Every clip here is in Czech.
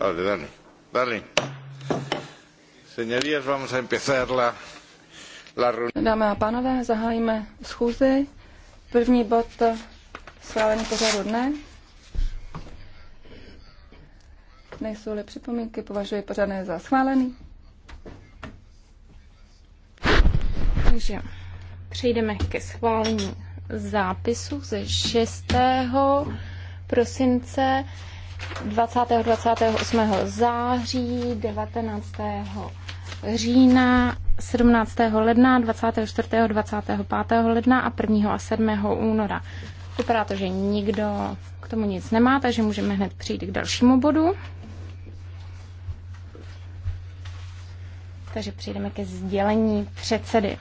Vale, dale. Dale. Señorías, vamos a empezar la, la reunión. Dámy a pánové, zahájíme schůzi. První bod schválení pořadu dne. Nejsou-li připomínky, považuji pořadné za schválený. Takže přejdeme ke schválení zápisu ze 6. prosince 20. 28. září, 19. října, 17. ledna, 24. 25. ledna a 1. a 7. února. Vypadá to, že nikdo k tomu nic nemá, takže můžeme hned přijít k dalšímu bodu. Takže přijdeme ke sdělení předsedy.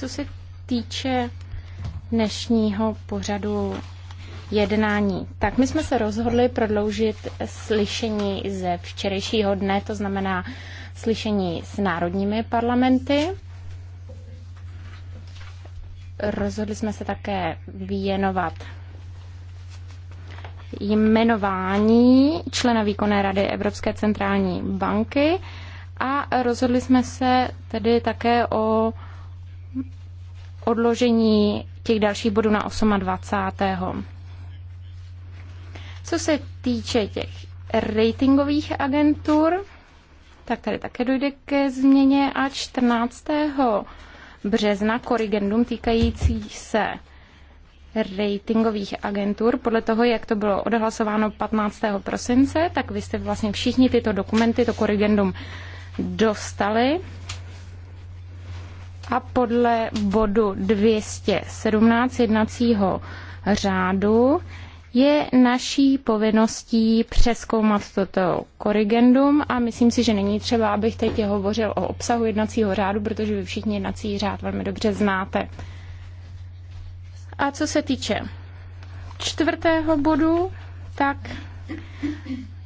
Co se týče dnešního pořadu jednání. Tak my jsme se rozhodli prodloužit slyšení ze včerejšího dne, to znamená slyšení s národními parlamenty. Rozhodli jsme se také věnovat jmenování člena výkonné rady Evropské centrální banky a rozhodli jsme se tedy také o odložení těch dalších bodů na 28. Co se týče těch ratingových agentur, tak tady také dojde ke změně a 14. března korigendum týkající se ratingových agentur. Podle toho, jak to bylo odhlasováno 15. prosince, tak vy jste vlastně všichni tyto dokumenty, to korigendum dostali a podle bodu 217 jednacího řádu je naší povinností přeskoumat toto korrigendum a myslím si, že není třeba, abych teď hovořil o obsahu jednacího řádu, protože vy všichni jednací řád velmi dobře znáte. A co se týče čtvrtého bodu, tak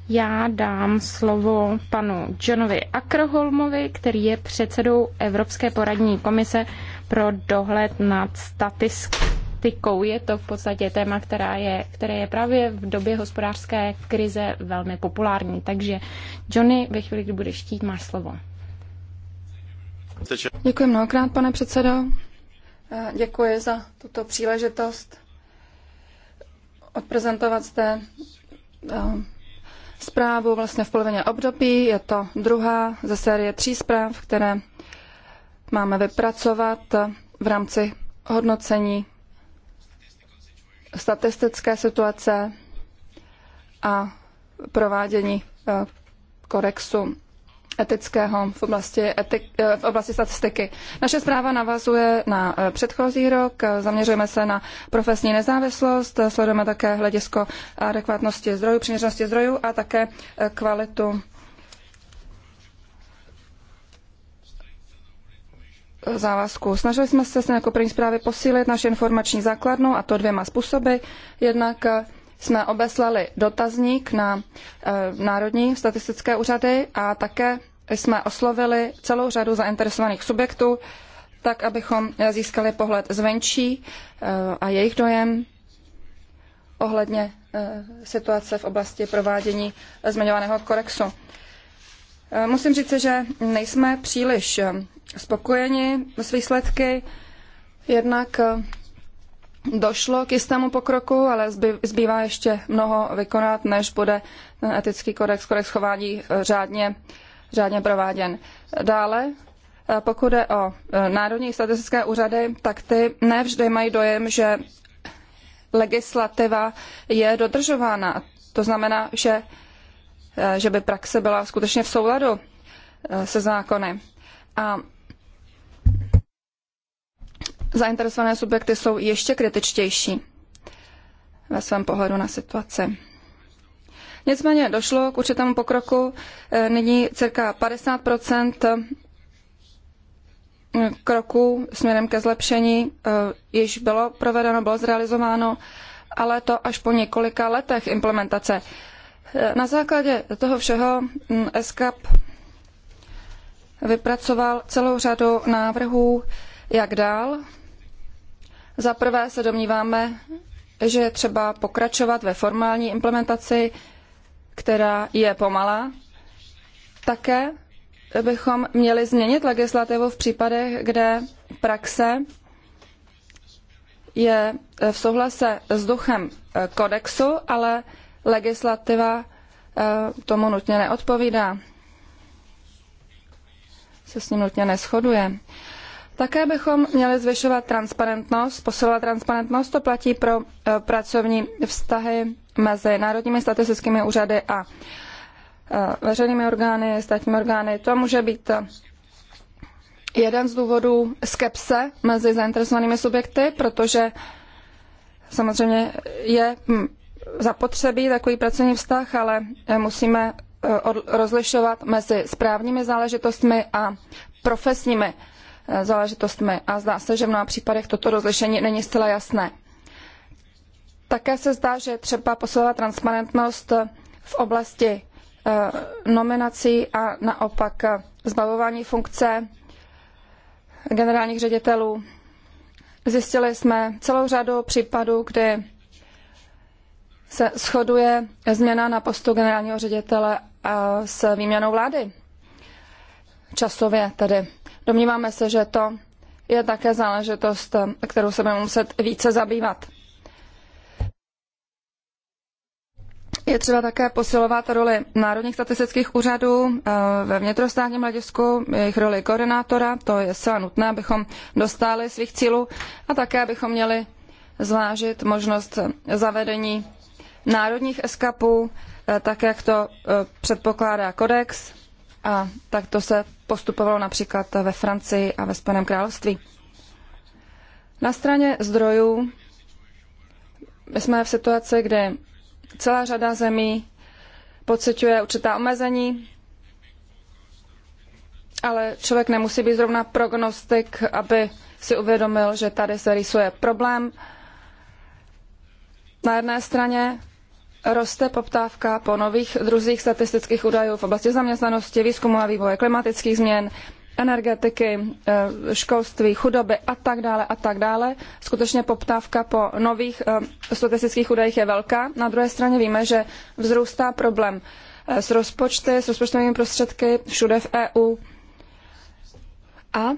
já dám slovo panu Johnovi Ackerholmovi, který je předsedou Evropské poradní komise pro dohled nad statistikou. Je to v podstatě téma, která je, které je právě v době hospodářské krize velmi populární. Takže Johnny, ve chvíli, kdy budeš chtít, máš slovo. Děkuji mnohokrát, pane předsedo. Děkuji za tuto příležitost odprezentovat zde zprávu vlastně v polovině období. Je to druhá ze série tří zpráv, které máme vypracovat v rámci hodnocení statistické situace a provádění eh, korexu etického v oblasti, etik, eh, v oblasti statistiky. Naše zpráva navazuje na eh, předchozí rok, zaměřujeme se na profesní nezávislost, sledujeme také hledisko adekvátnosti zdrojů, přiměřenosti zdrojů a také eh, kvalitu závazku. Snažili jsme se jako první zprávy posílit naši informační základnu a to dvěma způsoby. Jednak jsme obeslali dotazník na eh, Národní statistické úřady a také jsme oslovili celou řadu zainteresovaných subjektů, tak abychom získali pohled zvenčí eh, a jejich dojem ohledně eh, situace v oblasti provádění zmiňovaného korexu. Musím říct, že nejsme příliš spokojeni s výsledky, jednak došlo k jistému pokroku, ale zbývá ještě mnoho vykonat, než bude ten etický kodex, kodex chování eh, řádně, řádně prováděn. Dále, eh, pokud jde o eh, národní statistické úřady, tak ty nevždy mají dojem, že legislativa je dodržována. To znamená, že, že by praxe byla skutečně v souladu se zákony. A zainteresované subjekty jsou ještě kritičtější ve svém pohledu na situaci. Nicméně došlo k určitému pokroku. E, nyní cirka 50 e, kroků směrem ke zlepšení e, již bylo provedeno, bylo zrealizováno, ale to až po několika letech implementace. Na základě toho všeho ESCAP vypracoval celou řadu návrhů, jak dál za prvé se domníváme, že je třeba pokračovat ve formální implementaci, která je pomalá. Také bychom měli změnit legislativu v případech, kde praxe je v souhlase s duchem eh, kodexu, ale legislativa eh, tomu nutně neodpovídá. Se s ním nutně neschoduje. Také bychom měli zvyšovat transparentnost, posilovat transparentnost, to platí pro e, pracovní vztahy mezi národními statistickými úřady a e, veřejnými orgány, státními orgány. To může být e, jeden z důvodů skepse mezi zainteresovanými subjekty, protože samozřejmě je zapotřebí takový pracovní vztah, ale musíme rozlišovat mezi správními záležitostmi a profesními Eh, záležitostmi a zdá se, že v mnoha případech toto rozlišení není zcela jasné. Také se zdá, že je třeba posilovat transparentnost v oblasti eh, nominací a naopak eh, zbavování funkce generálních ředitelů. Zjistili jsme celou řadu případů, kdy se shoduje změna na postu generálního ředitele s výměnou vlády časově tedy. Domníváme se, že to je také záležitost, kterou se budeme muset více zabývat. Je třeba také posilovat roli národních statistických úřadů eh, ve vnitrostátním hledisku, jejich roli koordinátora, to je zcela nutné, abychom dostali svých cílů a také abychom měli zvážit možnost zavedení národních eskapů, eh, tak jak to eh, předpokládá kodex a tak to se postupovalo například ve Francii a ve Spojeném království. Na straně zdrojů my jsme v situaci, kdy celá řada zemí pociťuje určitá omezení, ale člověk nemusí být zrovna prognostik, aby si uvědomil, že tady se rýsuje problém. Na jedné straně roste poptávka po nových druzích statistických údajů v oblasti zaměstnanosti, výzkumu a vývoje, klimatických změn, energetiky, eh, školství, chudoby a tak dále a tak dále. Skutečně poptávka po nových eh, statistických údajích je velká. Na druhé straně víme, že vzrůstá problém eh, s rozpočty, s rozpočtovými prostředky všude v EU. A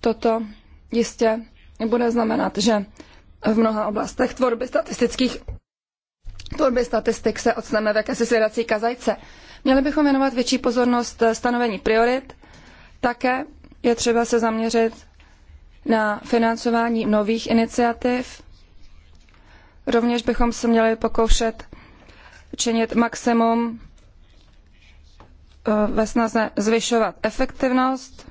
toto jistě bude znamenat, že v mnoha oblastech tvorby statistických tvorby statistik se odstaneme v jakési svědací kazajce. Měli bychom věnovat větší pozornost stanovení priorit, také je třeba se zaměřit na financování nových iniciativ. Rovněž bychom se měli pokoušet činit maximum eh, ve snaze zvyšovat efektivnost.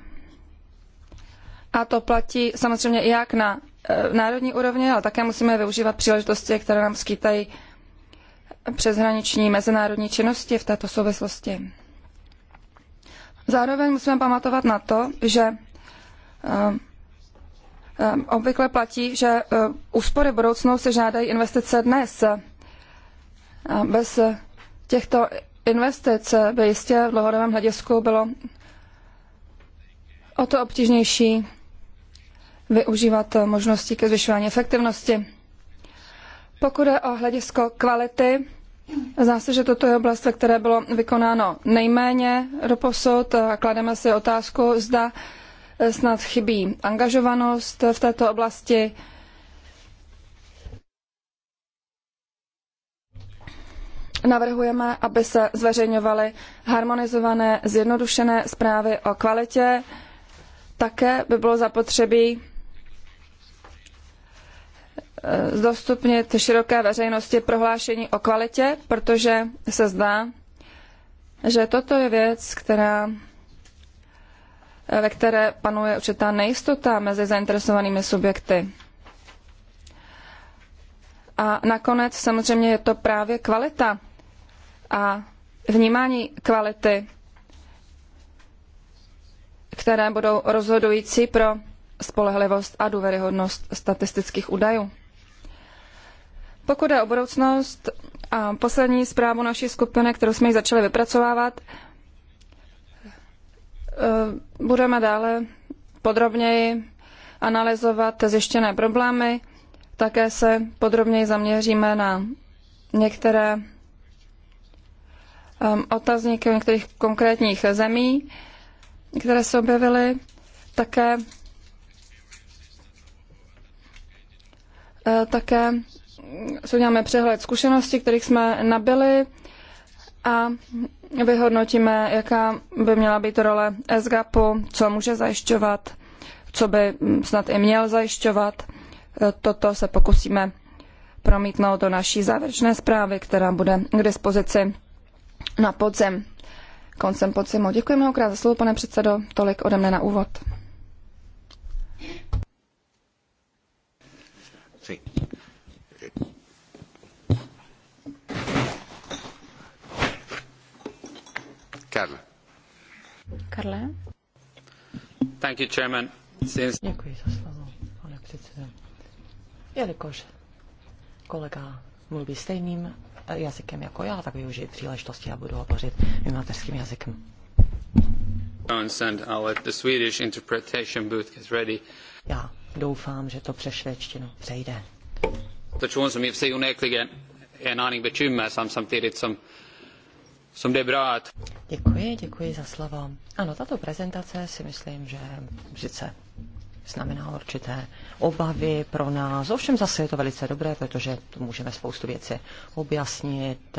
A to platí samozřejmě jak na Eh, národní úrovně, ale také musíme využívat příležitosti, které nám skýtají přeshraniční mezinárodní činnosti v této souvislosti. Zároveň musíme pamatovat na to, že eh, eh, obvykle platí, že úspory budoucnou se žádají investice dnes. Bez těchto investic by jistě v dlouhodobém hledisku bylo o to obtížnější využívat možnosti ke zvyšování efektivnosti. Pokud je o hledisko kvality, zdá se, že toto je oblast, ve které bylo vykonáno nejméně doposud. Klademe si otázku, zda eh, snad chybí angažovanost v této oblasti. Navrhujeme, aby se zveřejňovaly harmonizované, zjednodušené zprávy o kvalitě. Také by bylo zapotřebí Eh, zdostupnit široké veřejnosti prohlášení o kvalitě, protože se zdá, že toto je věc, která, eh, ve které panuje určitá nejistota mezi zainteresovanými subjekty. A nakonec samozřejmě je to právě kvalita a vnímání kvality, které budou rozhodující pro spolehlivost a důvěryhodnost statistických údajů. Pokud je o budoucnost a poslední zprávu naší skupiny, kterou jsme ji začali vypracovávat, eh, budeme dále podrobněji analyzovat zjištěné problémy. Také se podrobněji zaměříme na některé ehm, otazníky některých konkrétních zemí, které se objevily. Také eh, také si uděláme přehled zkušeností, kterých jsme nabili a vyhodnotíme, jaká by měla být role SGAPu, co může zajišťovat, co by snad i měl zajišťovat. Toto se pokusíme promítnout do naší závěrečné zprávy, která bude k dispozici na podzim. Koncem podzimu. Děkuji mnohokrát za slovo, pane předsedo. Tolik ode mne na úvod. Karla. Karle? Thank you, Chairman. Since... Děkuji za slovo, pane předsedo. Jelikož kolega mluví stejným eh, jazykem jako já, tak využiji příležitosti a budu hovořit mým mateřským jazykem. Já doufám, že to přes švédštinu přejde. Person som i och en aning bekymmersam samtidigt som, som det är bra att Děkuji, děkuji za slovo. Ano, tato prezentace si myslím, že sice znamená určité obavy pro nás. Ovšem zase je to velice dobré, protože můžeme spoustu věcí objasnit,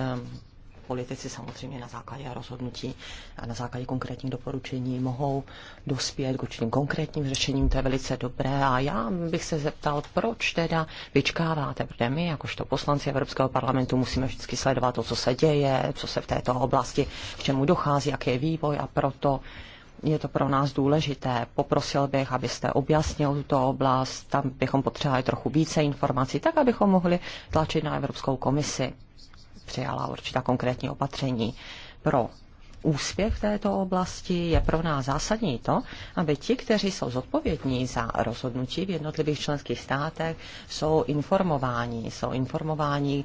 politici samozřejmě na základě rozhodnutí a na základě konkrétních doporučení mohou dospět k určitým konkrétním řešením, to je velice dobré. A já bych se zeptal, proč teda vyčkáváte, protože my, jakožto poslanci Evropského parlamentu, musíme vždycky sledovat to, co se děje, co se v této oblasti, k čemu dochází, jaký je vývoj a proto je to pro nás důležité. Poprosil bych, abyste objasnil tuto oblast, tam bychom potřebovali trochu více informací, tak abychom mohli tlačit na Evropskou komisi přijala určitá konkrétní opatření pro úspěch v této oblasti je pro nás zásadní to, aby ti, kteří jsou zodpovědní za rozhodnutí v jednotlivých členských státech, jsou informováni, jsou informováni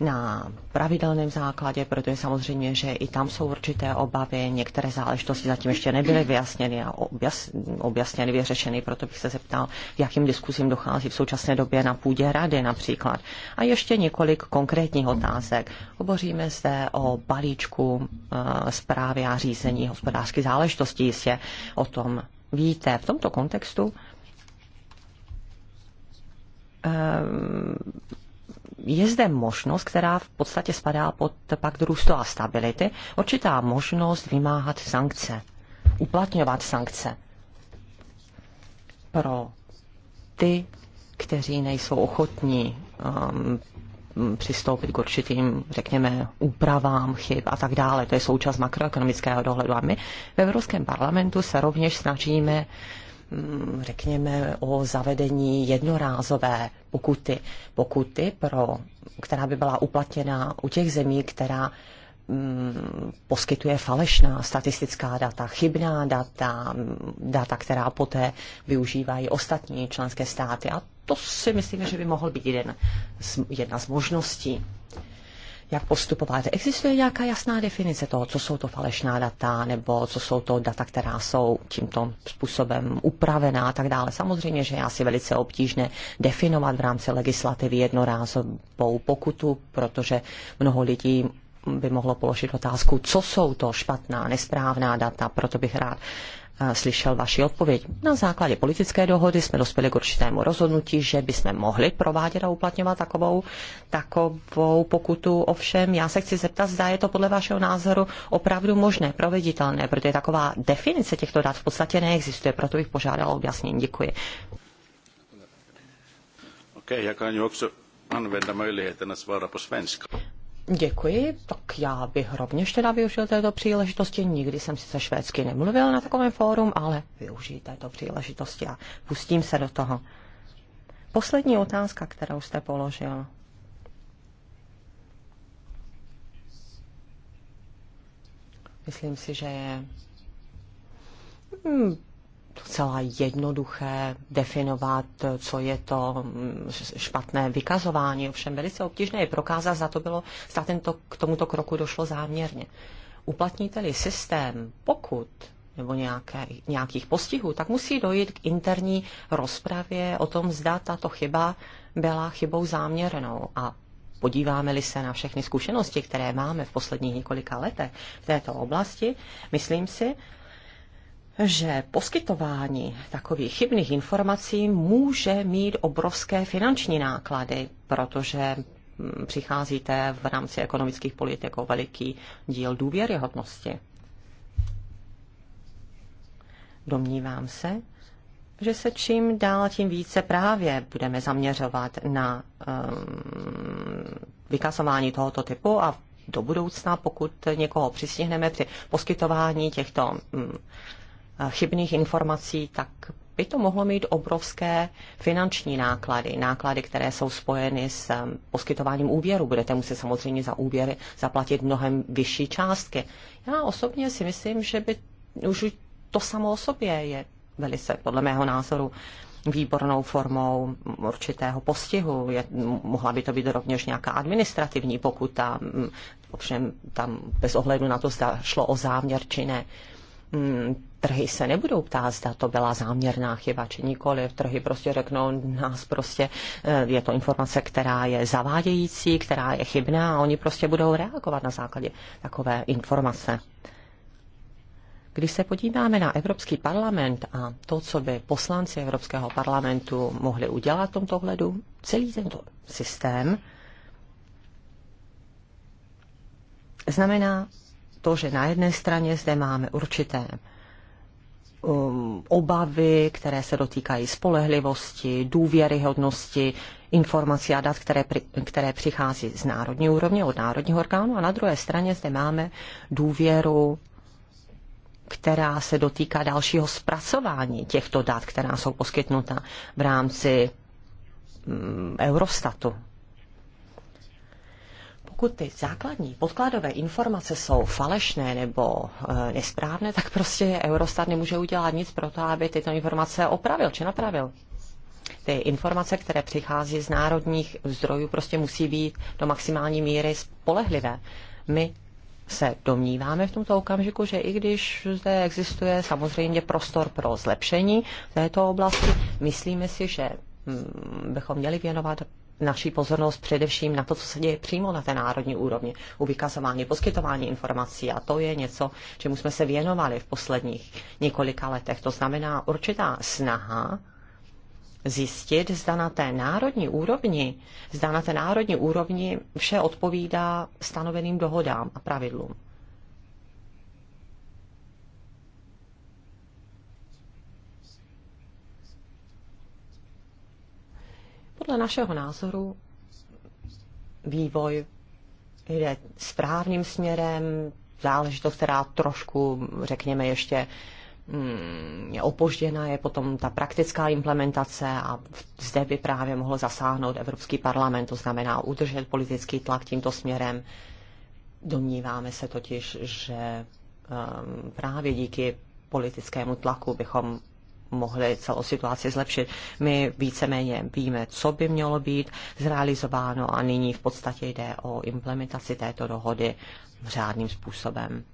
na pravidelném základě, protože samozřejmě, že i tam jsou určité obavy, některé záležitosti zatím ještě nebyly vyjasněny a objas, objasněny, vyřešeny, proto bych se zeptal, jakým diskusím dochází v současné době na půdě rady například. A ještě několik konkrétních otázek. Hovoříme zde o balíčku e, zprávy a řízení hospodářských záležitostí, jistě o tom víte. V tomto kontextu e, je zde možnost, která v podstatě spadá pod pakt růstu a stability, určitá možnost vymáhat sankce, uplatňovat sankce pro ty, kteří nejsou ochotní um, přistoupit k určitým, řekněme, úpravám chyb a tak dále. To je součást makroekonomického dohledu. A my v Evropském parlamentu se rovněž snažíme Mm, řekněme, o zavedení jednorázové pokuty. Pokuty, pro, která by byla uplatněna u těch zemí, která mm, poskytuje falešná statistická data, chybná data, mm, data, která poté využívají ostatní členské státy. A to si myslím, že by mohl být jeden z, jedna z možností jak postupovat. Existuje nějaká jasná definice toho, co jsou to falešná data, nebo co jsou to data, která jsou tímto způsobem upravená a tak dále. Samozřejmě, že je asi velice obtížné definovat v rámci legislativy jednorázovou pokutu, protože mnoho lidí by mohlo položit otázku, co jsou to špatná, nesprávná data, proto bych rád slyšel vaši odpověď. Na základě politické dohody jsme dospěli k určitému rozhodnutí, že bychom mohli provádět a uplatňovat takovou, takovou pokutu. Ovšem, já se chci zeptat, zda je to podle vašeho názoru opravdu možné, proveditelné, protože taková definice těchto dat v podstatě neexistuje, proto bych požádal objasnění. Děkuji. okay, jag kan ju också använda möjligheten att svara på svenska. Děkuji, tak já bych rovněž teda využil této příležitosti. Nikdy jsem si se švédsky nemluvil na takovém fórum, ale využij této příležitosti a pustím se do toho. Poslední otázka, kterou jste položil. Myslím si, že je hmm, celá jednoduché definovat, co je to mm, špatné vykazování. Ovšem velice obtížné je prokázat, za to bylo, za tento, k tomuto kroku došlo záměrně. Uplatníte-li systém pokud nebo nějaké, nějakých postihů, tak musí dojít k interní rozpravě o tom, zda tato chyba byla chybou záměrnou. A podíváme-li se na všechny zkušenosti, které máme v posledních několika letech v této oblasti, myslím si, že poskytování takových chybných informací může mít obrovské finanční náklady, protože mm, přicházíte v rámci ekonomických politik o veliký díl důvěryhodnosti. Domnívám se, že se čím dál tím více právě budeme zaměřovat na um, vykazování tohoto typu a do budoucna, pokud někoho přistihneme při poskytování těchto um, chybných informací, tak by to mohlo mít obrovské finanční náklady, náklady, které jsou spojeny s um, poskytováním úvěru. Budete muset samozřejmě za úvěry zaplatit mnohem vyšší částky. Já osobně si myslím, že by už to samo o sobě je velice, podle mého názoru, výbornou formou určitého postihu. Je, mohla by to být rovněž nějaká administrativní pokuta, mm, ovšem tam bez ohledu na to, zda šlo o záměr či ne. Hmm, trhy se nebudou ptát, zda to byla záměrná chyba či nikoli. Trhy prostě řeknou nás prostě, eh, je to informace, která je zavádějící, která je chybná a oni prostě budou reagovat na základě takové informace. Když se podíváme na Evropský parlament a to, co by poslanci Evropského parlamentu mohli udělat v tomto hledu, celý tento systém znamená to, že na jedné straně zde máme určité um, obavy, které se dotýkají spolehlivosti, důvěryhodnosti, informací a dat, které, které přichází z národní úrovně, od národního orgánu. A na druhé straně zde máme důvěru, která se dotýká dalšího zpracování těchto dat, která jsou poskytnuta v rámci mm, Eurostatu pokud ty základní podkladové informace jsou falešné nebo e, nesprávné, tak prostě Eurostat nemůže udělat nic pro to, aby tyto informace opravil či napravil. Ty informace, které přichází z národních zdrojů, prostě musí být do maximální míry spolehlivé. My se domníváme v tomto okamžiku, že i když zde existuje samozřejmě prostor pro zlepšení v této oblasti, myslíme si, že mm, bychom měli věnovat naší pozornost především na to, co se děje přímo na té národní úrovni, u vykazování, poskytování informací a to je něco, čemu jsme se věnovali v posledních několika letech. To znamená určitá snaha zjistit, zda na té národní úrovni, zda na té národní úrovni vše odpovídá stanoveným dohodám a pravidlům. Podle našeho názoru vývoj jde správným směrem, záležitost, která trošku, řekněme, ještě mm, je opožděna, je potom ta praktická implementace a zde by právě mohl zasáhnout Evropský parlament, to znamená udržet politický tlak tímto směrem. Domníváme se totiž, že ehm, právě díky politickému tlaku bychom mohli celou situaci zlepšit. My víceméně víme, co by mělo být zrealizováno a nyní v podstatě jde o implementaci této dohody řádným způsobem.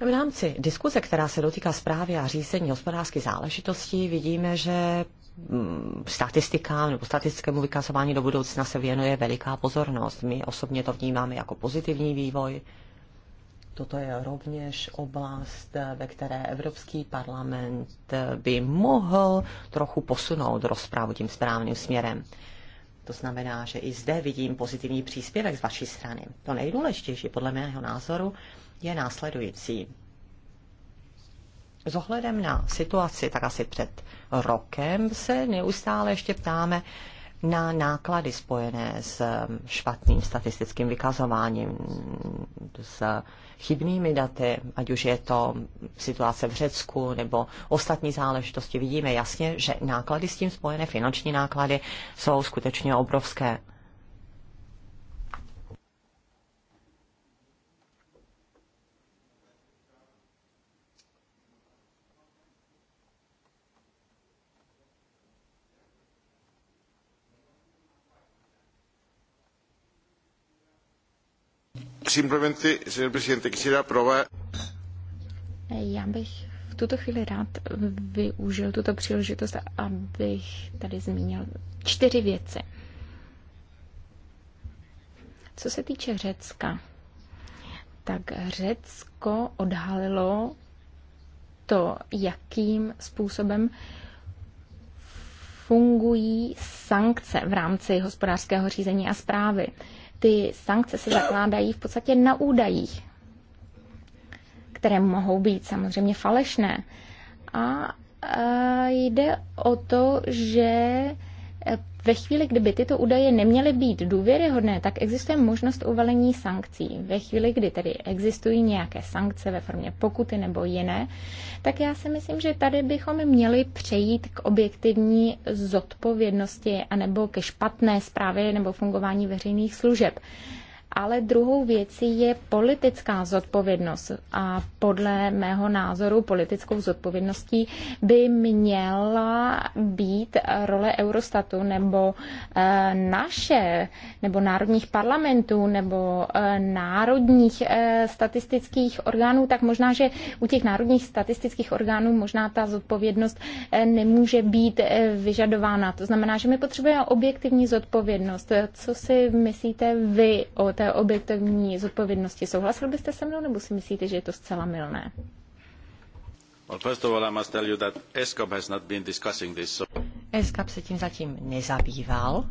V rámci diskuze, která se dotýká zprávy a řízení hospodářských záležitostí, vidíme, že mm, statistikám nebo statistickému vykazování do budoucna se věnuje veliká pozornost. My osobně to vnímáme jako pozitivní vývoj, Toto je rovněž oblast, ve které Evropský parlament by mohl trochu posunout rozprávu tím správným směrem. To znamená, že i zde vidím pozitivní příspěvek z vaší strany. To nejdůležitější podle mého názoru je následující. S ohledem na situaci, tak asi před rokem se neustále ještě ptáme na náklady spojené s špatným statistickým vykazováním, s chybnými daty, ať už je to situace v Řecku nebo ostatní záležitosti, vidíme jasně, že náklady s tím spojené, finanční náklady, jsou skutečně obrovské. Simplemente, señor presidente, quisiera aprobar. Já bych v tuto chvíli rád využil tuto příležitost, abych tady zmínil čtyři věci. Co se týče Řecka, tak Řecko odhalilo to, jakým způsobem fungují sankce v rámci hospodářského řízení a zprávy ty sankce se zakládají v podstatě na údajích, které mohou být samozřejmě falešné. A e, jde o to, že ve chvíli, kdyby tyto údaje neměly být důvěryhodné, tak existuje možnost uvalení sankcí. Ve chvíli, kdy tedy existují nějaké sankce ve formě pokuty nebo jiné, tak já si myslím, že tady bychom měli přejít k objektivní zodpovědnosti anebo ke špatné zprávě nebo fungování veřejných služeb ale druhou věcí je politická zodpovědnost. A podle mého názoru politickou zodpovědností by měla být role Eurostatu nebo eh, naše, nebo národních parlamentů, nebo eh, národních eh, statistických orgánů, tak možná, že u těch národních statistických orgánů možná ta zodpovědnost nemůže být vyžadována. To znamená, že my potřebujeme objektivní zodpovědnost. Co si myslíte vy o té té objektivní zodpovědnosti. Souhlasil byste se mnou, nebo si myslíte, že je to zcela milné? ESCAP ESCAP se tím zatím nezabýval,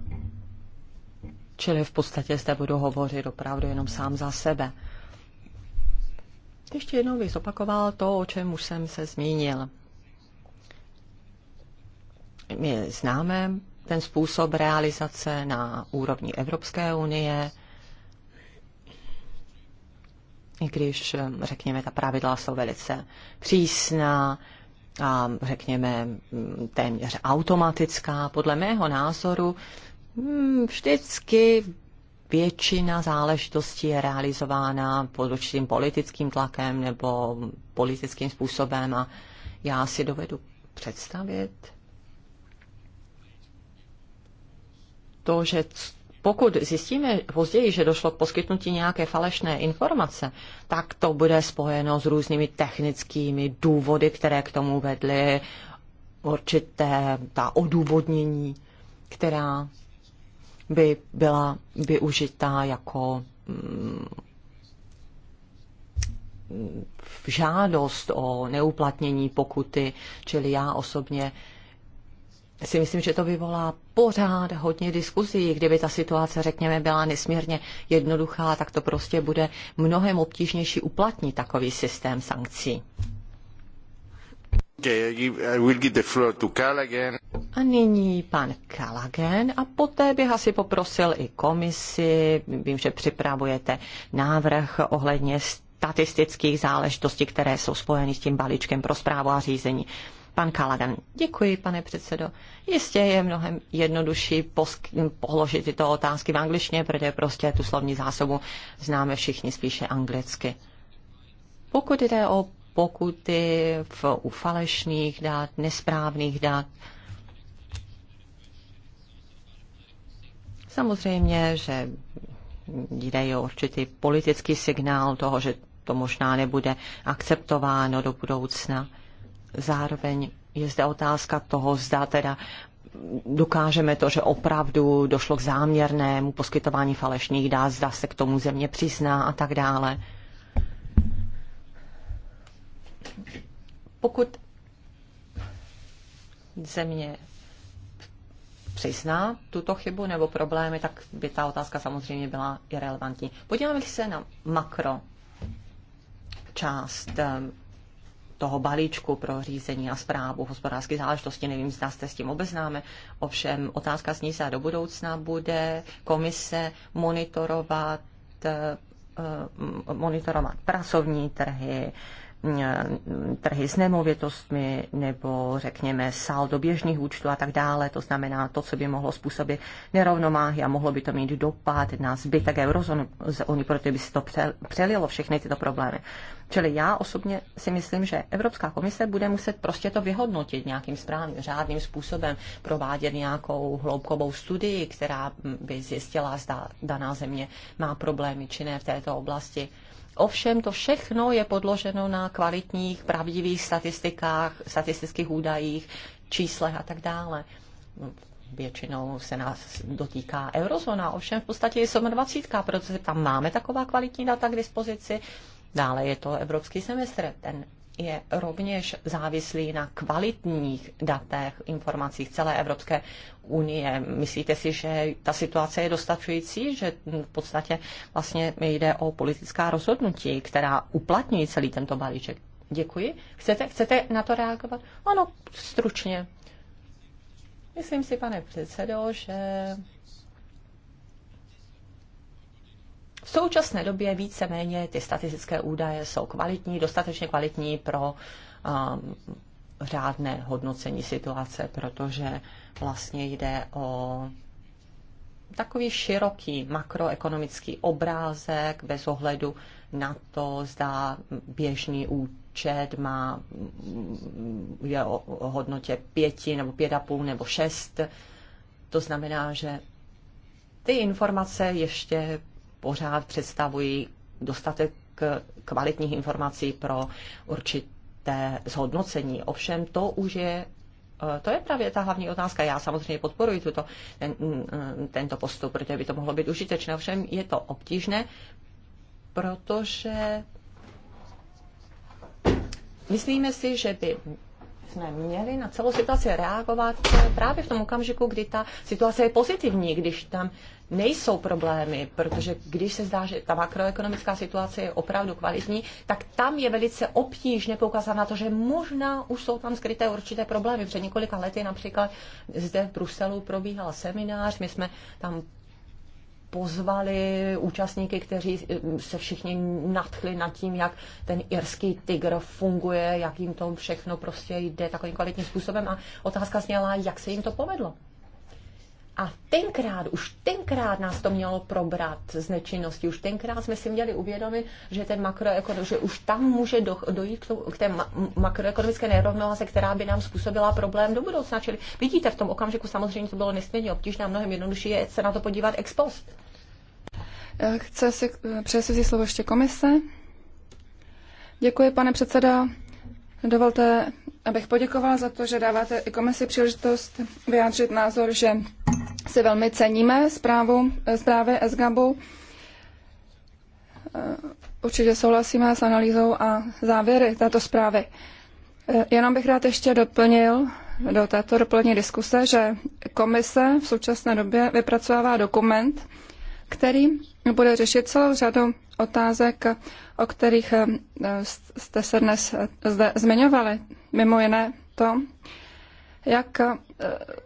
čili v podstatě zde budu hovořit opravdu jenom sám za sebe. Ještě jednou bych zopakoval to, o čem už jsem se zmínil. My známe ten způsob realizace na úrovni Evropské unie, i když, řekněme, ta pravidla jsou velice přísná, a řekněme téměř automatická, podle mého názoru, hm, vždycky většina záležitostí je realizována pod určitým politickým tlakem nebo politickým způsobem a já si dovedu představit to, že pokud zjistíme později, že došlo k poskytnutí nějaké falešné informace, tak to bude spojeno s různými technickými důvody, které k tomu vedly, určité ta odůvodnění, která by byla využitá jako mm, žádost o neuplatnění pokuty, čili já osobně si myslím, že to vyvolá pořád hodně diskuzí. Kdyby ta situace, řekněme, byla nesmírně jednoduchá, tak to prostě bude mnohem obtížnější uplatnit takový systém sankcí. A nyní pan Kalagen a poté bych asi poprosil i komisi, vím, že připravujete návrh ohledně statistických záležitostí, které jsou spojeny s tím balíčkem pro zprávu a řízení. Pan Kalagan. Děkuji, pane předsedo. Jistě je mnohem jednodušší položit tyto otázky v angličtině, protože prostě tu slovní zásobu známe všichni spíše anglicky. Pokud jde o pokuty v, u falešných dát, nesprávných dát, samozřejmě, že jde o určitý politický signál toho, že to možná nebude akceptováno do budoucna. Zároveň je zde otázka toho, zda teda dokážeme to, že opravdu došlo k záměrnému poskytování falešných dát, zda se k tomu země přizná a tak dále. Pokud země přizná tuto chybu nebo problémy, tak by ta otázka samozřejmě byla irrelevantní. Podíváme se na makro část toho balíčku pro řízení a zprávu hospodářské záležitosti. Nevím, zda jste s tím obeznáme. Ovšem otázka zní se do budoucna bude komise monitorovat eh, monitorovat pracovní trhy, Eh, trhy s nemovitostmi nebo řekněme saldo běžných účtů a tak dále. To znamená to, co by mohlo způsobit nerovnováhy a mohlo by to mít dopad na zbytek eurozóny, proto by se to přelilo všechny tyto problémy. Čili já osobně si myslím, že Evropská komise bude muset prostě to vyhodnotit nějakým správným, řádným způsobem, provádět nějakou hloubkovou studii, která by zjistila, zda daná země má problémy či ne v této oblasti. Ovšem to všechno je podloženo na kvalitních, pravdivých statistikách, statistických údajích, číslech a tak dále. Většinou se nás dotýká eurozóna, ovšem v podstatě je 27, protože tam máme taková kvalitní data k dispozici. Dále je to evropský semestr, ten je rovněž závislý na kvalitních datech, informacích celé Evropské unie. Myslíte si, že ta situace je dostačující, že v podstatě vlastně jde o politická rozhodnutí, která uplatňují celý tento balíček? Děkuji. Chcete, chcete na to reagovat? Ano, stručně. Myslím si, pane předsedo, že V současné době víceméně ty statistické údaje jsou kvalitní, dostatečně kvalitní pro um, řádné hodnocení situace, protože vlastně jde o takový široký makroekonomický obrázek bez ohledu na to, zda běžný účet má je o, hodnotě pěti nebo pět a půl nebo šest. To znamená, že ty informace ještě pořád představují dostatek eh, kvalitních informací pro určité zhodnocení. Ovšem to už je eh, to je právě ta hlavní otázka. Já samozřejmě podporuji tuto, ten, mm, tento postup, protože by to mohlo být užitečné. Ovšem je to obtížné, protože myslíme si, že by jsme měli na celou situaci reagovat právě v tom okamžiku, kdy ta situace je pozitivní, když tam nejsou problémy, protože když se zdá, že ta makroekonomická situace je opravdu kvalitní, tak tam je velice obtížně poukázat na to, že možná už jsou tam skryté určité problémy. Před několika lety například zde v Bruselu probíhal seminář, my jsme tam pozvali účastníky, kteří eh, se všichni nadchli nad tím, jak ten irský tygr funguje, jak jim to všechno prostě jde takovým kvalitním způsobem a otázka zněla, jak se jim to povedlo. A tenkrát, už tenkrát nás to mělo probrat z nečinnosti, už tenkrát jsme si měli uvědomit, že ten makroekonom, že už tam může do, dojít k, tomu, k té ma, makroekonomické nerovnováze, která by nám způsobila problém do budoucna. Čili vidíte, v tom okamžiku samozřejmě to bylo nesmírně obtížné a mnohem jednodušší je se na to podívat ex post. Chce si, přeje si vzít slovo ještě komise. Děkuji, pane předseda. Dovolte, abych poděkovala za to, že dáváte i komisi příležitost vyjádřit názor, že si velmi ceníme zprávu, zprávy SGABu. Určitě souhlasíme s analýzou a závěry této zprávy. Jenom bych rád ještě doplnil do této doplnění diskuse, že komise v současné době vypracovává dokument, který bude řešit celou řadu otázek, o kterých eh, jste se dnes eh, zde zmiňovali. Mimo jiné to, jak eh,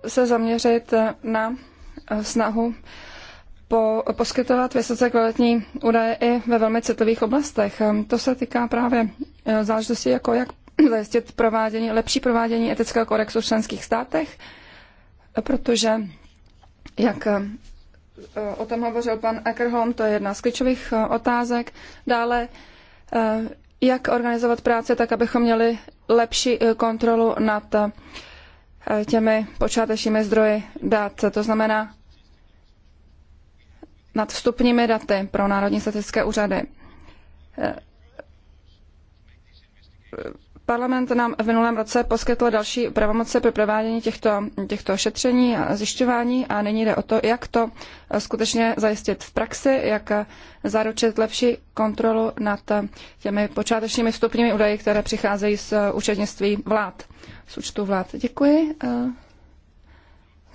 se zaměřit na snahu po, poskytovat vysoce kvalitní údaje i ve velmi citlivých oblastech. To se týká právě záležitosti jako jak zajistit provádění, lepší provádění etického kodexu v členských státech, protože, jak Eh, o tom hovořil pan Eckerholm, to je jedna z klíčových eh, otázek. Dále, eh, jak organizovat práce tak, abychom měli lepší kontrolu nad těmi počátečními zdroji dat, to znamená nad vstupními daty pro Národní statistické úřady Parlament nám v minulém roce poskytl další pravomoce pro provádění těchto, těchto šetření a zjišťování a nyní jde o to, jak to skutečně zajistit v praxi, jak zaručit lepší kontrolu nad těmi počátečními vstupními údaji, které přicházejí z účetnictví vlád, z účtu vlád. Děkuji. Eh,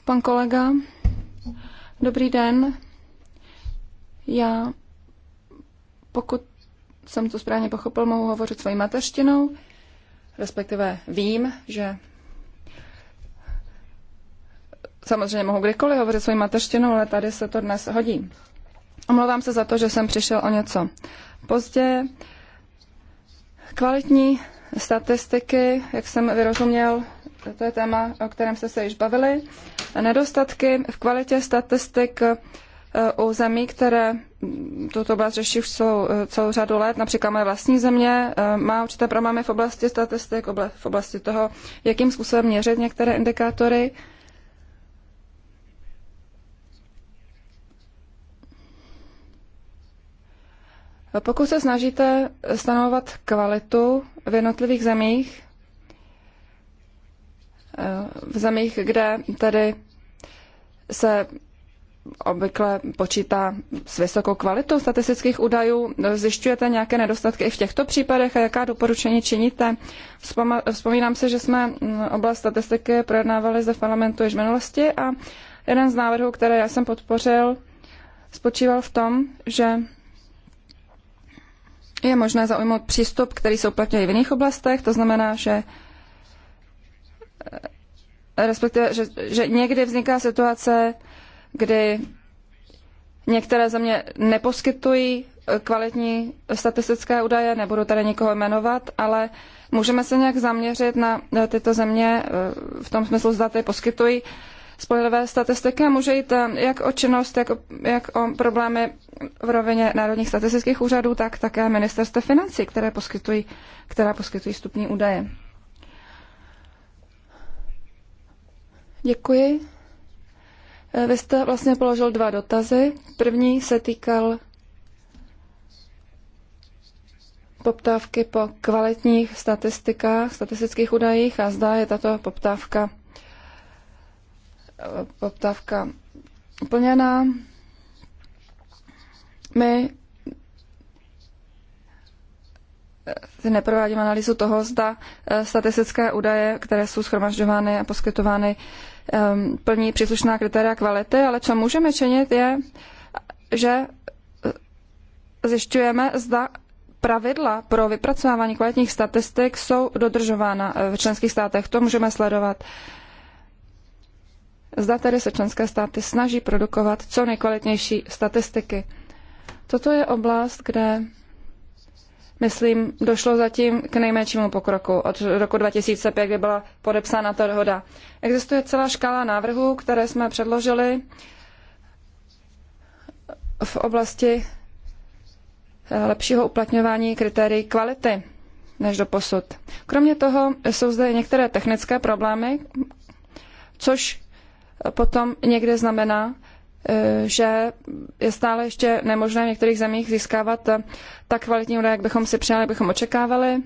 pan kolega, dobrý den. Já, pokud jsem to správně pochopil, mohu hovořit svojí mateřštinou respektive vím, že samozřejmě mohu kdykoliv hovořit svojí mateřštinou, ale tady se to dnes hodí. Omlouvám se za to, že jsem přišel o něco pozdě. Kvalitní statistiky, jak jsem vyrozuměl, to je téma, o kterém jste se již bavili. Nedostatky v kvalitě statistik u zemí, které tuto oblast řeší už celou, celou řadu let, například moje vlastní země, eh, má určité problémy v oblasti statistik, v oblasti toho, jakým způsobem měřit některé indikátory. Pokud se snažíte stanovat kvalitu v jednotlivých zemích, eh, v zemích, kde tedy se obvykle počítá s vysokou kvalitou statistických údajů. Zjišťujete nějaké nedostatky i v těchto případech a jaká doporučení činíte? Vzpomínám se, že jsme mm, oblast statistiky projednávali ze parlamentu již v minulosti a jeden z návrhů, které já jsem podpořil, spočíval v tom, že je možné zaujmout přístup, který se uplatňuje v jiných oblastech, to znamená, že eh, respektive, že, že někdy vzniká situace, kdy některé země neposkytují kvalitní statistické údaje, nebudu tady nikoho jmenovat, ale můžeme se nějak zaměřit na tyto země eh, v tom smyslu, zda ty poskytují spolehlivé statistiky a může jít eh, jak o činnost, jak o, jak o problémy v rovině národních statistických úřadů, tak také ministerstva financí, které poskytují, která poskytují vstupní údaje. Děkuji. Eh, vy jste vlastně položil dva dotazy. První se týkal poptávky po kvalitních statistikách, statistických údajích a zda je tato poptávka eh, poptávka plněná. My si eh, neprovádíme analýzu toho, zda statistické údaje, které jsou schromažďovány a poskytovány Ehm, plní příslušná kritéria kvality, ale co můžeme činit je, že eh, zjišťujeme, zda pravidla pro vypracovávání kvalitních statistik jsou dodržována eh, v členských státech. To můžeme sledovat. Zda tedy se členské státy snaží produkovat co nejkvalitnější statistiky. Toto je oblast, kde myslím, došlo zatím k nejmenšímu pokroku od roku 2005, kdy byla podepsána ta dohoda. Existuje celá škála návrhů, které jsme předložili v oblasti eh, lepšího uplatňování kritérií kvality než do posud. Kromě toho jsou zde některé technické problémy, což potom někde znamená, Eh, že je stále ještě nemožné v některých zemích získávat eh, tak kvalitní údaje, jak bychom si přijali, jak bychom očekávali.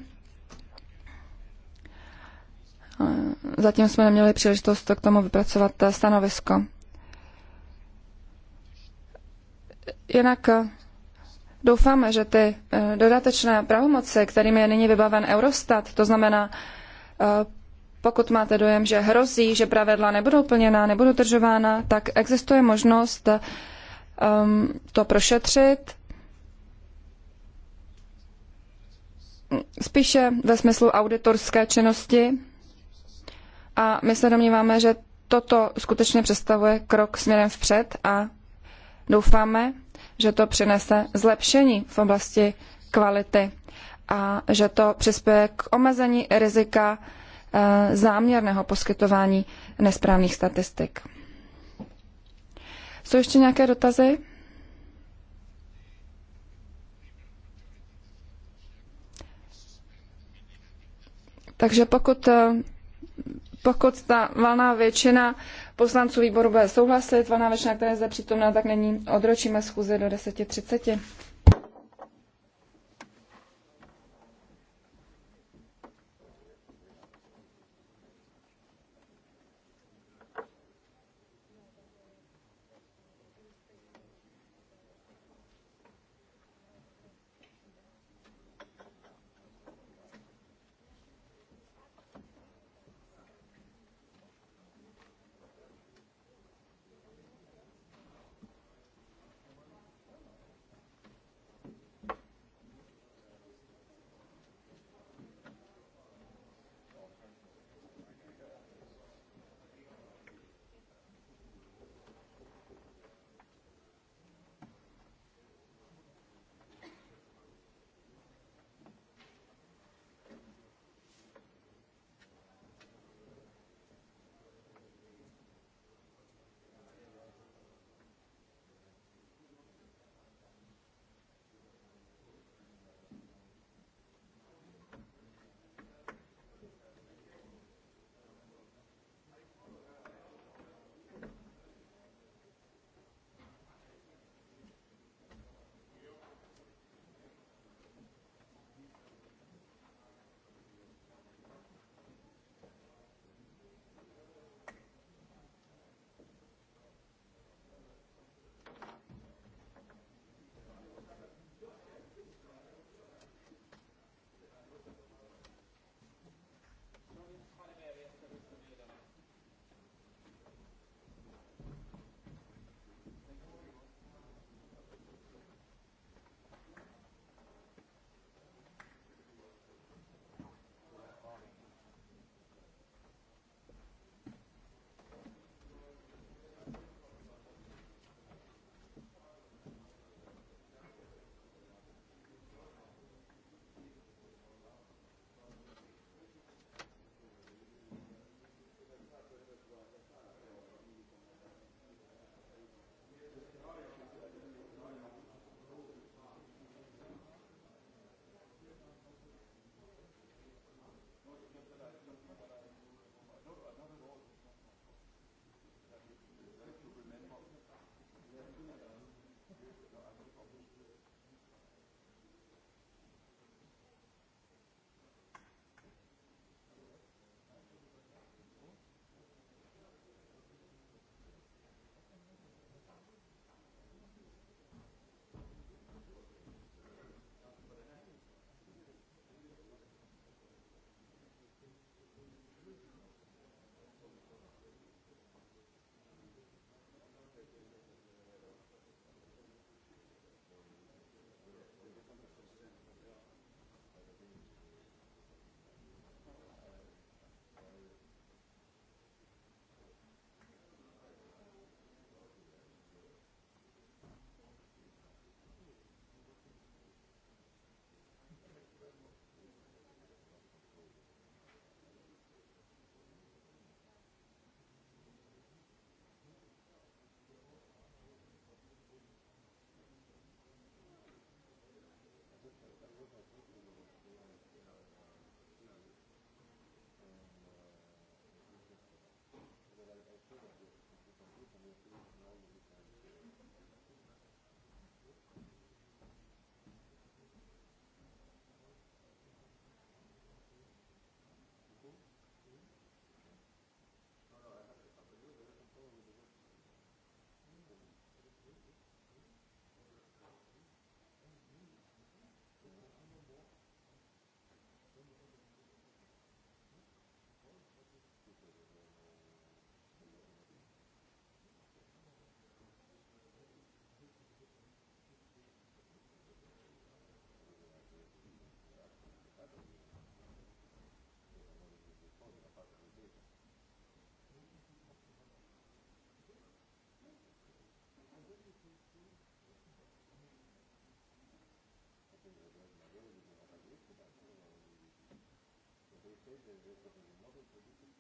Eh, zatím jsme neměli příležitost k tomu vypracovat stanovisko. Jinak doufáme, že ty dodatečné pravomoci, kterými je nyní vybaven Eurostat, to znamená pokud máte dojem, že hrozí, že pravidla nebudou plněná, nebudou držována, tak existuje možnost um, to prošetřit spíše ve smyslu auditorské činnosti. A my se domníváme, že toto skutečně představuje krok směrem vpřed a doufáme, že to přinese zlepšení v oblasti kvality a že to přispěje k omezení rizika Eh, záměrného poskytování nesprávných statistik. Jsou ještě nějaké dotazy? Takže pokud, eh, pokud ta valná většina poslanců výboru bude souhlasit, valná většina, která je zde přítomná, tak není odročíme schůze do 10.30.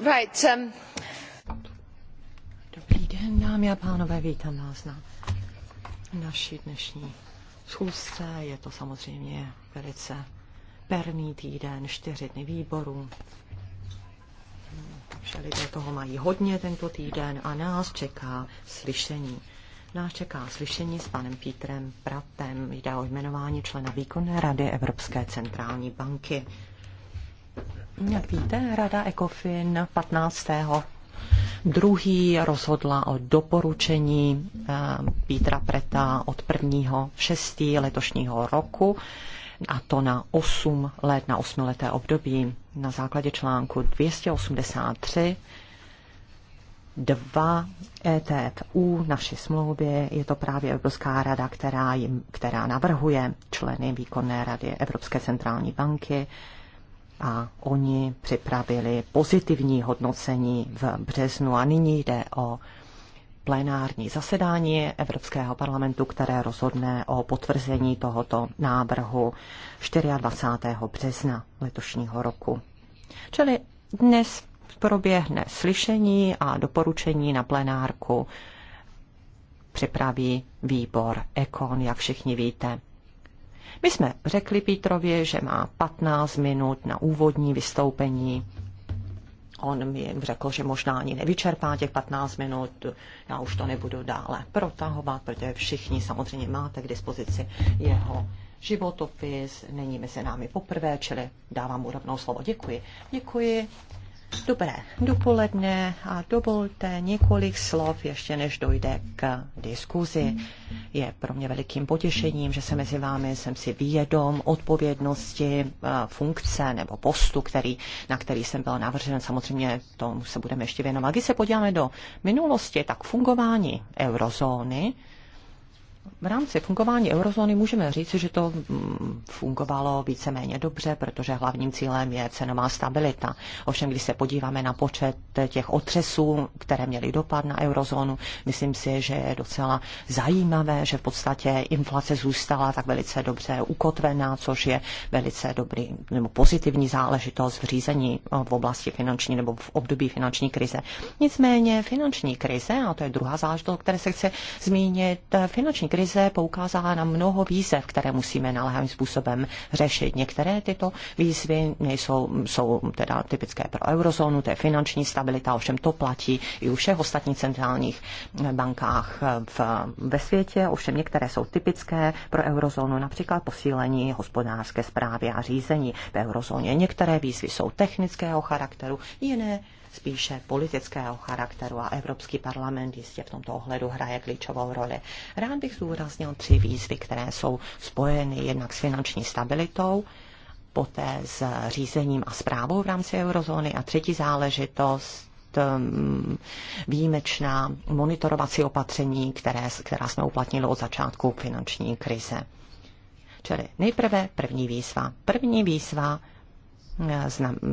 Um, Dobrý den, dámy a pánové, vítám vás na naší dnešní schůzce. Je to samozřejmě velice perný týden, čtyři dny výborů. Že lidé toho mají hodně tento týden a nás čeká slyšení. Nás čeká slyšení s panem Pítrem Pratem. Jde o jmenování člena výkonné rady Evropské centrální banky. Jak víte, Rada ECOFIN 15. Druhý rozhodla o doporučení eh, Pítra Preta od 1. 6. letošního roku a to na 8 let, na 8 leté období na základě článku 283 dva ETFU naší smlouvy. Je to právě Evropská rada, která, jim, která navrhuje členy výkonné rady Evropské centrální banky a oni připravili pozitivní hodnocení v březnu a nyní jde o plenární zasedání Evropského parlamentu, které rozhodne o potvrzení tohoto návrhu 24. března letošního roku. Čili dnes proběhne slyšení a doporučení na plenárku připraví výbor EKON, jak všichni víte. My jsme řekli Pítrově, že má 15 minut na úvodní vystoupení. On mi řekl, že možná ani nevyčerpá těch 15 minut, já už to nebudu dále protahovat, protože všichni samozřejmě máte k dispozici jeho životopis, není mezi námi poprvé, čili dávám mu rovnou slovo. Děkuji. Děkuji, Dobré dopoledne a dovolte několik slov, ještě než dojde k diskuzi. Je pro mě velikým potěšením, že se mezi vámi jsem si vědom odpovědnosti eh, funkce nebo postu, který, na který jsem byl navržen. Samozřejmě tomu se budeme ještě věnovat. Když se podíváme do minulosti, tak fungování eurozóny v rámci fungování eurozóny můžeme říct, že to mm, fungovalo víceméně dobře, protože hlavním cílem je cenová stabilita. Ovšem, když se podíváme na počet těch otřesů, které měly dopad na eurozónu, myslím si, že je docela zajímavé, že v podstatě inflace zůstala tak velice dobře ukotvená, což je velice dobrý nebo pozitivní záležitost v řízení eh, v oblasti finanční nebo v období finanční krize. Nicméně finanční krize, a to je druhá záležitost, které se chce zmínit, eh, finanční krize poukázala na mnoho výzev, které musíme naléhavým způsobem řešit. Některé tyto výzvy nejsou, jsou teda typické pro eurozónu, to je finanční stabilita, ovšem to platí i u všech ostatních centrálních bankách v, ve světě, ovšem některé jsou typické pro eurozónu, například posílení hospodářské zprávy a řízení v eurozóně. Některé výzvy jsou technického charakteru, jiné spíše politického charakteru a Evropský parlament jistě v tomto ohledu hraje klíčovou roli. Rád bych zdůraznil tři výzvy, které jsou spojeny jednak s finanční stabilitou, poté s řízením a zprávou v rámci eurozóny a třetí záležitost um, výjimečná monitorovací opatření, které, která jsme uplatnili od začátku finanční krize. Čili nejprve první výzva. První výzva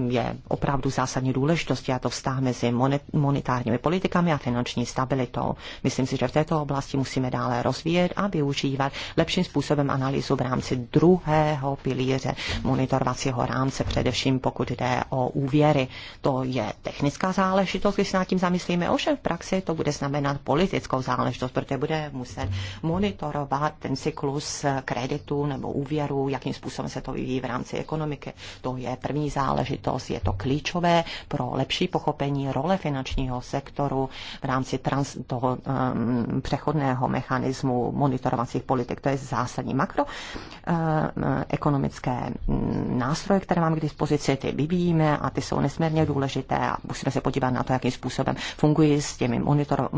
je opravdu zásadní důležitosti a to vztah mezi monetárními politikami a finanční stabilitou. Myslím si, že v této oblasti musíme dále rozvíjet a využívat lepším způsobem analýzu v rámci druhého pilíře monitorovacího rámce, především pokud jde o úvěry. To je technická záležitost, když se nad tím zamyslíme, ovšem v praxi to bude znamenat politickou záležitost, protože bude muset monitorovat ten cyklus kreditu nebo úvěru, jakým způsobem se to vyvíjí v rámci ekonomiky. To je první klíčový záležitost, je to klíčové pro lepší pochopení role finančního sektoru v rámci trans, toho um, přechodného mechanismu monitorovacích politik. To je zásadní makroekonomické ehm, uh, mm, nástroje, které máme k dispozici, ty vyvíjíme a ty jsou nesmírně důležité a musíme se podívat na to, jakým způsobem fungují s těmi monitor,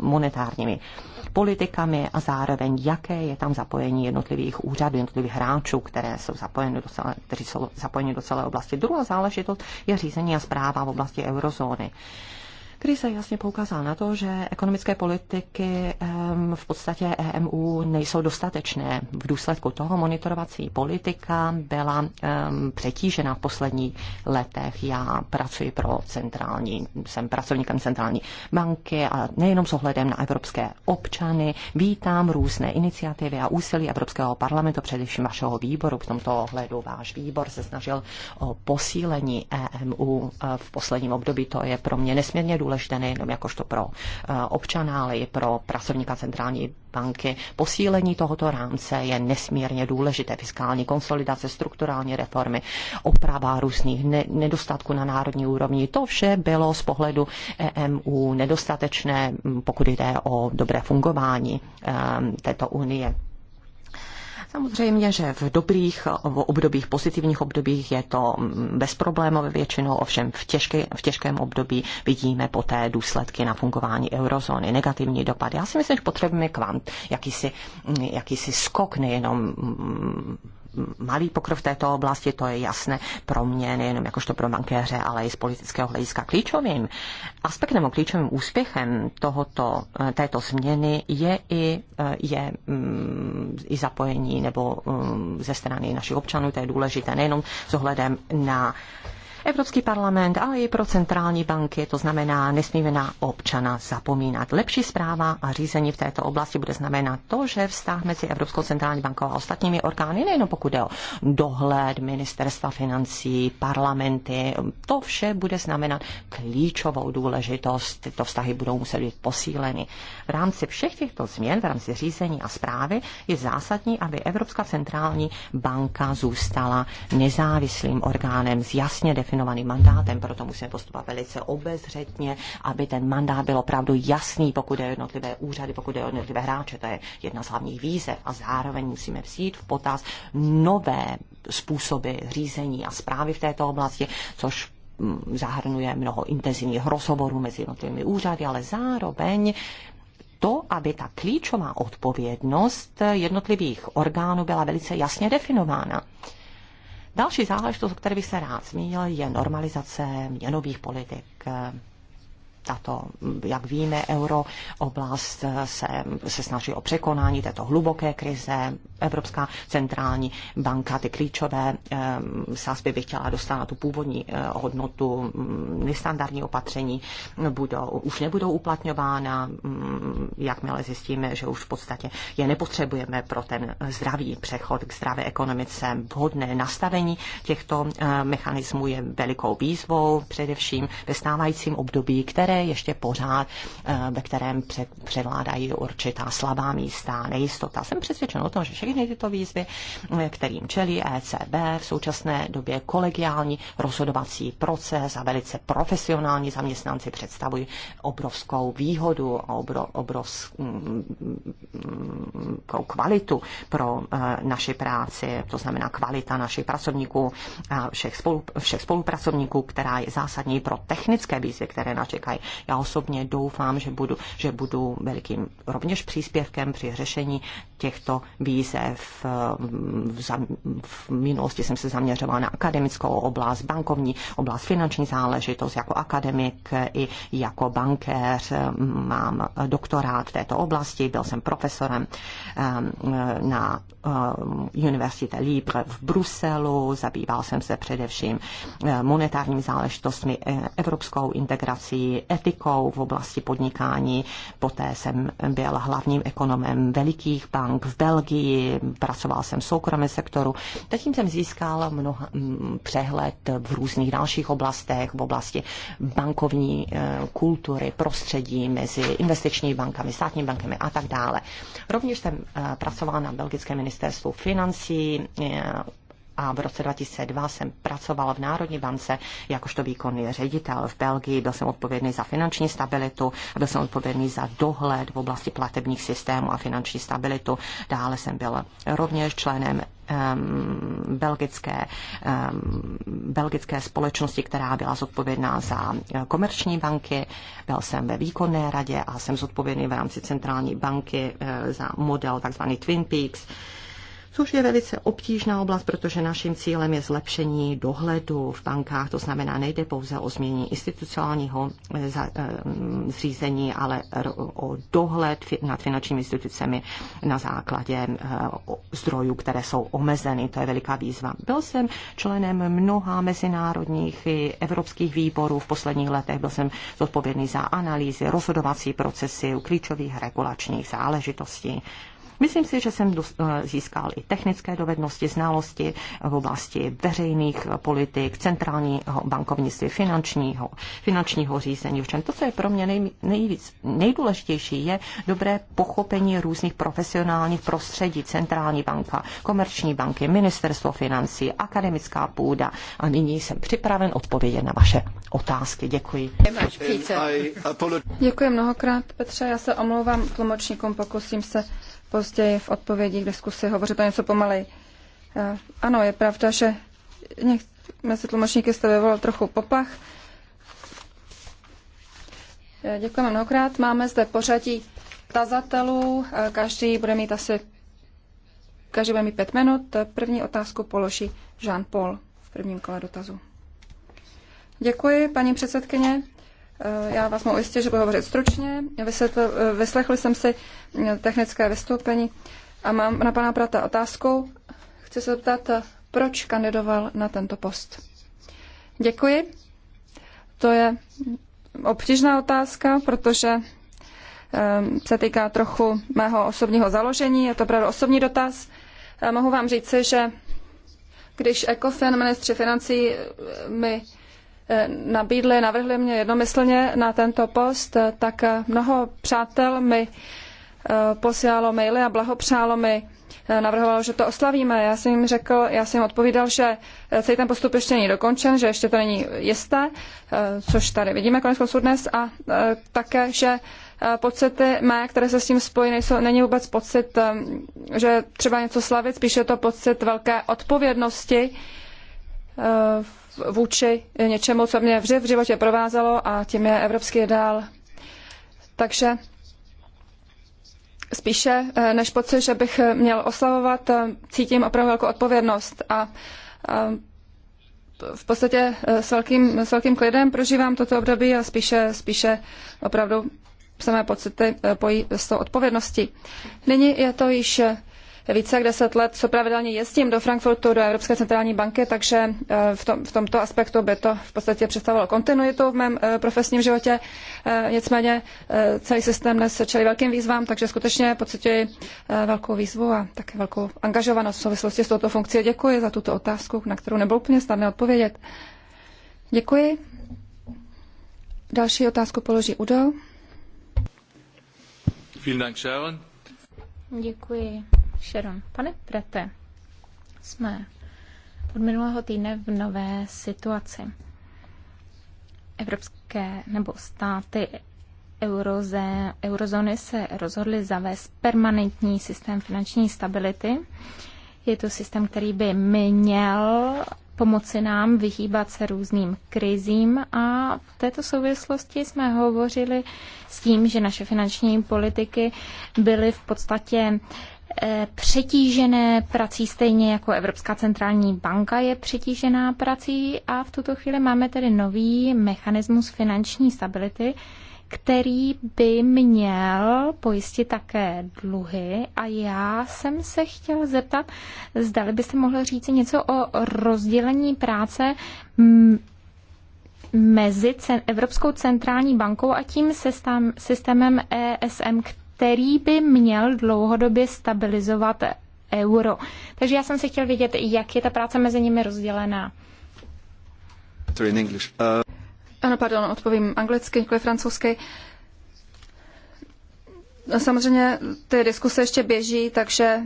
monetárními uh, politikami a zároveň jaké je tam zapojení jednotlivých úřadů, jednotlivých hráčů, které jsou zapojeny do celé, kteří jsou zapojeni do celé oblasti. Druhá záležitost je řízení a zpráva v oblasti eurozóny se jasně poukázal na to, že ekonomické politiky v podstatě EMU nejsou dostatečné. V důsledku toho monitorovací politika byla přetížena v posledních letech. Já pracuji pro centrální, jsem pracovníkem centrální banky a nejenom s ohledem na evropské občany. Vítám různé iniciativy a úsilí Evropského parlamentu, především vašeho výboru. V tomto ohledu váš výbor se snažil o posílení EMU eh, v posledním období. To je pro mě nesmírně důležité důležité nejenom jakožto pro eh, občana, ale i pro pracovníka centrální banky. Posílení tohoto rámce je nesmírně důležité. Fiskální konsolidace, strukturální reformy, oprava různých nedostatků na národní úrovni. To vše bylo z pohledu EMU nedostatečné, pokud jde o dobré fungování eh, této unie. Samozřejmě, že v dobrých v obdobích, pozitivních obdobích je to bezproblémové většinou, ovšem v, těžké, v těžkém období vidíme poté důsledky na fungování eurozóny, negativní dopady. Já si myslím, že potřebujeme kvant, jakýsi, jakýsi skok nejenom malý pokrok v této oblasti, to je jasné pro mě, nejenom jakožto pro bankéře, ale i z politického hlediska. Klíčovým aspektem a klíčovým úspěchem tohoto, eh, této změny je i, eh, je, mm, i zapojení nebo mm, ze strany našich občanů, to je důležité nejenom s ohledem na Evropský parlament, ale i pro centrální banky, to znamená, nesmíme na občana zapomínat. Lepší zpráva a řízení v této oblasti bude znamenat to, že vztah mezi Evropskou centrální bankou a ostatními orgány, nejenom pokud jde o dohled ministerstva financí, parlamenty, to vše bude znamenat klíčovou důležitost. Tyto vztahy budou muset být posíleny. V rámci všech těchto změn, v rámci řízení a zprávy, je zásadní, aby Evropská centrální banka zůstala nezávislým orgánem s jasně definovaným mandátem. Proto musíme postupovat velice obezřetně, aby ten mandát byl opravdu jasný, pokud je jednotlivé úřady, pokud je jednotlivé hráče. To je jedna z hlavních výzev. A zároveň musíme vzít v potaz nové způsoby řízení a zprávy v této oblasti, což mm, zahrnuje mnoho intenzivních rozhovorů mezi jednotlivými úřady, ale zároveň to, aby ta klíčová odpovědnost jednotlivých orgánů byla velice jasně definována. Další záležitost, o které bych se rád zmínil, je normalizace měnových politik tato, jak víme, euro oblast eh, se, se snaží o překonání této hluboké krize. Evropská centrální banka ty klíčové eh, sázby by chtěla dostat na tu původní eh, hodnotu. Mm, nestandardní opatření budou, už nebudou uplatňována, mm, jakmile zjistíme, že už v podstatě je nepotřebujeme pro ten zdravý přechod k zdravé ekonomice. Vhodné nastavení těchto eh, mechanismů je velikou výzvou, především ve stávajícím období, které ještě pořád, eh, ve kterém převládají určitá slabá místa, nejistota. Jsem přesvědčen o tom, že všechny tyto výzvy, eh, kterým čelí ECB v současné době kolegiální rozhodovací proces a velice profesionální zaměstnanci představují obrovskou výhodu a obro, obrovskou mm, mm, kvalitu pro eh, naši práci, to znamená kvalita našich pracovníků a všech, spolu, všech spolupracovníků, která je zásadní pro technické výzvy, které nás čekají. Já osobně doufám, že budu, že budu velikým rovněž příspěvkem při řešení těchto výzev. V minulosti jsem se zaměřovala na akademickou oblast, bankovní oblast, finanční záležitost. Jako akademik i jako bankéř mm, mám doktorát v této oblasti. Byl jsem profesorem ehm, na ehm, Univerzitě Libre v Bruselu. Zabýval jsem se především e, monetárními záležitostmi, e, evropskou integrací, etikou v oblasti podnikání. Poté jsem byl hlavním ekonomem velikých bank bank v Belgii, pracoval jsem v soukromém sektoru, tak tím jsem získal mnoha, přehled v různých dalších oblastech, v oblasti bankovní e, kultury, prostředí mezi investičními bankami, státními bankami a tak dále. Rovněž jsem e, pracoval na belgickém ministerstvu financí, e, a v roce 2002 jsem pracovala v Národní bance jakožto výkonný ředitel v Belgii. Byl jsem odpovědný za finanční stabilitu, byl jsem odpovědný za dohled v oblasti platebních systémů a finanční stabilitu. Dále jsem byl rovněž členem um, belgické, um, belgické společnosti, která byla zodpovědná za eh, komerční banky. Byl jsem ve výkonné radě a jsem zodpovědný v rámci centrální banky uh, za model tzv. Twin Peaks což je velice obtížná oblast, protože naším cílem je zlepšení dohledu v bankách. To znamená, nejde pouze o změní institucionálního eh, eh, zřízení, ale o dohled nad finančními institucemi na základě eh, zdrojů, které jsou omezeny. To je veliká výzva. Byl jsem členem mnoha mezinárodních i evropských výborů v posledních letech. Byl jsem zodpovědný za analýzy, rozhodovací procesy u klíčových regulačních záležitostí. Myslím si, že jsem eh, získal i technické dovednosti, znalosti v oblasti veřejných politik, centrálního bankovnictví, finančního, finančního řízení. Všem to, co je pro mě nej, nejvíc, nejdůležitější, je dobré pochopení různých profesionálních prostředí, centrální banka, komerční banky, ministerstvo financí, akademická půda. A nyní jsem připraven odpovědět na vaše otázky. Děkuji. Děkuji mnohokrát, Petře. Já se omlouvám tlumočníkům, pokusím se později v odpovědích k diskusi hovořit o něco pomalej. Eh, ano, je pravda, že něk- mezi tlumočníky jste vyvolal trochu poplach. Eh, děkujeme mnohokrát. Máme zde pořadí tazatelů. Eh, každý bude mít asi každý bude mít pět minut. První otázku položí Jean-Paul v prvním kole dotazu. Děkuji, paní předsedkyně. Eh, já vás mohu ujistit, že budu hovořit stručně. Vysvětl, eh, vyslechl jsem si eh, technické vystoupení a mám na pana Prata otázku. Chci se zeptat, proč kandidoval na tento post. Děkuji. To je obtížná otázka, protože ehm, se týká trochu mého osobního založení. Je to opravdu osobní dotaz. Mohu vám říci, že když ECOFIN, ministři financí, mi Eh, nabídli, navrhli mě jednomyslně na tento post, eh, tak eh, mnoho přátel mi posílalo maily a blahopřálo mi, navrhovalo, že to oslavíme. Já jsem jim řekl, já jsem jim odpovídal, že celý ten postup ještě není dokončen, že ještě to není jisté, což tady vidíme konec konců dnes, a také, že pocity mé, které se s tím spojí, nejsou, není vůbec pocit, že třeba něco slavit, spíše je to pocit velké odpovědnosti vůči něčemu, co mě vždy v životě provázelo a tím je evropský ideál. Takže spíše eh, než pocit, že bych měl oslavovat, eh, cítím opravdu velkou jako odpovědnost a eh, v podstatě s velkým, s velkým klidem prožívám toto období a spíše, spíše opravdu samé pocity pojí s tou odpovědností. Nyní je to již více jak deset let, co pravidelně jezdím do Frankfurtu, do Evropské centrální banky, takže eh, v, tom, v tomto aspektu by to v podstatě představovalo kontinuitu v mém eh, profesním životě. Eh, nicméně celý systém dnes čelí velkým výzvám, takže skutečně pocituji velkou výzvu a také velkou angažovanost v souvislosti s touto funkcí. Děkuji za tuto otázku, na kterou nebylo úplně snadné odpovědět. Děkuji. Další otázku položí Udo. Vielen Dank, Sharon. Děkuji, Sharon, pane Prete, jsme od minulého týdne v nové situaci. Evropské nebo státy euroze, eurozóny se rozhodly zavést permanentní systém finanční stability. Je to systém, který by měl pomoci nám vyhýbat se různým krizím a v této souvislosti jsme hovořili s tím, že naše finanční politiky byly v podstatě Eh, přetížené prací, stejně jako Evropská centrální banka je přetížená prací a v tuto chvíli máme tedy nový mechanismus finanční stability, který by měl pojistit také dluhy. A já jsem se chtěla zeptat, zdali byste mohli říct něco o rozdělení práce mm, mezi Evropskou centrální bankou a tím systémem ESM, který by měl dlouhodobě stabilizovat euro. Takže já jsem si chtěl vědět, jak je ta práce mezi nimi rozdělená. Uh, ano, pardon, odpovím anglicky, nikoli francouzsky. Samozřejmě ty diskuse ještě běží, takže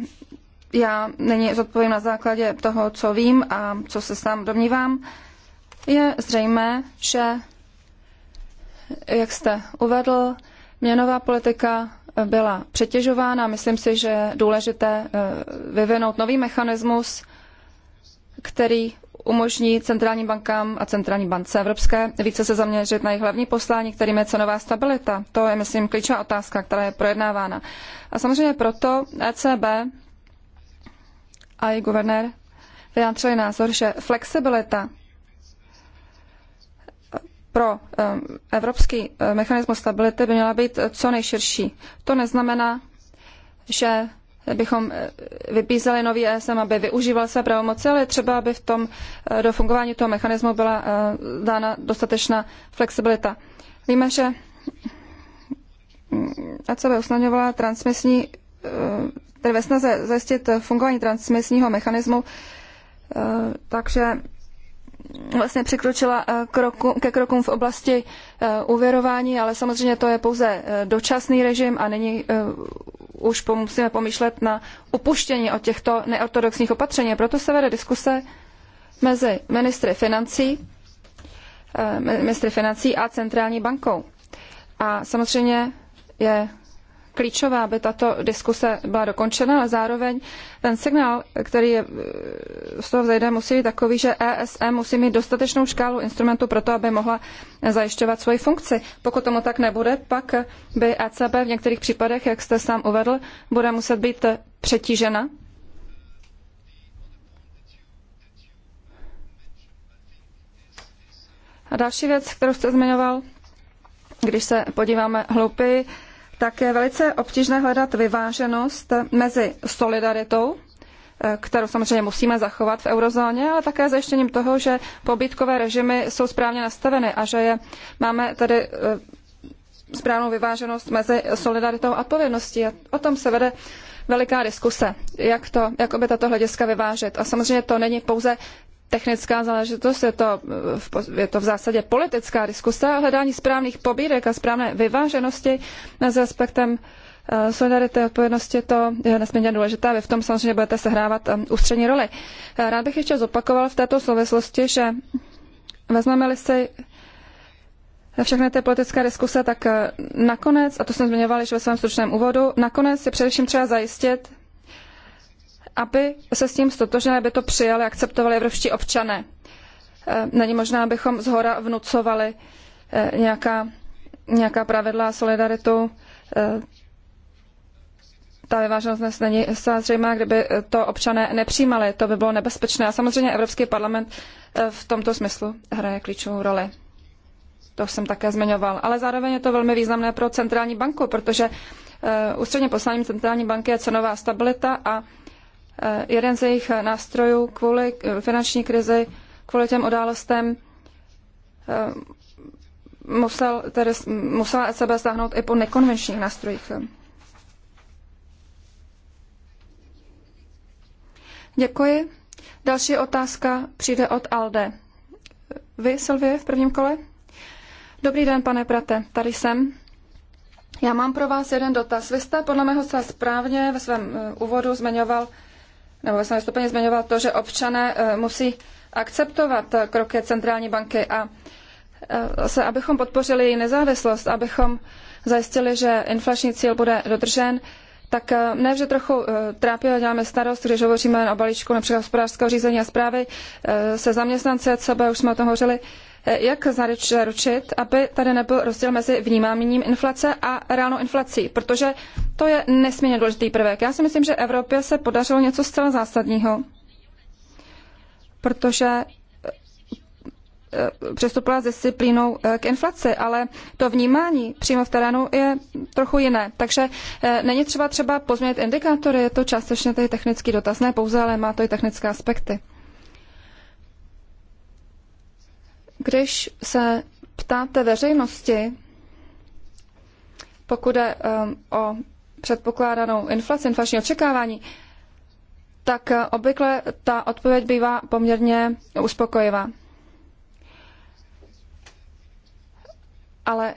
já není odpovím na základě toho, co vím a co se sám domnívám. Je zřejmé, že, jak jste uvedl, měnová politika byla přetěžována. Myslím si, že je důležité eh, vyvinout nový mechanismus, který umožní centrálním bankám a centrální bance evropské více se zaměřit na jejich hlavní poslání, kterým je cenová stabilita. To je, myslím, klíčová otázka, která je projednávána. A samozřejmě proto ECB a její guvernér vyjádřili názor, že flexibilita pro eh, evropský eh, mechanismus stability by měla být co nejširší. To neznamená, že bychom eh, vypízeli nový ESM, aby využíval své pravomoci, ale třeba, aby v tom, do fungování toho mechanismu byla dána dostatečná flexibilita. Víme, že mm, ECB usnadňovala transmisní, tedy ve snaze zajistit fungování transmisního mechanismu, takže vlastně překročila eh, kroku, ke krokům v oblasti uvěrování, eh, ale samozřejmě to je pouze eh, dočasný režim a nyní už musíme pomýšlet na upuštění od těchto neortodoxních opatření. Proto se vede diskuse mezi ministry financí, ministry financí a centrální bankou. A samozřejmě je klíčové, aby tato diskuse byla dokončena a zároveň ten signál, který je, z toho vzejde, musí být takový, že ESM musí mít dostatečnou škálu instrumentů pro to, aby mohla zajišťovat svoji funkci. Pokud tomu tak nebude, pak by ECB v některých případech, jak jste sám uvedl, bude muset být přetížena A další věc, kterou jste zmiňoval, když se podíváme hlouběji, tak je velice obtížné hledat vyváženost mezi solidaritou, eh, kterou samozřejmě musíme zachovat v eurozóně, ale také zajištěním toho, že pobytkové režimy jsou správně nastaveny a že je, máme tady eh, správnou vyváženost mezi solidaritou a odpovědností. A o tom se vede veliká diskuse, jak, to, jak by tato hlediska vyvážet. A samozřejmě to není pouze technická záležitost, je to, v, je to v zásadě politická diskuse o hledání správných pobídek a správné vyváženosti mezi aspektem eh, solidarity a odpovědnosti, to je nesmírně důležité a vy v tom samozřejmě budete sehrávat eh, ústřední roli. Eh, rád bych ještě zopakoval v této souvislosti, že vezmeme-li si všechny ty politické diskuse, tak nakonec, a to jsem zmiňoval již ve svém stručném úvodu, nakonec je především třeba zajistit, aby se s tím stotožili, aby to přijali, akceptovali evropští občané. E, není možná, abychom zhora vnucovali e, nějaká, nějaká pravidla a solidaritu. E, ta vyváženost dnes není zřejmá, kdyby to občané nepřijímali, to by bylo nebezpečné. A samozřejmě Evropský parlament v tomto smyslu hraje klíčovou roli. To jsem také zmiňoval. Ale zároveň je to velmi významné pro centrální banku, protože ústředně posláním centrální banky je cenová stabilita a Eh, jeden z jejich eh, nástrojů kvůli eh, finanční krizi, kvůli těm událostem, musel, tedy, musela ECB stáhnout i po nekonvenčních nástrojích. Děkuji. Další otázka přijde od Alde. Vy, Silvie, v prvním kole? Dobrý den, pane Prate, tady jsem. Já mám pro vás jeden dotaz. Vy jste podle mého zcela správně ve svém úvodu zmiňoval nebo ve svém vystoupení zmiňoval to, že občané eh, musí akceptovat eh, kroky centrální banky a eh, se, abychom podpořili její nezávislost, abychom zajistili, že inflační cíl bude dodržen, tak ne, že trochu trápí a děláme starost, když hovoříme o balíčku například hospodářského řízení a zprávy se zaměstnanci od sebe, už jsme o tom hovořili, jak zaručit, aby tady nebyl rozdíl mezi vnímáním inflace a reálnou inflací, protože to je nesmírně důležitý prvek. Já si myslím, že Evropě se podařilo něco zcela zásadního, protože eh, eh, přestupila s disciplínou eh, k inflaci, ale to vnímání přímo v terénu je trochu jiné. Takže není třeba třeba pozměnit indikátory, je to částečně tady technický dotaz, ne pouze, ale má to i technické aspekty. Když se ptáte veřejnosti, pokud je um, o předpokládanou inflaci, inflační očekávání, tak uh, obvykle ta odpověď bývá poměrně uspokojivá. Ale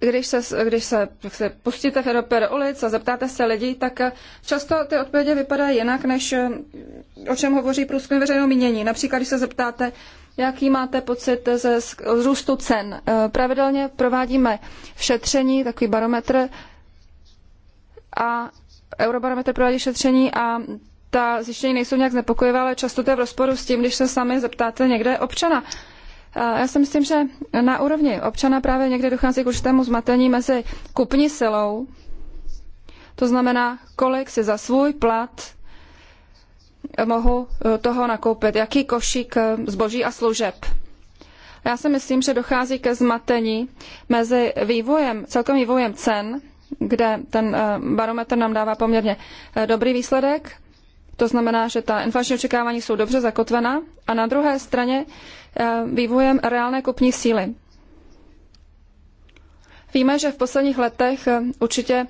když se, když se, se pustíte v Evropě do ulic a zeptáte se lidí, tak často ty odpovědi vypadají jinak, než eh, o čem hovoří průzkum veřejného mínění. Například, když se zeptáte, jaký máte pocit ze zrůstu cen. Eh, pravidelně provádíme šetření, takový barometr a Eurobarometr provádí šetření a ta zjištění nejsou nějak znepokojivá, ale často to je v rozporu s tím, když se sami zeptáte někde občana. Já si myslím, že na úrovni občana právě někdy dochází k určitému zmatení mezi kupní silou, to znamená, kolik si za svůj plat mohu eh, toho nakoupit, jaký košík eh, zboží a služeb. Já si myslím, že dochází ke zmatení mezi vývojem, celkovým vývojem cen, kde ten eh, barometr nám dává poměrně dobrý výsledek, to znamená, že ta inflační očekávání jsou dobře zakotvena. A na druhé straně Eh, vývojem reálné kupní síly. Víme, že v posledních letech eh, určitě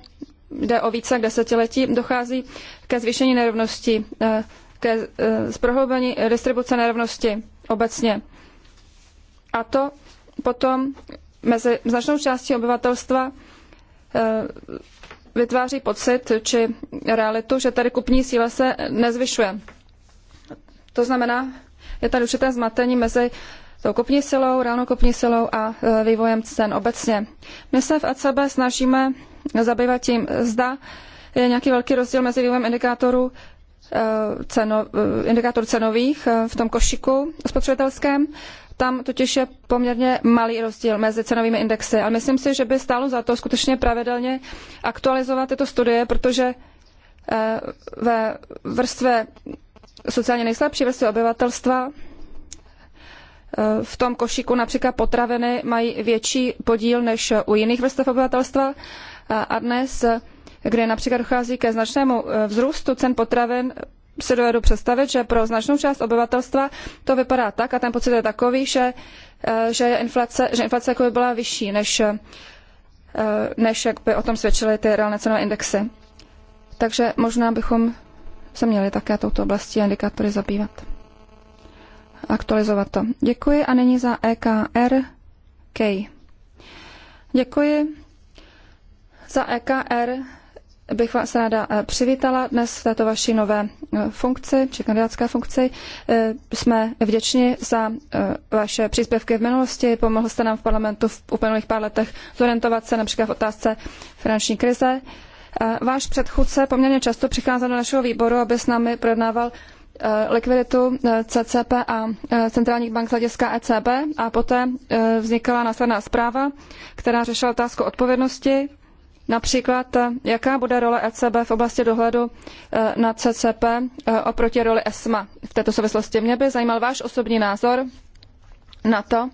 jde o více jak desetiletí, dochází ke zvýšení nerovností, eh, ke zprohloubení distribuce nerovnosti obecně. A to potom mezi značnou částí obyvatelstva vytváří pocit či realitu, že tady kupní síla se nezvyšuje. To znamená, je tady určité zmatení mezi tou kupní silou, reálnou kupní silou a e, vývojem cen obecně. My se v ACB snažíme zabývat tím, zda je nějaký velký rozdíl mezi vývojem indikátorů e, ceno, e, indikátor cenových v tom košíku spotřebitelském. Tam totiž je poměrně malý rozdíl mezi cenovými indexy, A myslím si, že by stálo za to skutečně pravidelně aktualizovat tyto studie, protože ve vrstvě sociálně nejslabší vrstvy obyvatelstva eh, v tom košíku například potraviny mají větší podíl než u jiných vrstev obyvatelstva. Eh, a dnes, eh, kdy například dochází ke značnému vzrůstu cen potravin, si dovedu představit, že pro značnou část obyvatelstva to vypadá tak a ten pocit je takový, že, že, je inflace, že inflace jako by byla vyšší, než, než jak by o tom svědčily ty reálné cenové indexy. Takže možná bychom se měli také touto oblastí indikátory zabývat. Aktualizovat to. Děkuji a nyní za EKRK. Děkuji. Za EKR bych vás ráda eh, přivítala dnes v této vaší nové eh, funkci, či kandidátské funkci. Eh, jsme vděční za vaše příspěvky v minulosti. Pomohl jste nám v parlamentu v uplynulých pár letech zorientovat se například v otázce finanční krize. Eh, váš předchůdce poměrně často přicházel do našeho výboru, aby s námi projednával eh, likviditu eh, CCP a centrálních bank z hlediska ECB a poté vznikala následná zpráva, která řešila otázku odpovědnosti, například jaká bude role ECB v oblasti dohledu na CCP oproti roli ESMA. V této souvislosti mě by zajímal váš osobní názor na to,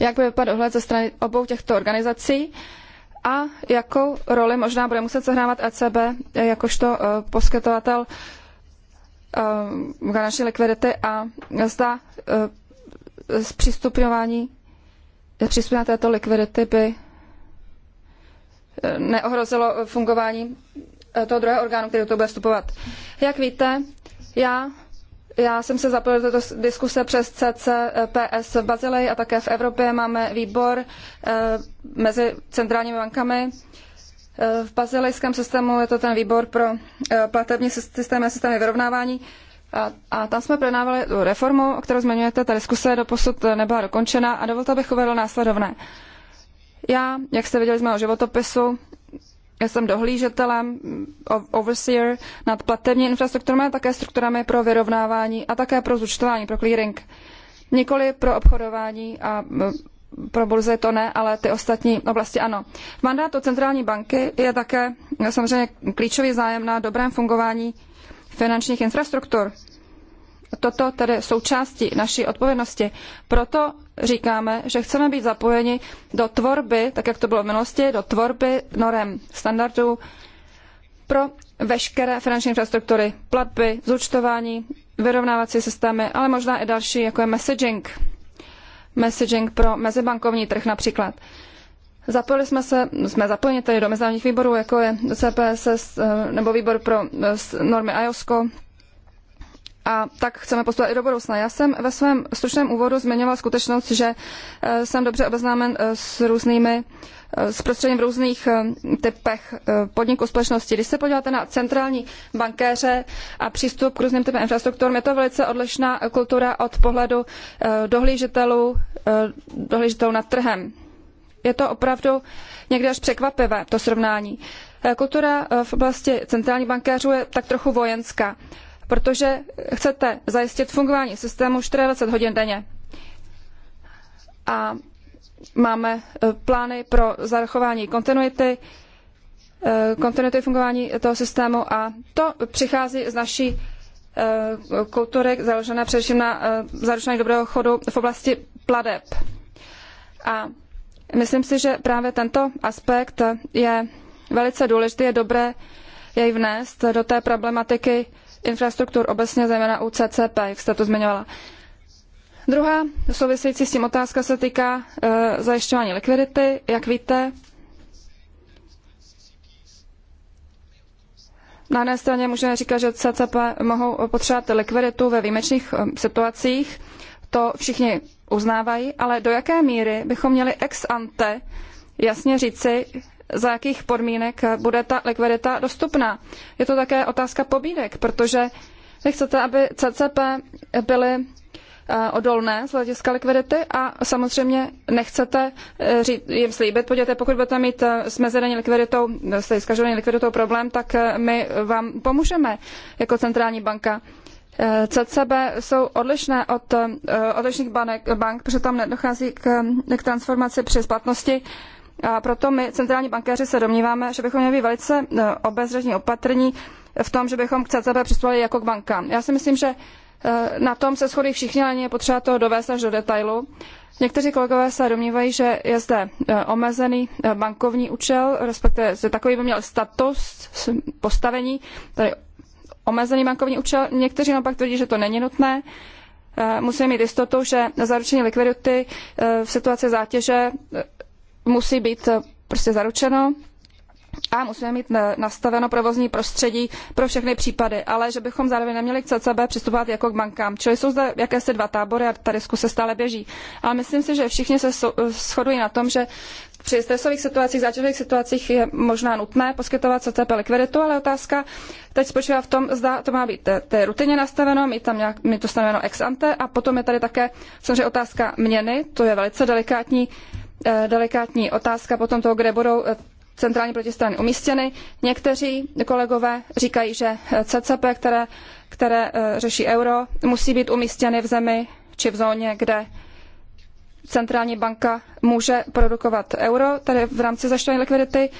jak by vypadal dohled ze strany obou těchto organizací a jakou roli možná bude muset sehrávat ECB jakožto e, poskytovatel e, garanční likvidity a zda e, zpřístupňování přístupňování této likvidity by neohrozilo fungování toho druhého orgánu, který do toho bude vstupovat. Jak víte, já já jsem se zapojil do diskuse přes CCPS v Bazileji a také v Evropě máme výbor eh, mezi centrálními bankami. Eh, v bazilejském systému je to ten výbor pro eh, platební systémy a systémy vyrovnávání. A, a tam jsme projednávali tu reformu, o kterou zmiňujete. Ta diskuse do posud nebyla dokončena a dovolte, abych uvedl následovné. Já, jak jste viděli z mého životopisu, já jsem dohlížetelem, mm, overseer nad platební infrastrukturami, také strukturami pro vyrovnávání a také pro zúčtování, pro clearing. Nikoli pro obchodování a mm, pro burzy to ne, ale ty ostatní oblasti ano. V mandátu centrální banky je také samozřejmě klíčový zájem na dobrém fungování finančních infrastruktur toto tedy součástí naší odpovědnosti. Proto říkáme, že chceme být zapojeni do tvorby, tak jak to bylo v minulosti, do tvorby norem standardů pro veškeré finanční infrastruktury, platby, zúčtování, vyrovnávací systémy, ale možná i další, jako je messaging. Messaging pro mezibankovní trh například. Zapojili jsme se, jsme zapojeni tedy do mezinárodních výborů, jako je CPSS eh, nebo výbor pro eh, normy IOSCO, a tak chceme postupovat i do budoucna. Já jsem ve svém stručném úvodu zmiňovala skutečnost, že eh, jsem dobře obeznámen eh, s různými, eh, s prostředím v různých typech podniků společnosti. Když se podíváte na centrální bankéře a přístup k různým typům infrastruktur, je to velice odlišná kultura od pohledu dohlížitelů, dohlížitelů nad trhem. Je to opravdu někdy až překvapivé, to srovnání. Kultura v oblasti centrální bankéřů je tak trochu vojenská protože chcete zajistit fungování systému 24 hodin denně. A máme e, plány pro zachování kontinuity, e, kontinuity fungování toho systému a to přichází z naší e, kultury založené především na zaručení dobrého chodu v oblasti pladeb. A myslím si, že právě tento aspekt je velice důležitý, je dobré jej vnést do té problematiky infrastruktur obecně, zejména u CCP, jak jste to zmiňovala. Druhá související s tím otázka se týká e, zajišťování likvidity. Jak víte, na jedné straně můžeme říkat, že CCP mohou potřebovat likviditu ve výjimečných e, situacích. To všichni uznávají, ale do jaké míry bychom měli ex ante jasně říci, za jakých podmínek bude ta likvidita dostupná. Je to také otázka pobídek, protože vy chcete, aby CCP byly eh, odolné z hlediska likvidity a samozřejmě nechcete eh, jim slíbit, podívejte, pokud budete mít eh, s mezerenní likviditou, s hlediska likviditou problém, tak my vám pomůžeme jako centrální banka. CCB jsou odlišné od odlišných bank, protože tam nedochází k, k transformaci při splatnosti a proto my, centrální bankéři, se domníváme, že bychom měli být velice e, obezřetní, opatrní v tom, že bychom k CCP přistupovali jako k bankám. Já si myslím, že e, na tom se shodují všichni, ale je potřeba to dovést až do detailu. Někteří kolegové se domnívají, že je zde e, omezený bankovní účel, respektive že takový by měl status, postavení, tedy omezený bankovní účel. Někteří naopak tvrdí, že to není nutné. Musíme mít jistotu, že zaručení likvidity v situaci zátěže musí být eh, prostě zaručeno a musíme mít nastaveno provozní prostředí pro všechny případy, ale že bychom zároveň neměli k CCB přistupovat jako k bankám. Čili jsou zde jakési dva tábory a ta diskuse stále běží. Ale myslím si, že všichni se eh, shodují na tom, že při stresových situacích, zátěžových situacích je možná nutné poskytovat CCP likviditu, ale otázka teď spočívá v tom, zda to má být eh, té rutině nastaveno, mít tam nějak, mít to stanoveno ex ante a potom je tady také samozřejmě otázka měny, to je velice delikátní Eh, delikátní otázka potom toho, kde budou eh, centrální protistrany umístěny. Někteří kolegové říkají, že eh, CCP, které, které řeší euro, musí být umístěny v zemi či v zóně, kde centrální banka může produkovat euro, tedy v rámci zajišťování likvidity.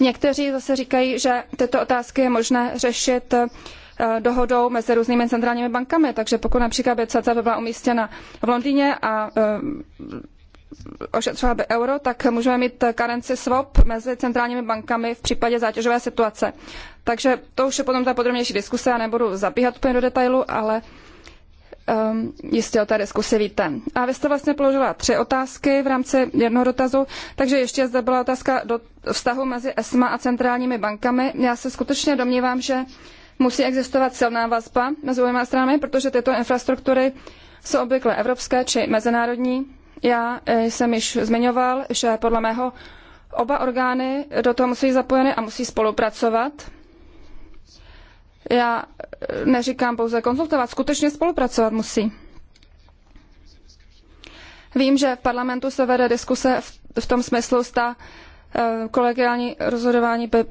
Někteří zase říkají, že tyto otázky je možné řešit dohodou mezi různými centrálními bankami. Takže pokud například by CCP byla umístěna v Londýně a ošetřila by euro, tak můžeme mít karenci swap mezi centrálními bankami v případě zátěžové situace. Takže to už je potom ta podrobnější diskuse, já nebudu zabíhat úplně do detailu, ale um, jistě o té diskusi víte. A vy jste vlastně položila tři otázky v rámci jednoho dotazu, takže ještě zde byla otázka do vztahu mezi ESMA a centrálními bankami. Já se skutečně domnívám, že musí existovat silná vazba mezi oběma stranami, protože tyto infrastruktury jsou obvykle evropské či mezinárodní já eh, jsem již zmiňoval, že podle mého oba orgány do toho musí zapojeny a musí spolupracovat. Já eh, neříkám pouze konzultovat, skutečně spolupracovat musí. Vím, že v parlamentu se vede diskuse v, v tom smyslu, zda eh, kolegiální rozhodování by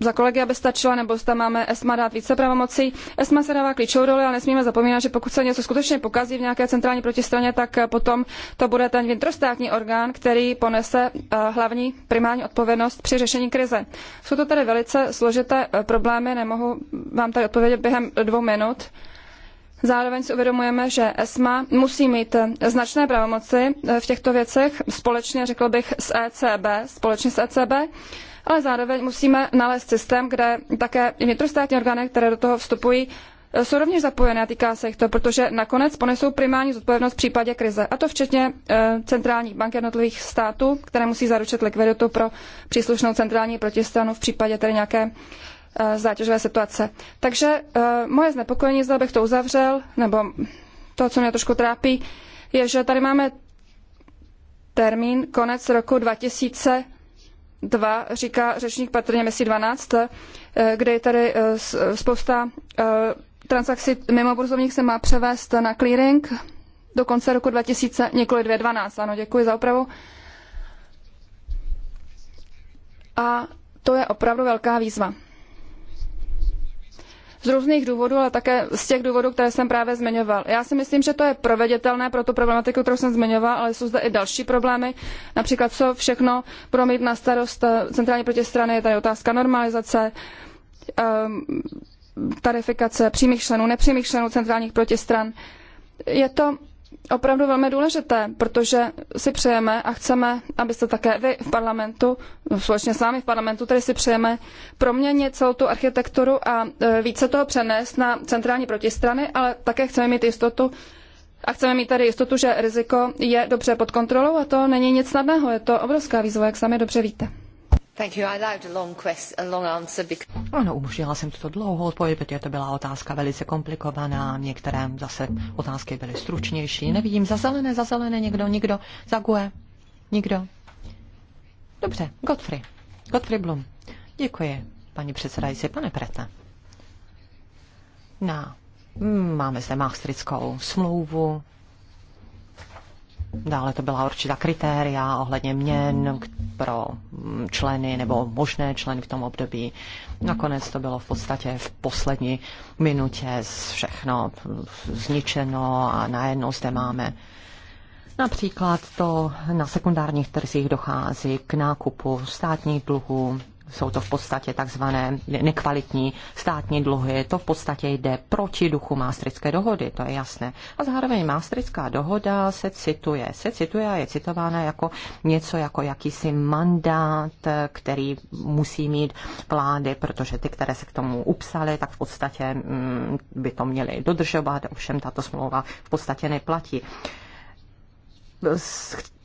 za kolegy, aby stačila, nebo zda máme ESMA dát více pravomocí. ESMA se dává klíčovou roli, ale nesmíme zapomínat, že pokud se něco skutečně pokazí v nějaké centrální protistraně, tak eh, potom to bude ten vnitrostátní orgán, který ponese eh, hlavní primární odpovědnost při řešení krize. Jsou to tedy velice složité eh, problémy, nemohu vám tady odpovědět během dvou minut. Zároveň si uvědomujeme, že ESMA musí mít značné pravomoci v těchto věcech, společně, řekl bych, s ECB, společně s ECB ale zároveň musíme nalézt systém, kde také vnitrostátní orgány, které do toho vstupují, eh, jsou rovněž zapojené a týká se jich to, protože nakonec ponesou primární zodpovědnost v případě krize, a to včetně eh, centrálních bank jednotlivých států, které musí zaručit likviditu pro příslušnou centrální protistranu v případě tedy nějaké eh, zátěžové situace. Takže moje znepokojení, zda bych to uzavřel, nebo to, co mě trošku trápí, je, že tady máme termín konec roku 2000 2, říká řečník patrně Messi 12, eh, kde je tady eh, spousta eh, transakcí mimo burzovních se má převést na clearing do konce roku 2000, nikoli 2012. Ano, děkuji za opravu. A to je opravdu velká výzva z různých důvodů, ale také z těch důvodů, které jsem právě zmiňoval. Já si myslím, že to je proveditelné pro tu problematiku, kterou jsem zmiňoval, ale jsou zde i další problémy. Například, co všechno pro mít na starost eh, centrální protistrany, je tady otázka normalizace, ehm, tarifikace přímých členů, nepřímých členů centrálních protistran. Je to opravdu velmi důležité, protože si přejeme a chceme, abyste také vy v parlamentu, no, společně s námi v parlamentu, tedy si přejeme proměnit celou tu architekturu a e, více toho přenést na centrální protistrany, ale také chceme mít jistotu, a chceme mít tady jistotu, že riziko je dobře pod kontrolou a to není nic snadného, je to obrovská výzva, jak sami dobře víte. Thank you. I allowed a long, quest, a long answer because... Ano, umožnila jsem tuto dlouhou odpověď, protože to byla otázka velice komplikovaná. Některé zase otázky byly stručnější. Nevidím za zelené, za zelené někdo, nikdo. Za GUE, nikdo. Dobře, Godfrey. Godfrey Blum. Děkuji, paní předsedající, pane Prete. Na, mm, máme zde maastrickou smlouvu, Dále to byla určitá kritéria ohledně měn pro mm, členy nebo možné členy v tom období. Nakonec to bylo v podstatě v poslední minutě všechno zničeno a najednou zde máme Například to na sekundárních trzích dochází k nákupu státních dluhů, jsou to v podstatě takzvané nekvalitní státní dluhy. To v podstatě jde proti duchu Maastrichtské dohody, to je jasné. A zároveň Maastrichtská dohoda se cituje. Se cituje a je citována jako něco jako jakýsi mandát, který musí mít vlády, protože ty, které se k tomu upsaly, tak v podstatě mm, by to měly dodržovat. Ovšem tato smlouva v podstatě neplatí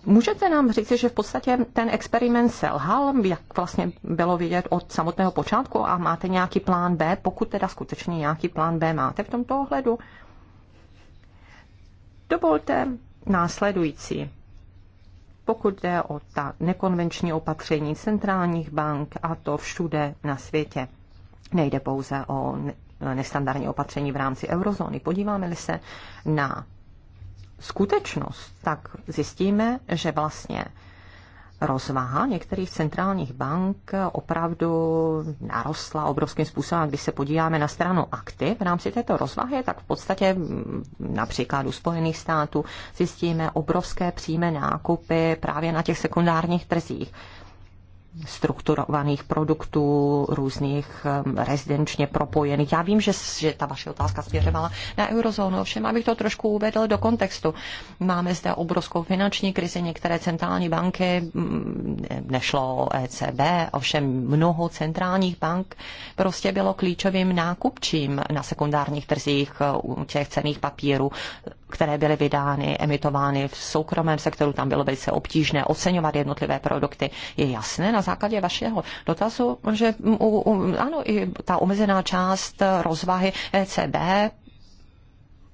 Můžete nám říct, že v podstatě ten experiment selhal, jak vlastně bylo vidět od samotného počátku a máte nějaký plán B, pokud teda skutečně nějaký plán B máte v tomto ohledu? Dovolte následující. Pokud jde o ta nekonvenční opatření centrálních bank a to všude na světě, nejde pouze o nestandardní opatření v rámci eurozóny. Podíváme-li se na skutečnost, tak zjistíme, že vlastně rozvaha některých centrálních bank opravdu narostla obrovským způsobem. Když se podíváme na stranu aktiv v rámci této rozvahy, tak v podstatě například u Spojených států zjistíme obrovské přímé nákupy právě na těch sekundárních trzích strukturovaných produktů, různých rezidenčně propojených. Já vím, že, že ta vaše otázka směřovala na eurozónu, ovšem abych to trošku uvedl do kontextu. Máme zde obrovskou finanční krizi, některé centrální banky, nešlo o ECB, ovšem mnoho centrálních bank prostě bylo klíčovým nákupčím na sekundárních trzích u těch cených papírů které byly vydány, emitovány v soukromém sektoru, tam bylo velice obtížné oceňovat jednotlivé produkty. Je jasné na základě vašeho dotazu, že u, u, ano, i ta omezená část rozvahy ECB,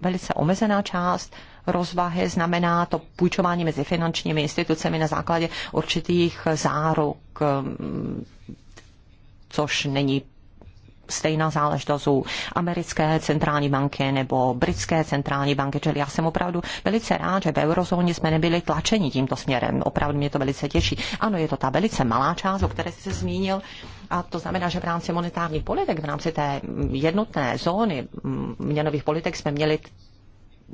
velice omezená část rozvahy znamená to půjčování mezi finančními institucemi na základě určitých záruk, což není stejná záležitost u americké centrální banky nebo britské centrální banky, čili já jsem opravdu velice rád, že v eurozóně jsme nebyli tlačeni tímto směrem. Opravdu mě to velice těší. Ano, je to ta velice malá část, o které jste se zmínil, a to znamená, že v rámci monetárních politik, v rámci té jednotné zóny mm, měnových politik jsme měli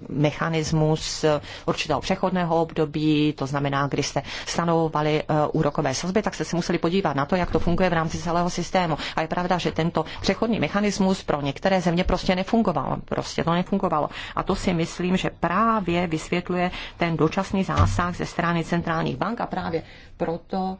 mechanismus eh, určitého přechodného období, to znamená, když jste stanovovali eh, úrokové sazby, tak jste se museli podívat na to, jak to funguje v rámci celého systému. A je pravda, že tento přechodný mechanismus pro některé země prostě nefungoval. Prostě to nefungovalo. A to si myslím, že právě vysvětluje ten dočasný zásah ze strany centrálních bank a právě proto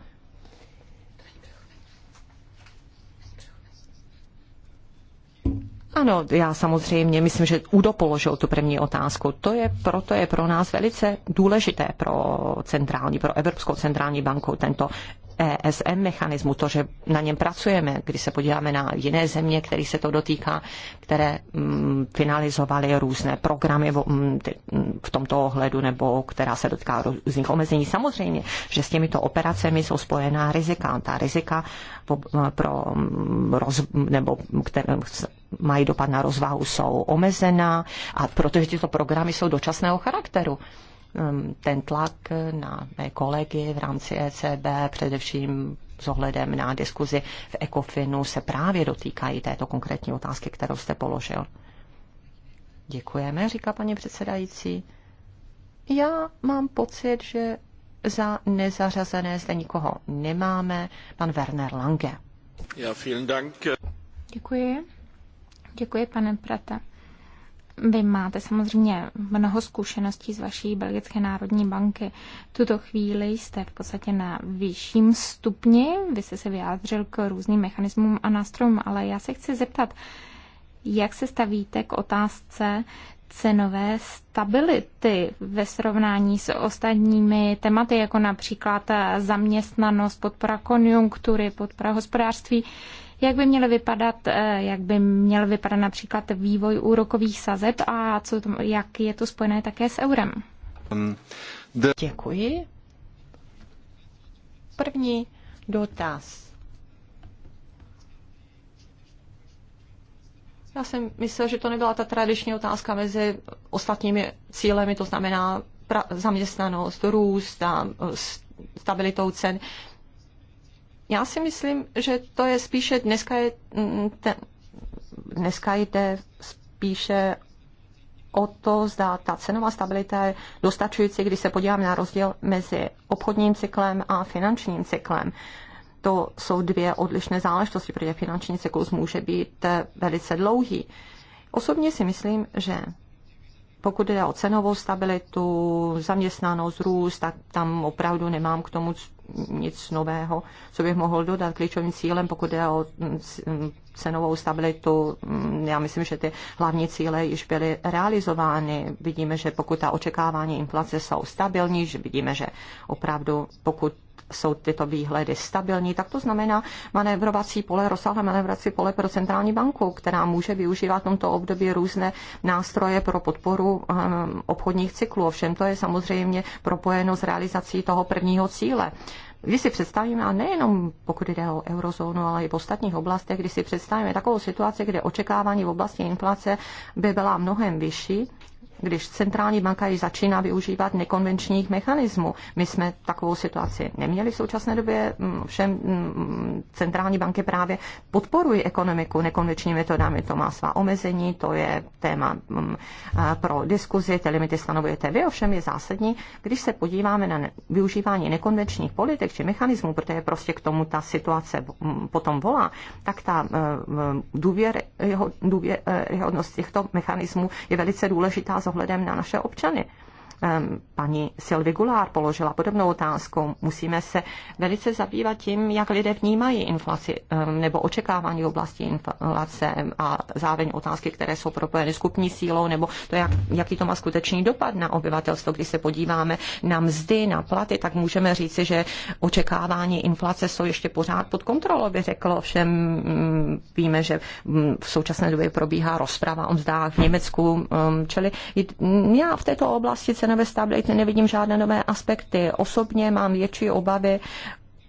Ano, já samozřejmě myslím, že Udo položil tu první otázku. To je proto je pro nás velice důležité pro centrální, pro Evropskou centrální banku tento ESM mechanismu, to, že na něm pracujeme, když se podíváme na jiné země, které se to dotýká, které mm, finalizovaly různé programy mm, mm, v tomto ohledu nebo která se dotká různých omezení. Samozřejmě, že s těmito operacemi jsou spojená rizika. Ta rizika pro roz, nebo které, mají dopad na rozvahu, jsou omezená, a protože tyto programy jsou dočasného charakteru. Um, ten tlak na mé kolegy v rámci ECB, především s ohledem na diskuzi v ECOFINu, se právě dotýkají této konkrétní otázky, kterou jste položil. Děkujeme, říká paní předsedající. Já mám pocit, že za nezařazené zde nikoho nemáme. Pan Werner Lange. Ja, vielen Dank. Děkuji. Děkuji, pane Prata. Vy máte samozřejmě mnoho zkušeností z vaší Belgické národní banky. Tuto chvíli jste v podstatě na vyšším stupni. Vy jste se vyjádřil k různým mechanismům a nástrojům, ale já se chci zeptat, jak se stavíte k otázce cenové stability ve srovnání s ostatními tematy, jako například zaměstnanost, podpora konjunktury, podpora hospodářství jak by měl vypadat, eh, jak by měl vypadat například vývoj úrokových sazeb a co, jak je to spojené také s eurem. Um, Děkuji. První dotaz. Já jsem myslel, že to nebyla ta tradiční otázka mezi ostatními cílemi, to znamená zaměstnanost, růst a eh, stabilitou cen. Já si myslím, že to je spíše dneska je mm, ten, dneska jde spíše o to, zda ta cenová stabilita je dostačující, když se podívám na rozdíl mezi obchodním cyklem a finančním cyklem. To jsou dvě odlišné záležitosti, protože finanční cyklus může být velice dlouhý. Osobně si myslím, že pokud jde o cenovou stabilitu, zaměstnanost, růst, tak tam opravdu nemám k tomu nic nového, co bych mohl dodat. Klíčovým cílem, pokud jde o mm, mm, cenovou stabilitu, mm, já myslím, že ty hlavní cíle již byly realizovány. Vidíme, že pokud ta očekávání inflace jsou stabilní, že vidíme, že opravdu pokud jsou tyto výhledy stabilní, tak to znamená manévrovací pole, rozsáhlé manévrovací pole pro centrální banku, která může využívat v tomto období různé nástroje pro podporu um, obchodních cyklů. Ovšem to je samozřejmě propojeno s realizací toho prvního cíle. Když si představíme, a nejenom pokud jde o eurozónu, ale i v ostatních oblastech, když si představíme takovou situaci, kde očekávání v oblasti inflace by byla mnohem vyšší, když centrální banka již začíná využívat nekonvenčních mechanismů. My jsme takovou situaci neměli v současné době, mm, všem mm, centrální banky právě podporují ekonomiku nekonvenčními metodami, to má svá omezení, to je téma mm, pro diskuzi, ty limity stanovujete vy, ovšem je zásadní, když se podíváme na využívání nekonvenčních politik či mechanismů, protože prostě k tomu ta situace potom volá, tak ta e, e, jeho jeho důvěryhodnost e, těchto mechanismů je velice důležitá z ohledem na naše občany. Ehm, paní Sylvie Gulár položila podobnou otázku. Musíme se velice zabývat tím, jak lidé vnímají inflaci ehm, nebo očekávání v oblasti inflace a zároveň otázky, které jsou propojeny s kupní sílou nebo to, jak, jaký to má skutečný dopad na obyvatelstvo. Když se podíváme na mzdy, na platy, tak můžeme říci, že očekávání inflace jsou ještě pořád pod kontrolou, by řeklo. Všem mm, víme, že mm, v současné době probíhá rozprava o mzdách v Německu, ehm, čili já v této oblasti cenové stability nevidím žádné nové aspekty. Osobně mám větší obavy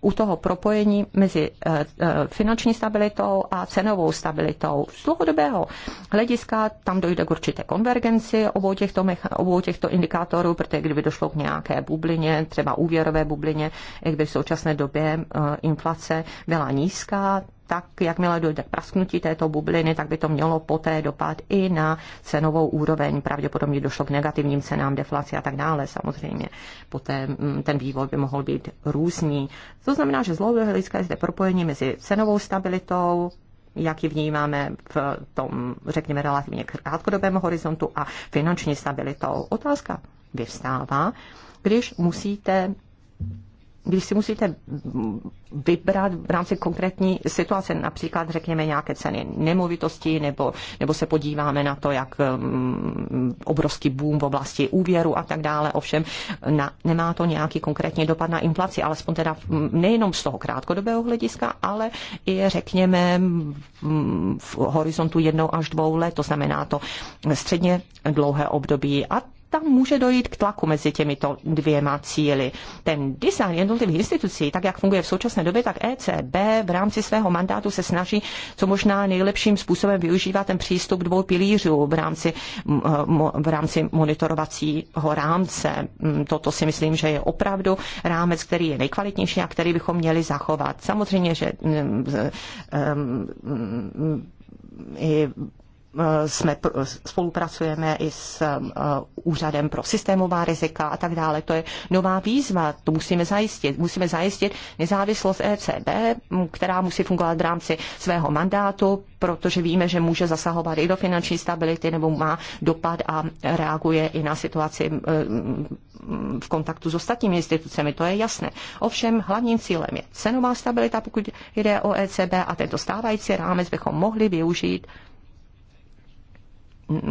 u toho propojení mezi eh, eh, finanční stabilitou a cenovou stabilitou. Z dlouhodobého hlediska tam dojde k určité konvergenci obou těchto, obou těchto indikátorů, protože kdyby došlo k nějaké bublině, třeba úvěrové bublině, kdyby v současné době eh, inflace byla nízká, tak jakmile dojde k prasknutí této bubliny, tak by to mělo poté dopad i na cenovou úroveň. Pravděpodobně došlo k negativním cenám, deflaci a tak dále samozřejmě. Poté mm, ten vývoj by mohl být různý. To znamená, že z dlouhého hlediska je zde propojení mezi cenovou stabilitou, jak ji vnímáme v tom, řekněme, relativně krátkodobém horizontu a finanční stabilitou. Otázka vyvstává, když musíte když si musíte vybrat v rámci konkrétní situace, například řekněme nějaké ceny nemovitosti, nebo, nebo se podíváme na to, jak mm, obrovský boom v oblasti úvěru a tak dále, ovšem na, nemá to nějaký konkrétní dopad na inflaci, alespoň teda nejenom z toho krátkodobého hlediska, ale i řekněme mm, v horizontu jednou až dvou let, to znamená to středně dlouhé období a tam může dojít k tlaku mezi těmito dvěma cíly. Ten design jednotlivých institucí, tak jak funguje v současné době, tak ECB v rámci svého mandátu se snaží co možná nejlepším způsobem využívat ten přístup dvou pilířů v rámci, v rámci monitorovacího rámce. Toto si myslím, že je opravdu rámec, který je nejkvalitnější a který bychom měli zachovat. Samozřejmě, že i Eh, jsme, spolupracujeme i s eh, Úřadem pro systémová rizika a tak dále. To je nová výzva, to musíme zajistit. Musíme zajistit nezávislost ECB, která musí fungovat v rámci svého mandátu, protože víme, že může zasahovat i do finanční stability nebo má dopad a reaguje i na situaci v kontaktu s ostatními institucemi, to je jasné. Ovšem hlavním cílem je cenová stabilita, pokud jde o ECB a tento stávající rámec bychom mohli využít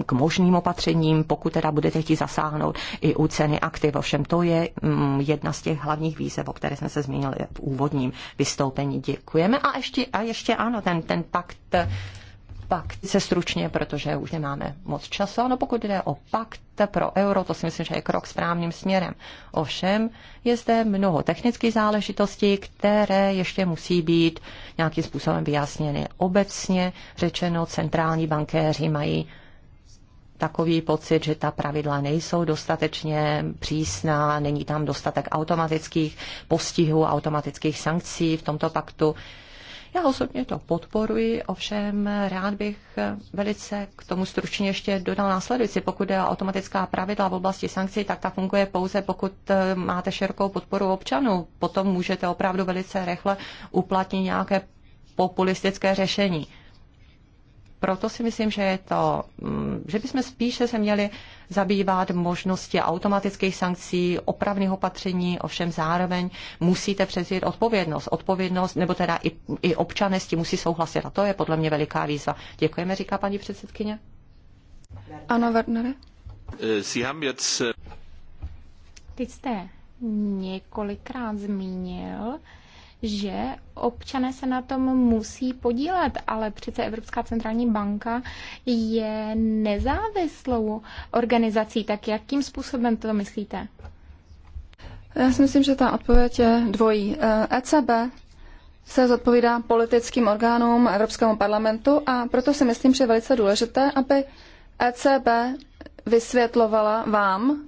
k možným opatřením, pokud teda budete chtít zasáhnout i u ceny aktiv. Ovšem to je mm, jedna z těch hlavních výzev, o které jsme se zmínili v úvodním vystoupení. Děkujeme. A ještě, a ještě ano, ten, ten pakt pakt se stručně, protože už nemáme moc času. Ano, pokud jde o pakt pro euro, to si myslím, že je krok správným směrem. Ovšem, je zde mnoho technických záležitostí, které ještě musí být nějakým způsobem vyjasněny. Obecně řečeno, centrální bankéři mají takový pocit, že ta pravidla nejsou dostatečně přísná, není tam dostatek automatických postihů, automatických sankcí v tomto paktu. Já osobně to podporuji, ovšem rád bych velice k tomu stručně ještě dodal následující. Pokud je automatická pravidla v oblasti sankcí, tak ta funguje pouze, pokud eh, máte širokou podporu občanů. Potom můžete opravdu velice rychle uplatnit nějaké populistické řešení. Proto si myslím, že je to, mm, že bychom spíše se měli zabývat možnosti automatických sankcí, opravných opatření, ovšem zároveň musíte přezít odpovědnost. Odpovědnost, nebo teda i, i občané s tím musí souhlasit. A to je podle mě veliká výzva. Děkujeme, říká paní předsedkyně. Ano, Wernere. Eh, Sie Teď eh, jste několikrát zmínil, že občané se na tom musí podílet, ale přece Evropská centrální banka je nezávislou organizací, tak jakým způsobem to myslíte? Já si myslím, že ta odpověď je dvojí. ECB se zodpovídá politickým orgánům Evropskému parlamentu a proto si myslím, že je velice důležité, aby ECB vysvětlovala vám,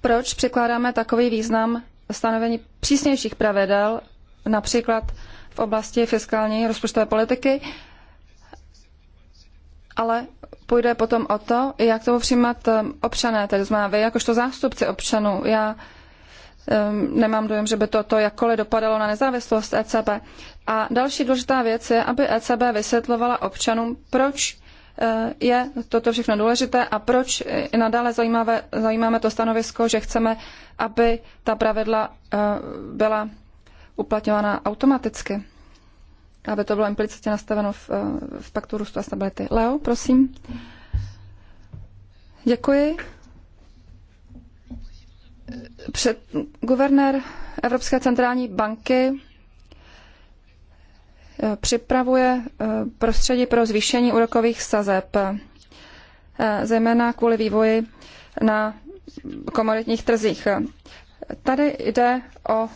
proč přikládáme takový význam stanovení přísnějších pravidel například v oblasti fiskální rozpočtové politiky, ale půjde potom o to, jak to přijímat um, občané, tedy znamená vy, jakožto zástupci občanů. Já um, nemám dojem, že by to to jakkoliv dopadalo na nezávislost ECB. A další důležitá věc je, aby ECB vysvětlovala občanům, proč uh, je toto všechno důležité a proč uh, i nadále zajímáme to stanovisko, že chceme, aby ta pravidla uh, byla uplatňována automaticky, aby to bylo implicitně nastaveno v, eh, v paktu růstu a stability. Leo, prosím. Děkuji. Před guvernér Evropské centrální banky eh, připravuje eh, prostředí pro zvýšení úrokových sazeb, zejména kvůli vývoji na komoditních trzích. Tady jde o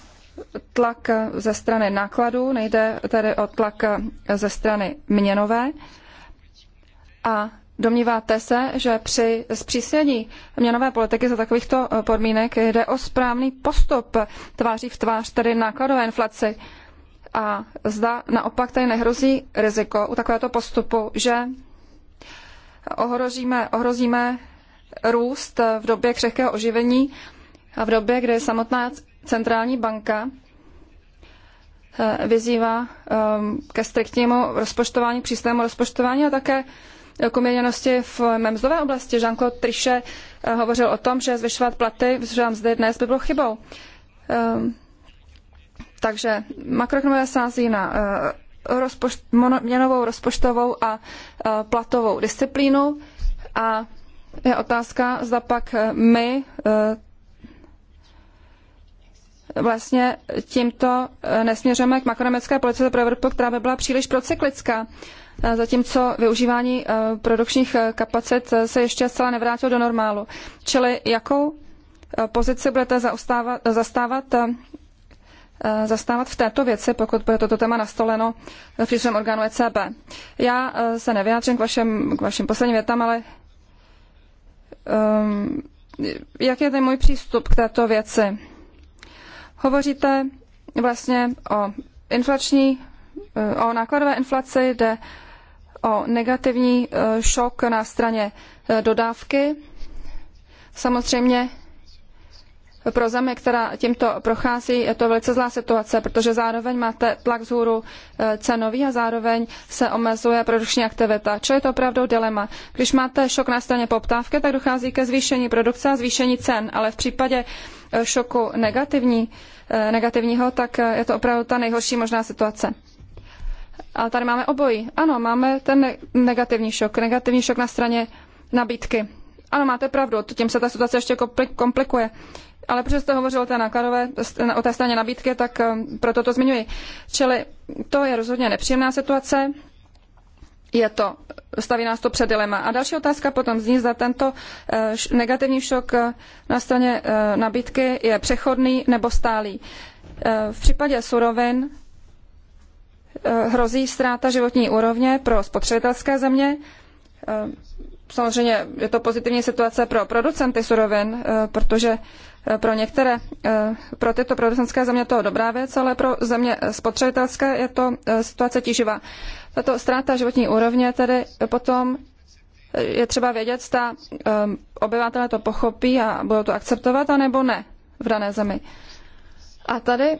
tlak ze strany nákladů, nejde tedy o tlak ze strany měnové. A domníváte se, že při zpřísnění měnové politiky za takovýchto podmínek jde o správný postup tváří v tvář, tedy nákladové inflaci. A zda naopak tady nehrozí riziko u takovéto postupu, že ohrozíme, ohrozíme růst v době křehkého oživení a v době, kdy samotná centrální banka eh, vyzývá ehm, ke striktnímu rozpočtování, přísnému rozpočtování a také k uměněnosti v memzové oblasti. Jean-Claude Trichet eh, hovořil o tom, že zvyšovat platy, zvyšovat zde dnes by bylo chybou. Ehm, takže makroekonomie sází na eh, rozpošt, měnovou, rozpočtovou a platovou disciplínu a je otázka, zda pak my vlastně tímto eh, nesměřujeme k makronomické politice pro Evropu, která by byla příliš procyklická. Eh, zatímco využívání eh, produkčních kapacit se ještě zcela nevrátilo do normálu. Čili jakou pozici budete zaustávat, zastávat, zastávat v této věci, pokud bude toto téma nastoleno v příštím orgánu ECB? Já se nevyjádřím k vašim, k vašim posledním větám, ale um, jak je ten můj přístup k této věci? Hovoříte vlastně o inflační, eh, o nákladové inflaci, jde o negativní eh, šok na straně eh, dodávky. Samozřejmě pro zemi, která tímto prochází, je to velice zlá situace, protože zároveň máte tlak zhůru cenový a zároveň se omezuje produkční aktivita. Čo je to opravdu dilema. Když máte šok na straně poptávky, tak dochází ke zvýšení produkce a zvýšení cen, ale v případě Eh, šoku negativní, eh, negativního, tak eh, je to opravdu ta nejhorší možná situace. A tady máme obojí. Ano, máme ten negativní šok. Negativní šok na straně nabídky. Ano, máte pravdu, tím se ta situace ještě komplikuje. Ale protože jste hovořil o té nákladové, o té straně nabídky, tak proto to zmiňuji. Čili to je rozhodně nepříjemná situace, je to, staví nás to před dilema. A další otázka potom zní, zda tento eh, negativní šok eh, na straně eh, nabídky je přechodný nebo stálý. V případě surovin hrozí ztráta životní úrovně pro spotřebitelské země. Samozřejmě je to pozitivní situace pro producenty surovin, protože pro některé, pro tyto producentské země to je dobrá věc, ale pro země spotřebitelské je to situace tíživá tato ztráta životní úrovně tedy potom eh, je třeba vědět, zda ehm, obyvatelé to pochopí a budou to akceptovat, anebo ne v dané zemi. A tady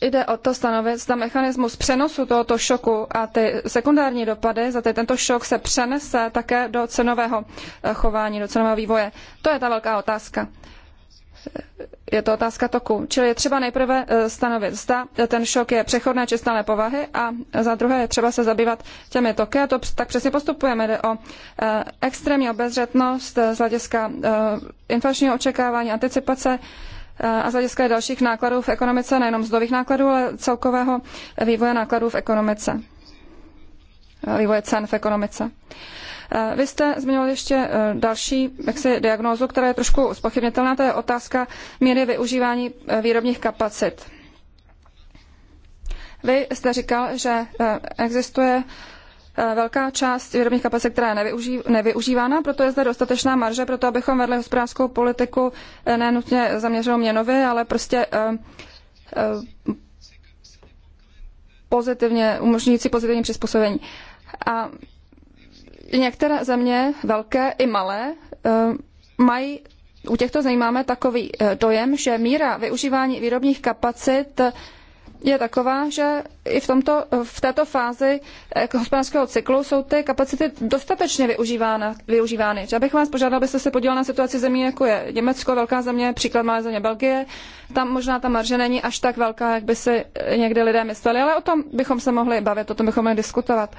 jde o to stanovit, zda mechanismus přenosu tohoto šoku a ty sekundární dopady, za ty tento šok se přenese také do cenového eh, chování, do cenového vývoje. To je ta velká otázka je to otázka toku. Čili je třeba nejprve eh, stanovit, zda ten šok je přechodné či stále povahy a za druhé je třeba se zabývat těmi toky a to tak přesně postupujeme. Jde o eh, extrémní obezřetnost eh, z hlediska inflačního očekávání, anticipace a z hlediska dalších nákladů v ekonomice, nejenom mzdových nákladů, ale celkového vývoje nákladů v ekonomice, vývoje cen v ekonomice. Eh, vy jste zmiňoval ještě eh, další jaksi, diagnózu, která je trošku spochybnitelná, to je otázka míry využívání eh, výrobních kapacit. Vy jste říkal, že existuje velká část výrobních kapacit, která je nevyužívána, proto je zde dostatečná marže proto abychom vedli hospodářskou politiku nenutně zaměřenou měnově, ale prostě pozitivně, umožňující pozitivní přizpůsobení. A Některé země, velké i malé, eh, mají u těchto zemí máme takový eh, dojem, že míra využívání výrobních kapacit je taková, že i v, tomto, v této fázi eh, hospodářského cyklu jsou ty kapacity dostatečně využívána, využívány. Já bych vás požádal, abyste se podíval na situaci zemí, jako je Německo, velká země, příklad malé země Belgie. Tam možná ta marže není až tak velká, jak by si někdy lidé mysleli, ale o tom bychom se mohli bavit, o tom bychom mohli diskutovat.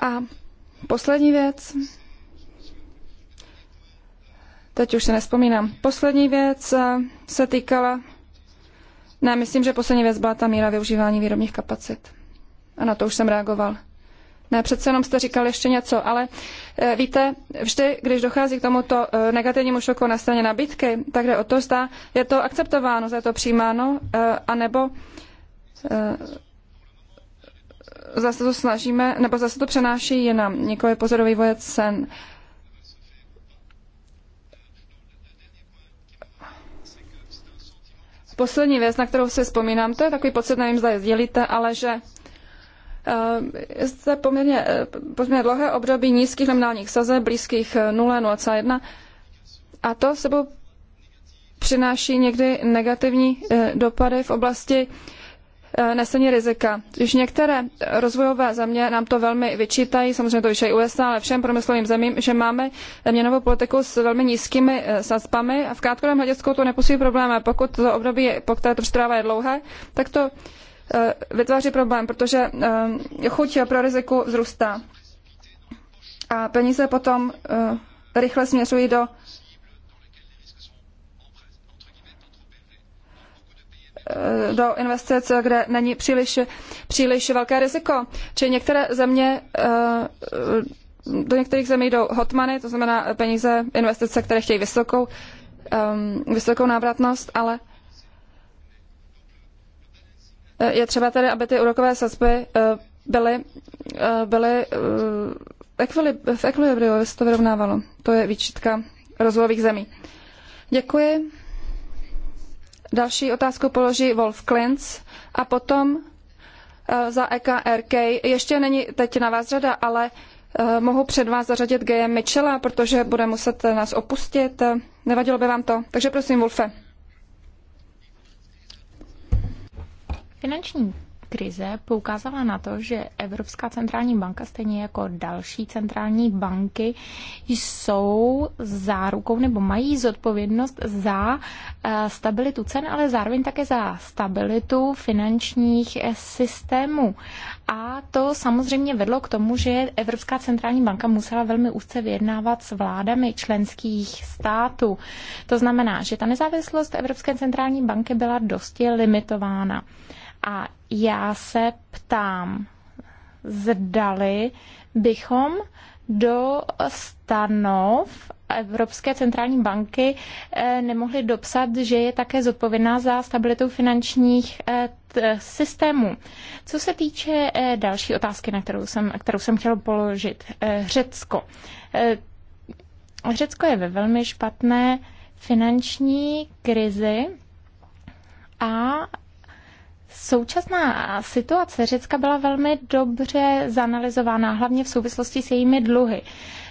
A Poslední věc. Teď už se nespomínám. Poslední věc eh, se týkala... Ne, myslím, že poslední věc byla ta míra využívání výrobních kapacit. A na to už jsem reagoval. Ne, přece jenom jste říkal ještě něco, ale eh, víte, vždy, když dochází k tomuto eh, negativnímu šoku na straně nabídky, tak jde o to, zda je to akceptováno, zda je to přijímáno, anebo zase to snažíme, nebo zase to přenáší jinam, nikoli jako pozorový vývoje cen. Poslední věc, na kterou si vzpomínám, to je takový pocit, nevím, zda je sdělíte, ale že eh, jste poměrně, eh, poměrně dlouhé období nízkých nominálních saze, blízkých 0,01 eh, a to sebou přináší někdy negativní dopady v oblasti Eh, nesení rizika. Když některé rozvojové země nám to velmi vyčítají, samozřejmě to vyčítají USA, ale všem promyslovým zemím, že máme měnovou politiku s velmi nízkými eh, sazbami a v krátkodobém hledisku to nepůsobí problém. A pokud to období, po které to trvá je dlouhé, tak to eh, vytváří problém, protože chuť pro riziku vzrůstá. A peníze potom rychle směřují do Eh, do investic, kde není příliš, příliš velké riziko. Či některé země eh, do některých zemí jdou hotmany, to znamená peníze, investice, které chtějí vysokou, eh, vysokou návratnost, ale je třeba tedy, aby ty úrokové sazby byly, byly v ekvilibriu, aby se to vyrovnávalo. To je výčitka rozvojových zemí. Děkuji. Další otázku položí Wolf Klinz a potom eh, za EKRK. Ještě není teď na vás řada, ale eh, mohu před vás zařadit G. Mitchella, protože bude muset nás opustit. Nevadilo by vám to? Takže prosím, Wolfe. Finanční krize poukázala na to, že Evropská centrální banka, stejně jako další centrální banky, jsou zárukou nebo mají zodpovědnost za eh, stabilitu cen, ale zároveň také za stabilitu finančních eh, systémů. A to samozřejmě vedlo k tomu, že Evropská centrální banka musela velmi úzce vyjednávat s vládami členských států. To znamená, že ta nezávislost Evropské centrální banky byla dosti limitována. A já se ptám, zdali bychom do stanov Evropské centrální banky eh, nemohli dopsat, že je také zodpovědná za stabilitu finančních eh, systémů. Co se týče eh, další otázky, na kterou jsem, kterou jsem chtěla položit, Řecko. Řecko je ve velmi špatné finanční krizi a Současná situace Řecka byla velmi dobře zanalizována, hlavně v souvislosti s jejími dluhy.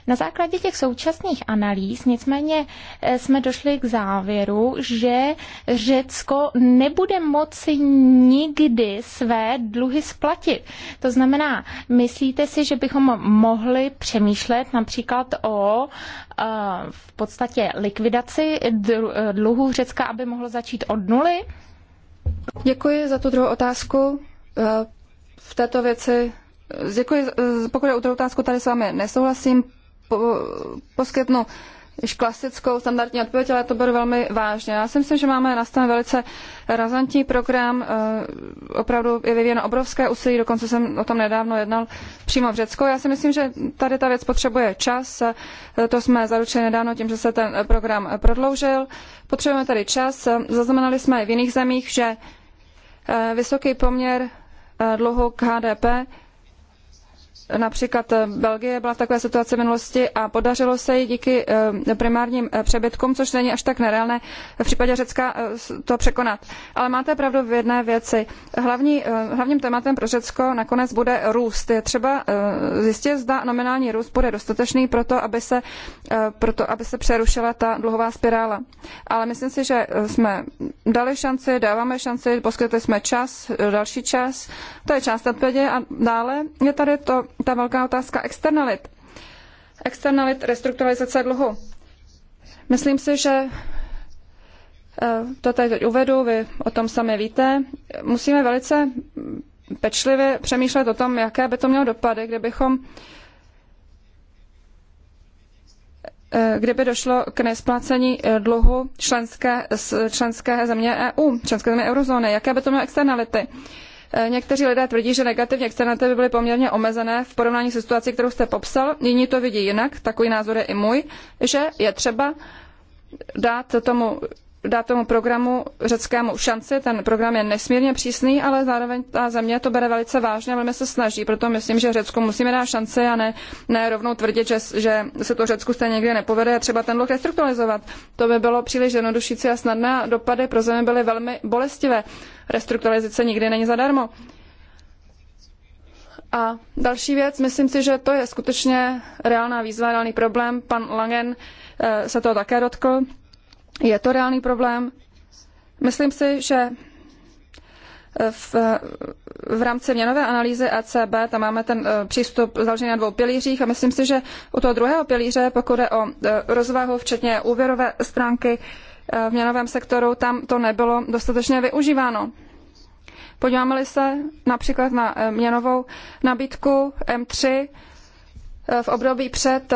Na základě těch současných analýz nicméně eh, jsme došli k závěru, že Řecko nebude moci nikdy své dluhy splatit. To znamená, myslíte si, že bychom mohli přemýšlet například o eh, v podstatě likvidaci dluhů Řecka, aby mohlo začít od nuly? Děkuji za tu druhou otázku. Eh, v této věci, eh, děkuji, eh, pokud je o tu otázku, tady s vámi nesouhlasím, po, poskytnu již klasickou standardní odpověď, ale to beru velmi vážně. Já si myslím, že máme nastaven velice razantní program, opravdu je vyvíjeno obrovské úsilí, dokonce jsem o tom nedávno jednal přímo v Řecku. Já si myslím, že tady ta věc potřebuje čas, to jsme zaručili nedávno tím, že se ten program prodloužil. Potřebujeme tady čas, zaznamenali jsme i v jiných zemích, že Eh, vysoký poměr eh, dluhu k HDP Například eh, Belgie byla v takové situaci v minulosti a podařilo se jí díky eh, primárním eh, přebytkům, což není až tak nereálné v případě Řecka to překonat. Ale máte pravdu v jedné věci. Hlavní, hlavním tématem pro Řecko nakonec bude růst. Je třeba zjistit, zda nominální růst bude dostatečný pro to, aby se, to, aby se přerušila ta dluhová spirála. Ale myslím si, že jsme dali šanci, dáváme šanci, poskytli jsme čas, další čas. To je část odpovědi a dále je tady to ta velká otázka externalit. Externalit restrukturalizace dluhu. Myslím si, že eh, to tady teď uvedu, vy o tom sami víte. Musíme velice pečlivě přemýšlet o tom, jaké by to mělo dopady, kdybychom eh, kdyby došlo k nesplacení eh, dluhu členské, členské země EU, členské země eurozóny, jaké by to mělo externality. Eh, někteří lidé tvrdí, že negativní externality by byly poměrně omezené v porovnání se situací, kterou jste popsal. Jiní to vidí jinak, takový názor je i můj, že je třeba dát tomu dá tomu programu řeckému šanci. Ten program je nesmírně přísný, ale zároveň ta země to bere velice vážně a velmi se snaží. Proto myslím, že Řecku musíme dát šanci a ne, ne rovnou tvrdit, že, že se to Řecku stejně nikdy nepovede a třeba ten dluh restrukturalizovat. To by bylo příliš jednodušící a snadné a dopady pro zemi byly velmi bolestivé. Restrukturalizace nikdy není zadarmo. A další věc, myslím si, že to je skutečně reálná výzva, reálný problém. Pan Langen eh, se toho také dotkl je to reálný problém. Myslím si, že eh, v, v rámci měnové analýzy ECB, tam máme ten eh, přístup založený na dvou pilířích a myslím si, že u toho druhého pilíře, pokud jde o eh, rozvahu, včetně úvěrové stránky v měnovém sektoru, tam to nebylo dostatečně využíváno. Podíváme-li se například na měnovou nabídku M3 v období před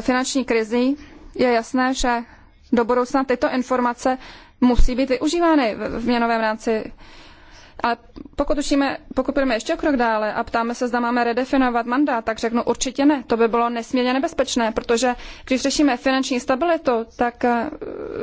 finanční krizí, je jasné, že do budoucna tyto informace musí být využívány v měnovém rámci a pokud, učíme, pokud půjdeme ještě krok dále a ptáme se, zda máme redefinovat mandát, tak řeknu určitě ne. To by bylo nesmírně nebezpečné, protože když řešíme finanční stabilitu, tak eh,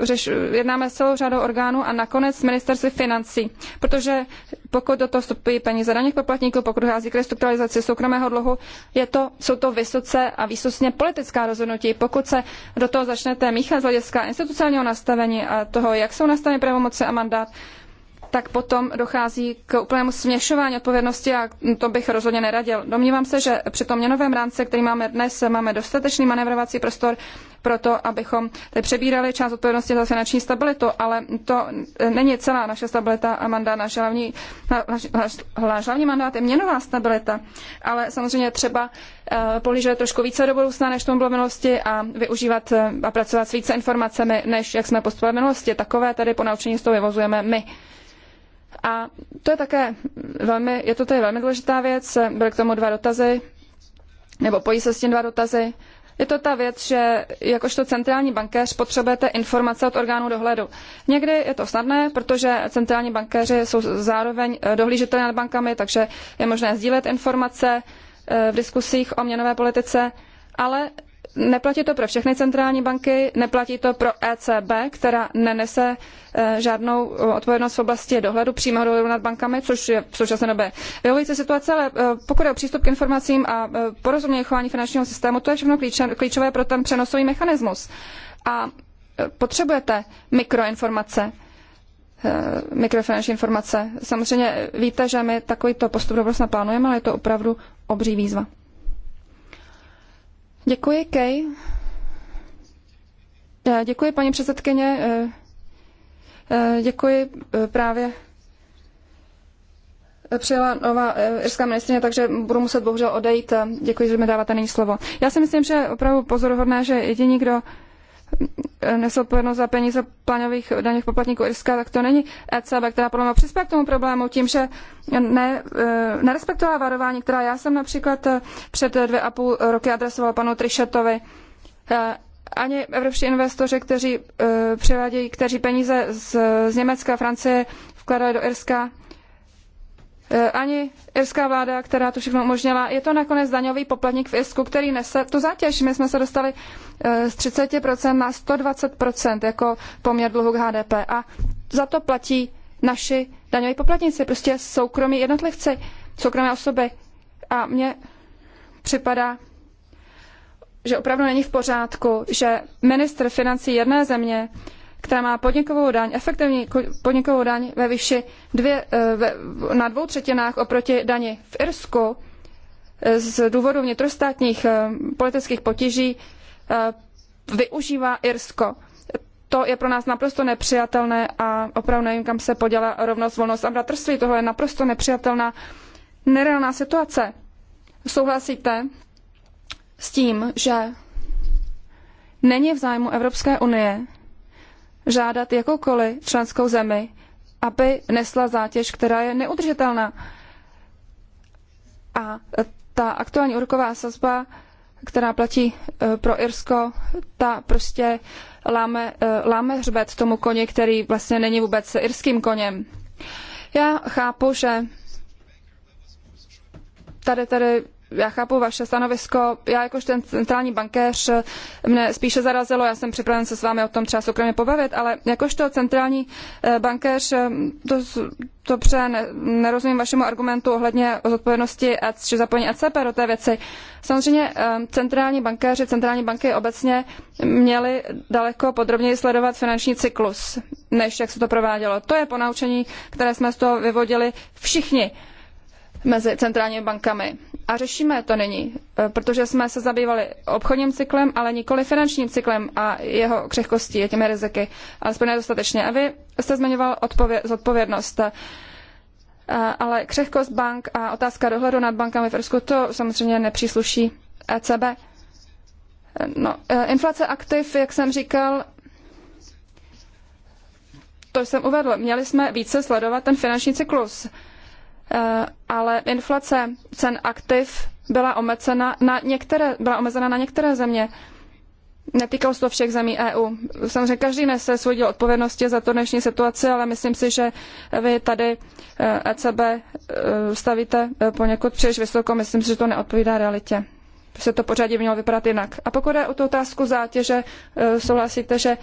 řeš, jednáme s celou řadou orgánů a nakonec ministerství financí. Protože pokud do toho vstupují peníze daných poplatníků, pokud dochází k restrukturalizaci soukromého dluhu, je to, jsou to vysoce a výsostně politická rozhodnutí. Pokud se do toho začnete míchat z hlediska institucionálního nastavení a toho, jak jsou nastaveny pravomoci a mandát, tak potom dochází k úplnému směšování odpovědnosti a to bych rozhodně neradil. Domnívám se, že při tom měnovém rámci, který máme dnes, máme dostatečný manevrovací prostor pro to, abychom přebírali část odpovědnosti za finanční stabilitu, ale to není celá naše stabilita a mandát. Náš hlavní, náš hlavní mandát je měnová stabilita, ale samozřejmě třeba eh, pohlížet trošku více do budoucna, než tomu bylo v minulosti a využívat eh, a pracovat s více informacemi, než jak jsme postupovali v minulosti. Takové tady po naučení z toho vyvozujeme my. A to je také velmi, je to tady velmi důležitá věc, byly k tomu dva dotazy, nebo pojí se s tím dva dotazy. Je to ta věc, že jakožto centrální bankéř potřebujete informace od orgánů dohledu. Někdy je to snadné, protože centrální bankéři jsou zároveň dohlížitelé nad bankami, takže je možné sdílet informace eh, v diskusích o měnové politice, ale Neplatí to pro všechny centrální banky, neplatí to pro ECB, která nenese eh, žádnou eh, odpovědnost v oblasti dohledu, přímého dohledu nad bankami, což je v současné době vyhovující situace, ale eh, pokud je o přístup k informacím a porozumění chování finančního systému, to je všechno klíčové pro ten přenosový mechanismus. A potřebujete mikroinformace, mikrofinanční informace. Samozřejmě víte, že my takovýto postup do plánujeme, ale je to opravdu obří výzva. Děkuji, Kej. E, děkuji, paní předsedkyně. E, e, děkuji právě přijela nová irská ministrině, takže budu muset bohužel odejít. Děkuji, že mi dáváte nyní slovo. Já si myslím, že je opravdu pozoruhodné, že jediní, kdo nesopovědnost za peníze plánových daných poplatníků Irska, tak to není ECB, která podle mě přispěje k tomu problému tím, že ne, e, nerespektovala varování, která já jsem například e, před dvě a půl roky adresovala panu Trišetovi. E, ani evropští investoři, kteří, přivádějí, kteří peníze z, z Německa a Francie vkládají do Irska, E, ani irská vláda, která to všechno umožnila. Je to nakonec daňový poplatník v Irsku, který nese tu zátěž. My jsme se dostali e, z 30% na 120% jako poměr dluhu k HDP. A za to platí naši daňoví poplatníci, prostě soukromí jednotlivci, soukromé osoby. A mně připadá, že opravdu není v pořádku, že ministr financí jedné země která má podnikovou daň, efektivní podnikovou daň ve výši dvě, eh, ve, na dvou třetinách oproti dani v Irsku eh, z důvodu vnitrostátních eh, politických potíží využívá Irsko. To je pro nás naprosto nepřijatelné a opravdu nevím, kam se poděla rovnost, volnost a bratrství. Tohle je naprosto nepřijatelná, nereálná situace. Souhlasíte s tím, že není v zájmu Evropské unie žádat jakoukoliv členskou zemi, aby nesla zátěž, která je neudržitelná. A ta aktuální úroková sazba, která platí e, pro Irsko, ta prostě láme, e, láme hřbet tomu koni, který vlastně není vůbec irským koněm. Já chápu, že tady tady já chápu vaše stanovisko. Já jakož ten centrální bankéř eh, mne spíše zarazilo, já jsem připraven se s vámi o tom třeba soukromě pobavit, ale jakožto centrální eh, bankéř eh, to dobře nerozumím vašemu argumentu ohledně zodpovědnosti EC, či zapojení ECB do té věci. Samozřejmě centrální bankéři, centrální banky obecně měli daleko podrobněji sledovat finanční cyklus, než jak se to provádělo. To je ponaučení, které jsme z toho vyvodili všichni mezi centrálními bankami. A řešíme to nyní, e, protože jsme se zabývali obchodním cyklem, ale nikoli finančním cyklem a jeho křehkostí a těmi riziky, alespoň nedostatečně. A vy jste zmiňoval odpově- zodpovědnost. E, ale křehkost bank a otázka dohledu nad bankami v Rusku, to samozřejmě nepřísluší ECB. E, no, inflace aktiv, jak jsem říkal, to jsem uvedl. Měli jsme více sledovat ten finanční cyklus. Eh, ale inflace cen aktiv byla omezena na některé, byla omezena na některé země. Netýkalo se to všech zemí EU. Samozřejmě každý nese svůj díl odpovědnosti za to dnešní situaci, ale myslím si, že vy tady ECB eh, e eh, stavíte poněkud příliš vysoko. Myslím si, že to neodpovídá realitě. Se to pořadí mělo vypadat jinak. A pokud je o tu otázku zátěže, souhlasíte, že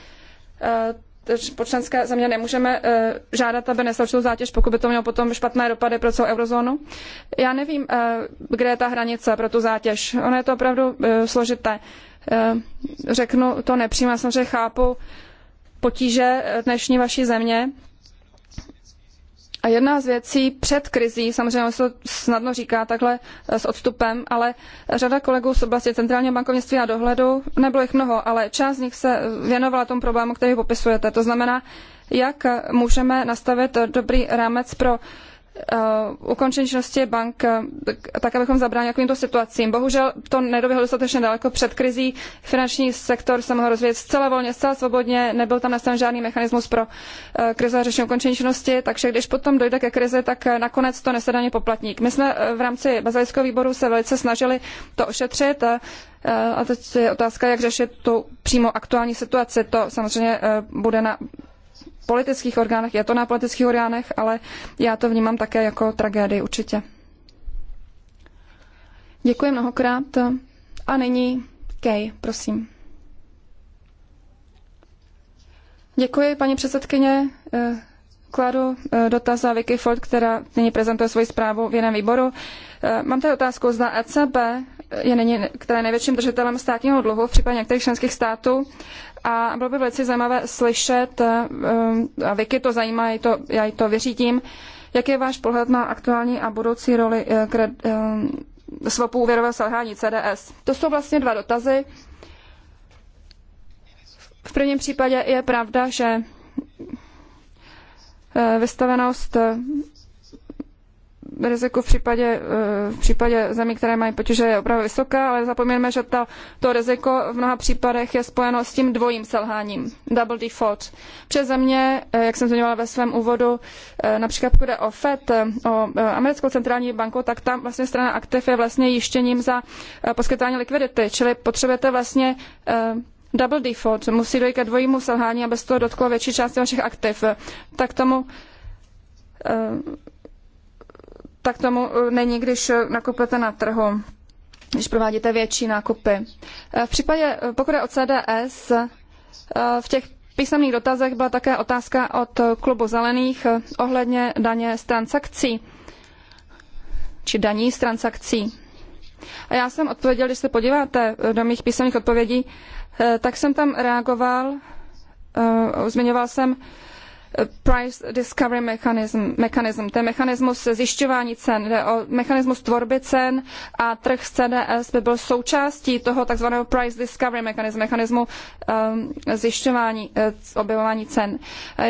po členské země nemůžeme eh, žádat, aby nesl určitou zátěž, pokud by to mělo potom špatné dopady pro celou eurozónu. Já nevím, eh, kde je ta hranice pro tu zátěž. Ono je to opravdu eh, složité. Řeknu to nepřímo, samozřejmě chápu potíže dnešní vaší země, a jedna z věcí před krizí, samozřejmě se snadno říká takhle eh, s odstupem, ale řada kolegů z oblasti centrálního bankovnictví a dohledu, nebylo jich mnoho, ale část z nich se věnovala tomu problému, který popisujete. To znamená, jak můžeme nastavit dobrý rámec pro Eh, ukončení činnosti bank, eh, tak abychom zabránili takovýmto situacím. Bohužel to nedoběhlo dostatečně daleko před krizí. Finanční sektor se mohl rozvíjet zcela volně, zcela svobodně, nebyl tam nastaven žádný mechanismus pro eh, a řešení ukončení činnosti, takže když potom dojde ke krizi, tak nakonec to nese daně poplatník. My jsme v rámci bazilického výboru se velice snažili to ošetřit. A teď je otázka, jak řešit tu přímo aktuální situaci. To samozřejmě bude na politických orgánech, je to na politických orgánech, ale já to vnímám také jako tragédii určitě. Děkuji mnohokrát. A nyní Kej, prosím. Děkuji, paní předsedkyně. Eh, kladu eh, dotaz za Vicky Ford, která nyní prezentuje svoji zprávu v jiném výboru. Eh, mám tady otázku, zda ECB je nyní, která je největším držitelem státního dluhu v případě některých členských států. A bylo by velice zajímavé slyšet, eh, eh, a Vicky to zajímá, to, já to vyřídím, jak je váš pohled na aktuální a budoucí roli eh, kred, úvěrového selhání CDS? To jsou vlastně dva dotazy. V prvním případě je pravda, že vystavenost riziku v případě, eh, v případě zemí, které mají potíže, je opravdu vysoká, ale zapomínáme, že ta, to riziko v mnoha případech je spojeno s tím dvojím selháním, double default. Přes země, eh, jak jsem zmiňovala ve svém úvodu, eh, například pokud jde o FED, o americkou centrální banku, tak tam vlastně strana aktiv je vlastně jištěním za poskytování likvidity, čili potřebujete vlastně double default, musí dojít ke dvojímu selhání, aby se to dotklo větší části vašich aktiv. Tak tomu tak tomu eh, není, když eh, nakupujete na trhu, když provádíte větší nákupy. Eh, v případě, pokud je o CDS, v těch písemných dotazech byla také otázka od klubu zelených ohledně daně z transakcí či daní z transakcí. A já jsem odpověděl, když se podíváte do mých písemných odpovědí, tak jsem tam reagoval, zmiňoval jsem price discovery mechanism, mechanism. Ten mechanismus zjišťování cen, jde o mechanismus tvorby cen a trh s CDS by byl součástí toho takzvaného price discovery mechanism, mechanismu um, zjišťování, eh, objevování cen.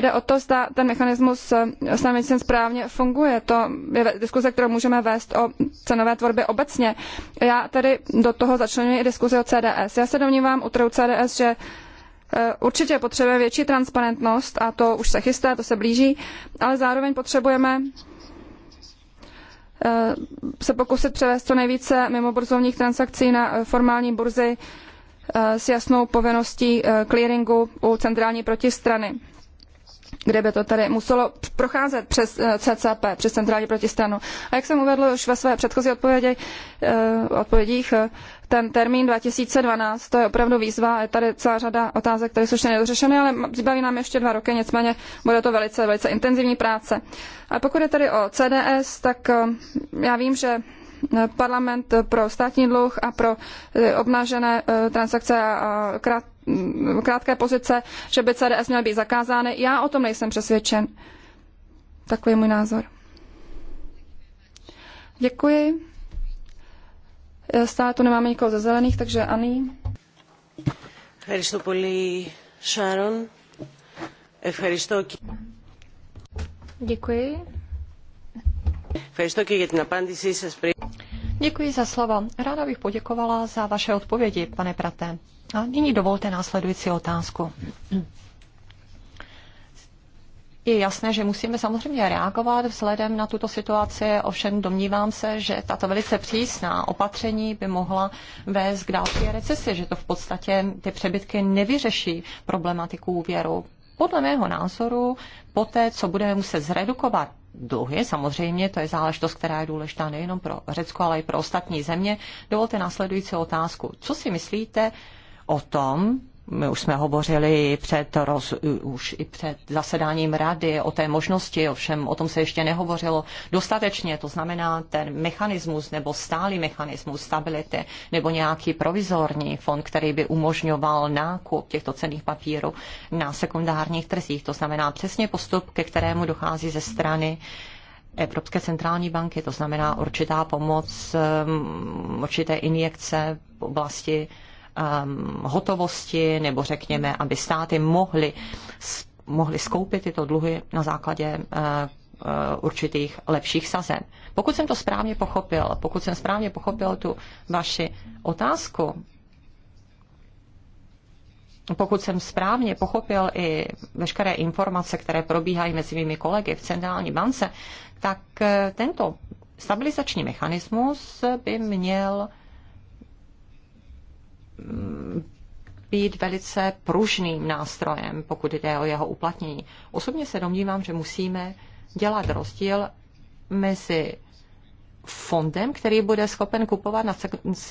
Jde o to, zda ten mechanismus eh, snadno správně funguje. To je diskuze, kterou můžeme vést o cenové tvorbě obecně. Já tedy do toho začlenuji i diskuzi o CDS. Já se domnívám u trhu CDS, že Eh, určitě potřebujeme větší transparentnost a to už se chystá, to se blíží, ale zároveň potřebujeme eh, se pokusit převést co nejvíce mimo burzovních transakcí na eh, formální burzy s jasnou povinností clearingu u centrální protistrany kde by to tady muselo procházet přes eh, CCP, přes centrální protistranu. A jak jsem uvedl už ve své předchozí odpovědi, eh, odpovědích, eh, ten termín 2012, to je opravdu výzva, je tady celá řada otázek, které jsou ještě nedořešeny, ale zbaví nám ještě dva roky, nicméně bude to velice, velice intenzivní práce. A pokud je tady o CDS, tak já vím, že parlament pro státní dluh a pro eh, obnažené eh, transakce a krát, mm, krátké pozice, že by CDS měly být zakázány. Já o tom nejsem přesvědčen. Takový je můj názor. Děkuji. Eh, stále tu nemáme nikoho ze zelených, takže Ani. Ευχαριστώ πολύ, Sharon. Ευχαριστώ. Děkuji. Ευχαριστώ και για την απάντησή σας Děkuji za slovo. Ráda bych poděkovala za vaše odpovědi, pane Praté. A nyní dovolte následující otázku. Je jasné, že musíme samozřejmě reagovat vzhledem na tuto situaci, ovšem domnívám se, že tato velice přísná opatření by mohla vést k další recesi, že to v podstatě ty přebytky nevyřeší problematiku úvěru. Podle mého názoru, poté, co budeme muset zredukovat dluhy. Samozřejmě to je záležitost, která je důležitá nejenom pro Řecko, ale i pro ostatní země. Dovolte následující otázku. Co si myslíte o tom, my už jsme hovořili před roz, už i před zasedáním rady o té možnosti, ovšem o tom se ještě nehovořilo dostatečně, to znamená ten mechanismus nebo stálý mechanismus stability nebo nějaký provizorní fond, který by umožňoval nákup těchto cených papírů na sekundárních trzích. To znamená přesně postup, ke kterému dochází ze strany Evropské centrální banky, to znamená určitá pomoc, um, určité injekce v oblasti um, hotovosti, nebo řekněme, aby státy mohly, mohly skoupit tyto dluhy na základě uh, uh určitých lepších sazen. Pokud jsem to správně pochopil, pokud jsem správně pochopil tu vaši otázku, pokud jsem správně pochopil i veškeré informace, které probíhají mezi mými kolegy v centrální bance, tak eh, tento stabilizační mechanismus by měl být velice pružným nástrojem, pokud jde o jeho uplatnění. Osobně se domnívám, že musíme dělat rozdíl mezi fondem, který bude schopen kupovat na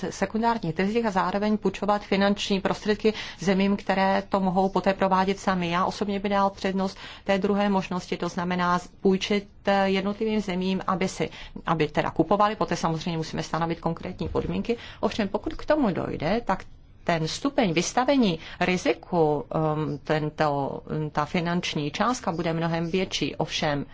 sekundárních trzích a zároveň půjčovat finanční prostředky zemím, které to mohou poté provádět sami. Já osobně bych dal přednost té druhé možnosti, to znamená půjčit eh, jednotlivým zemím, aby, si, aby teda kupovali, poté samozřejmě musíme stanovit konkrétní podmínky. Ovšem, pokud k tomu dojde, tak ten stupeň vystavení riziku, um, tento, um, ta finanční částka bude mnohem větší. Ovšem,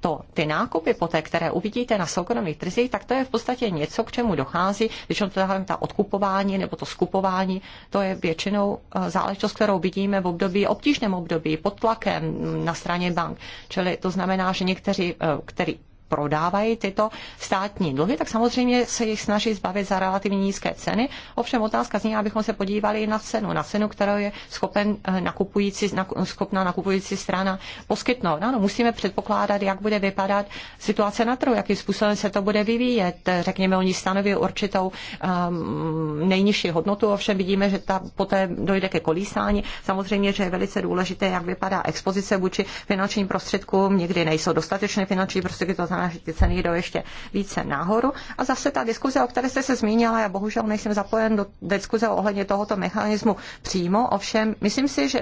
to, ty nákupy poté, které uvidíte na soukromých trzích, tak to je v podstatě něco, k čemu dochází, když to to ta odkupování nebo to skupování, to je většinou uh, záležitost, kterou vidíme v období, obtížném období, pod tlakem mm, na straně bank. Čili to znamená, že někteří, uh, který prodávají tyto státní dluhy, tak samozřejmě se jich snaží zbavit za relativně nízké ceny. Ovšem otázka zní, abychom se podívali na cenu, na cenu, kterou je schopen eh, nakupující, schopná nakupující strana poskytnout. Ano, musíme předpokládat, jak bude vypadat situace na trhu, jakým způsobem se to bude vyvíjet. Řekněme, oni stanoví určitou um, nejnižší hodnotu, ovšem vidíme, že ta poté dojde ke kolísání. Samozřejmě, že je velice důležité, jak vypadá expozice vůči finančním prostředkům. Někdy nejsou dostatečné finanční prostředky, to znamená, znamená, že ty ceny jdou ještě více nahoru. A zase ta diskuze, o které jste se zmínila, já bohužel nejsem zapojen do diskuze ohledně tohoto mechanismu přímo, ovšem myslím si, že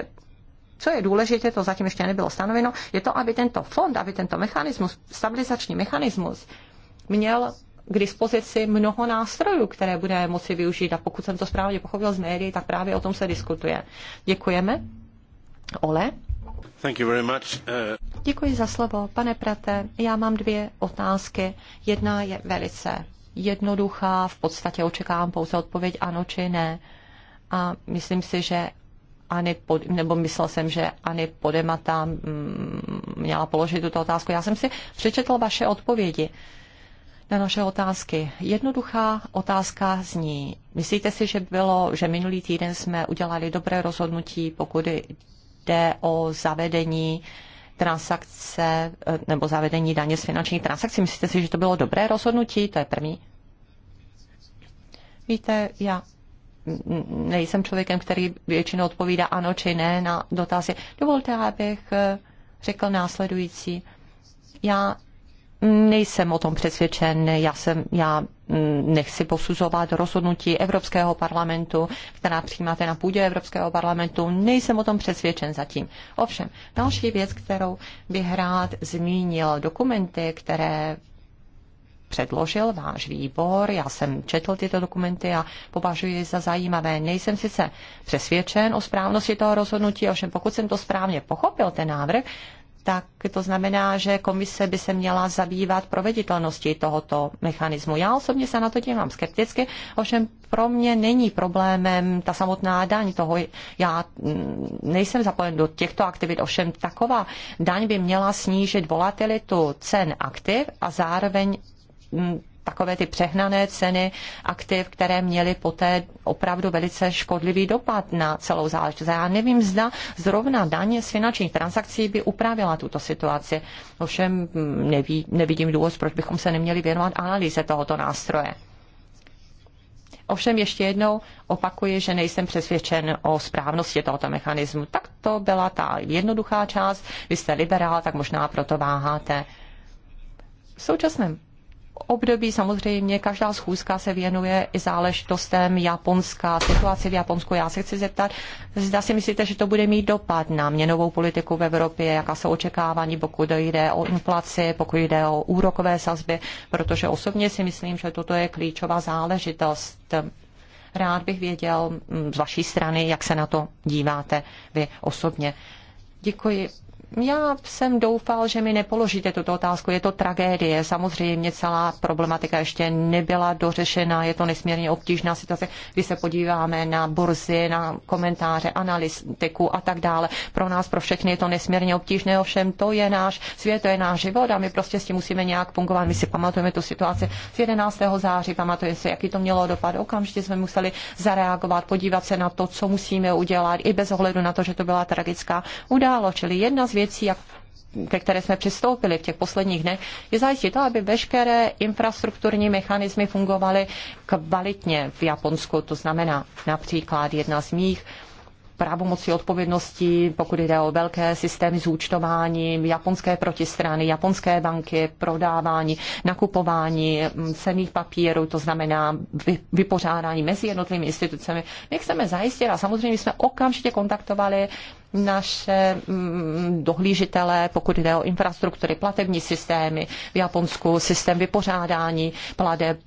co je důležité, to zatím ještě nebylo stanoveno, je to, aby tento fond, aby tento mechanismus, stabilizační mechanismus, měl k dispozici mnoho nástrojů, které bude moci využít. A pokud jsem to správně pochopil z médií, tak právě o tom se diskutuje. Děkujeme. Ole? Děkuji za slovo. Pane Prate, já mám dvě otázky. Jedna je velice jednoduchá, v podstatě očekávám pouze odpověď ano či ne. A myslím si, že ani pod, nebo myslel jsem, že ani Podemata mm, měla položit tuto otázku. Já jsem si přečetl vaše odpovědi na naše otázky. Jednoduchá otázka zní. Myslíte si, že bylo, že minulý týden jsme udělali dobré rozhodnutí, pokud jde o zavedení transakce eh, nebo zavedení daně z finančních transakcí. Myslíte si, že to bylo dobré rozhodnutí? To je první. Víte, já nejsem člověkem, který většinou odpovídá ano či ne na dotazy. Dovolte, abych eh, řekl následující. Já nejsem o tom přesvědčen. Já, jsem, já mm, nechci posuzovat rozhodnutí Evropského parlamentu, která přijímáte na půdě Evropského parlamentu. Nejsem o tom přesvědčen zatím. Ovšem, další věc, kterou bych rád zmínil, dokumenty, které předložil váš výbor. Já jsem četl tyto dokumenty a považuji za zajímavé. Nejsem sice přesvědčen o správnosti toho rozhodnutí, ovšem pokud jsem to správně pochopil, ten návrh, tak to znamená, že komise by se měla zabývat proveditelností tohoto mechanismu. Já osobně se na to dívám skepticky, ovšem pro mě není problémem ta samotná daň toho. Já mm, nejsem zapojen do těchto aktivit, ovšem taková daň by měla snížit volatilitu cen aktiv a zároveň mm, takové ty přehnané ceny aktiv, které měly poté opravdu velice škodlivý dopad na celou záležitost. Já nevím, zda zrovna daně z finančních transakcí by upravila tuto situaci. Ovšem mm, neví, nevidím důvod, proč bychom se neměli věnovat analýze tohoto nástroje. Ovšem ještě jednou opakuji, že nejsem přesvědčen o správnosti tohoto mechanismu. Tak to byla ta jednoduchá část. Vy jste liberál, tak možná proto váháte. V současném období samozřejmě každá schůzka se věnuje i záležitostem Japonska, situaci v Japonsku. Já se chci zeptat, zda si myslíte, že to bude mít dopad na měnovou politiku v Evropě, jaká jsou očekávání, pokud jde o inflaci, pokud jde o úrokové sazby, protože osobně si myslím, že toto je klíčová záležitost. Rád bych věděl mm, z vaší strany, jak se na to díváte vy osobně. Děkuji já jsem doufal, že mi nepoložíte tuto otázku. Je to tragédie. Samozřejmě celá problematika ještě nebyla dořešena. Je to nesmírně obtížná situace, když se podíváme na burzy, na komentáře, analytiku a tak dále. Pro nás, pro všechny je to nesmírně obtížné, ovšem to je náš svět, to je náš život a my prostě s tím musíme nějak fungovat. My si pamatujeme tu situaci z 11. září, pamatujeme si, jaký to mělo dopad. Okamžitě jsme museli zareagovat, podívat se na to, co musíme udělat, i bez ohledu na to, že to byla tragická událost. Čili jedna z věcí, věcí, jak ke které jsme přistoupili v těch posledních dnech, je zajistit to, aby veškeré infrastrukturní mechanismy fungovaly kvalitně v Japonsku. To znamená například jedna z mých pravomocí odpovědností, pokud jde o velké systémy zúčtování, japonské protistrany, japonské banky, prodávání, nakupování mm, cených papírů, to znamená vypořádání mezi jednotlivými institucemi. My chceme zajistit a samozřejmě jsme okamžitě kontaktovali naše mm, dohlížitelé, pokud jde o infrastruktury, platební systémy, v Japonsku systém vypořádání pladeb,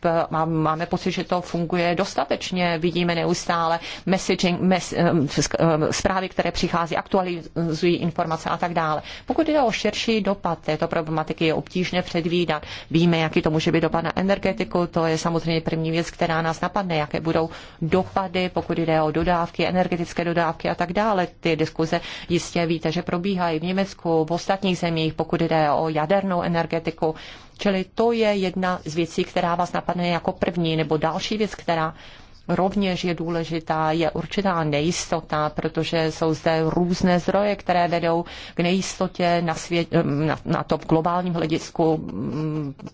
máme pocit, že to funguje dostatečně, vidíme neustále messaging, mes, eh, eh, zprávy, které přichází, aktualizují informace a tak dále. Pokud jde o širší dopad této problematiky, je obtížné předvídat. Víme, jaký to může být dopad na energetiku, to je samozřejmě první věc, která nás napadne, jaké budou dopady, pokud jde o dodávky, energetické dodávky a tak dále. Ty diskuze diskuse jistě víte, že probíhají v Německu, v ostatních zemích, pokud jde o jadernou energetiku. Čili to je jedna z věcí, která vás napadne jako první, nebo další věc, která rovněž je důležitá, je určitá nejistota, protože jsou zde různé zdroje, které vedou k nejistotě na, svět, na, na to v globálním hledisku.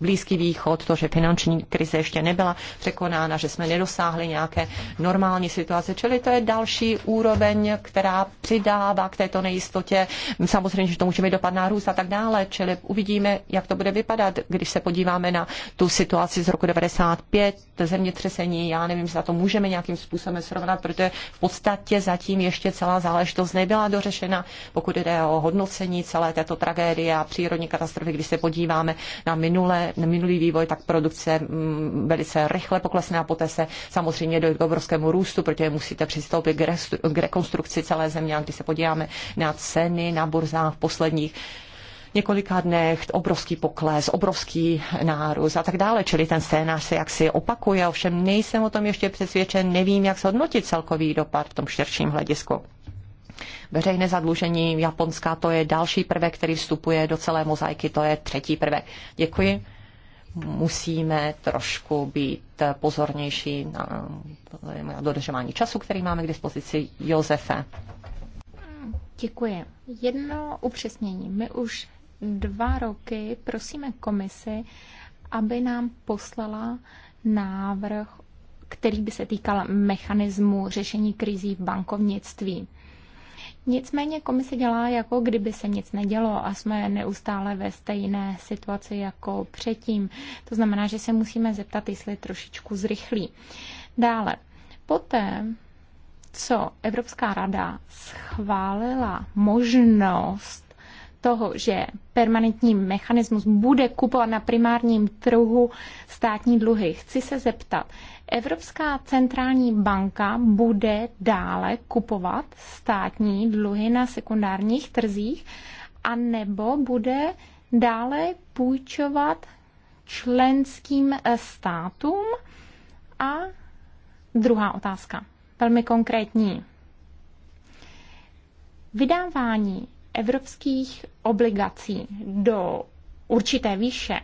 Blízký východ, to, že finanční krize ještě nebyla překonána, že jsme nedosáhli nějaké normální situace. Čili to je další úroveň, která přidává k této nejistotě. Samozřejmě, že to může mít dopad na růst a tak dále, čili uvidíme, jak to bude vypadat, když se podíváme na tu situaci z roku 95, zemětřesení, já nevím, za to může Můžeme nějakým způsobem srovnat, protože v podstatě zatím ještě celá záležitost nebyla dořešena, pokud jde o hodnocení celé této tragédie a přírodní katastrofy. Když se podíváme na, minule, na minulý vývoj, tak produkce mm, velice rychle poklesne a poté se samozřejmě dojde k obrovskému růstu, protože musíte přistoupit k rekonstrukci celé země. A když se podíváme na ceny na burzách v posledních několika dnech obrovský pokles, obrovský nárůst a tak dále. Čili ten scénář se jaksi opakuje, ovšem nejsem o tom ještě přesvědčen, nevím, jak hodnotit celkový dopad v tom širším hledisku. Veřejné zadlužení Japonska, to je další prvek, který vstupuje do celé mozaiky, to je třetí prvek. Děkuji musíme trošku být pozornější na, na dodržování času, který máme k dispozici. Josefe. Děkuji. Jedno upřesnění. My už dva roky prosíme komisi, aby nám poslala návrh, který by se týkal mechanismu řešení krizí v bankovnictví. Nicméně komise dělá, jako kdyby se nic nedělo a jsme neustále ve stejné situaci jako předtím. To znamená, že se musíme zeptat, jestli trošičku zrychlí. Dále, poté, co Evropská rada schválila možnost toho, že permanentní mechanismus bude kupovat na primárním trhu státní dluhy, chci se zeptat, Evropská centrální banka bude dále kupovat státní dluhy na sekundárních trzích, a nebo bude dále půjčovat členským eh, státům? A druhá otázka, velmi konkrétní. Vydávání evropských obligací do určité výše,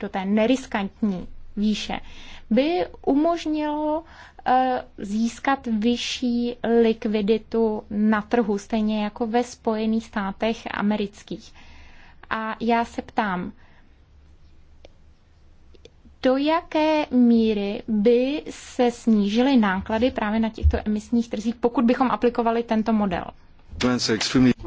do té neriskantní výše, by umožnilo eh, získat vyšší likviditu na trhu, stejně jako ve Spojených státech amerických. A já se ptám, do jaké míry by se snížily náklady právě na těchto emisních trzích, pokud bychom aplikovali tento model?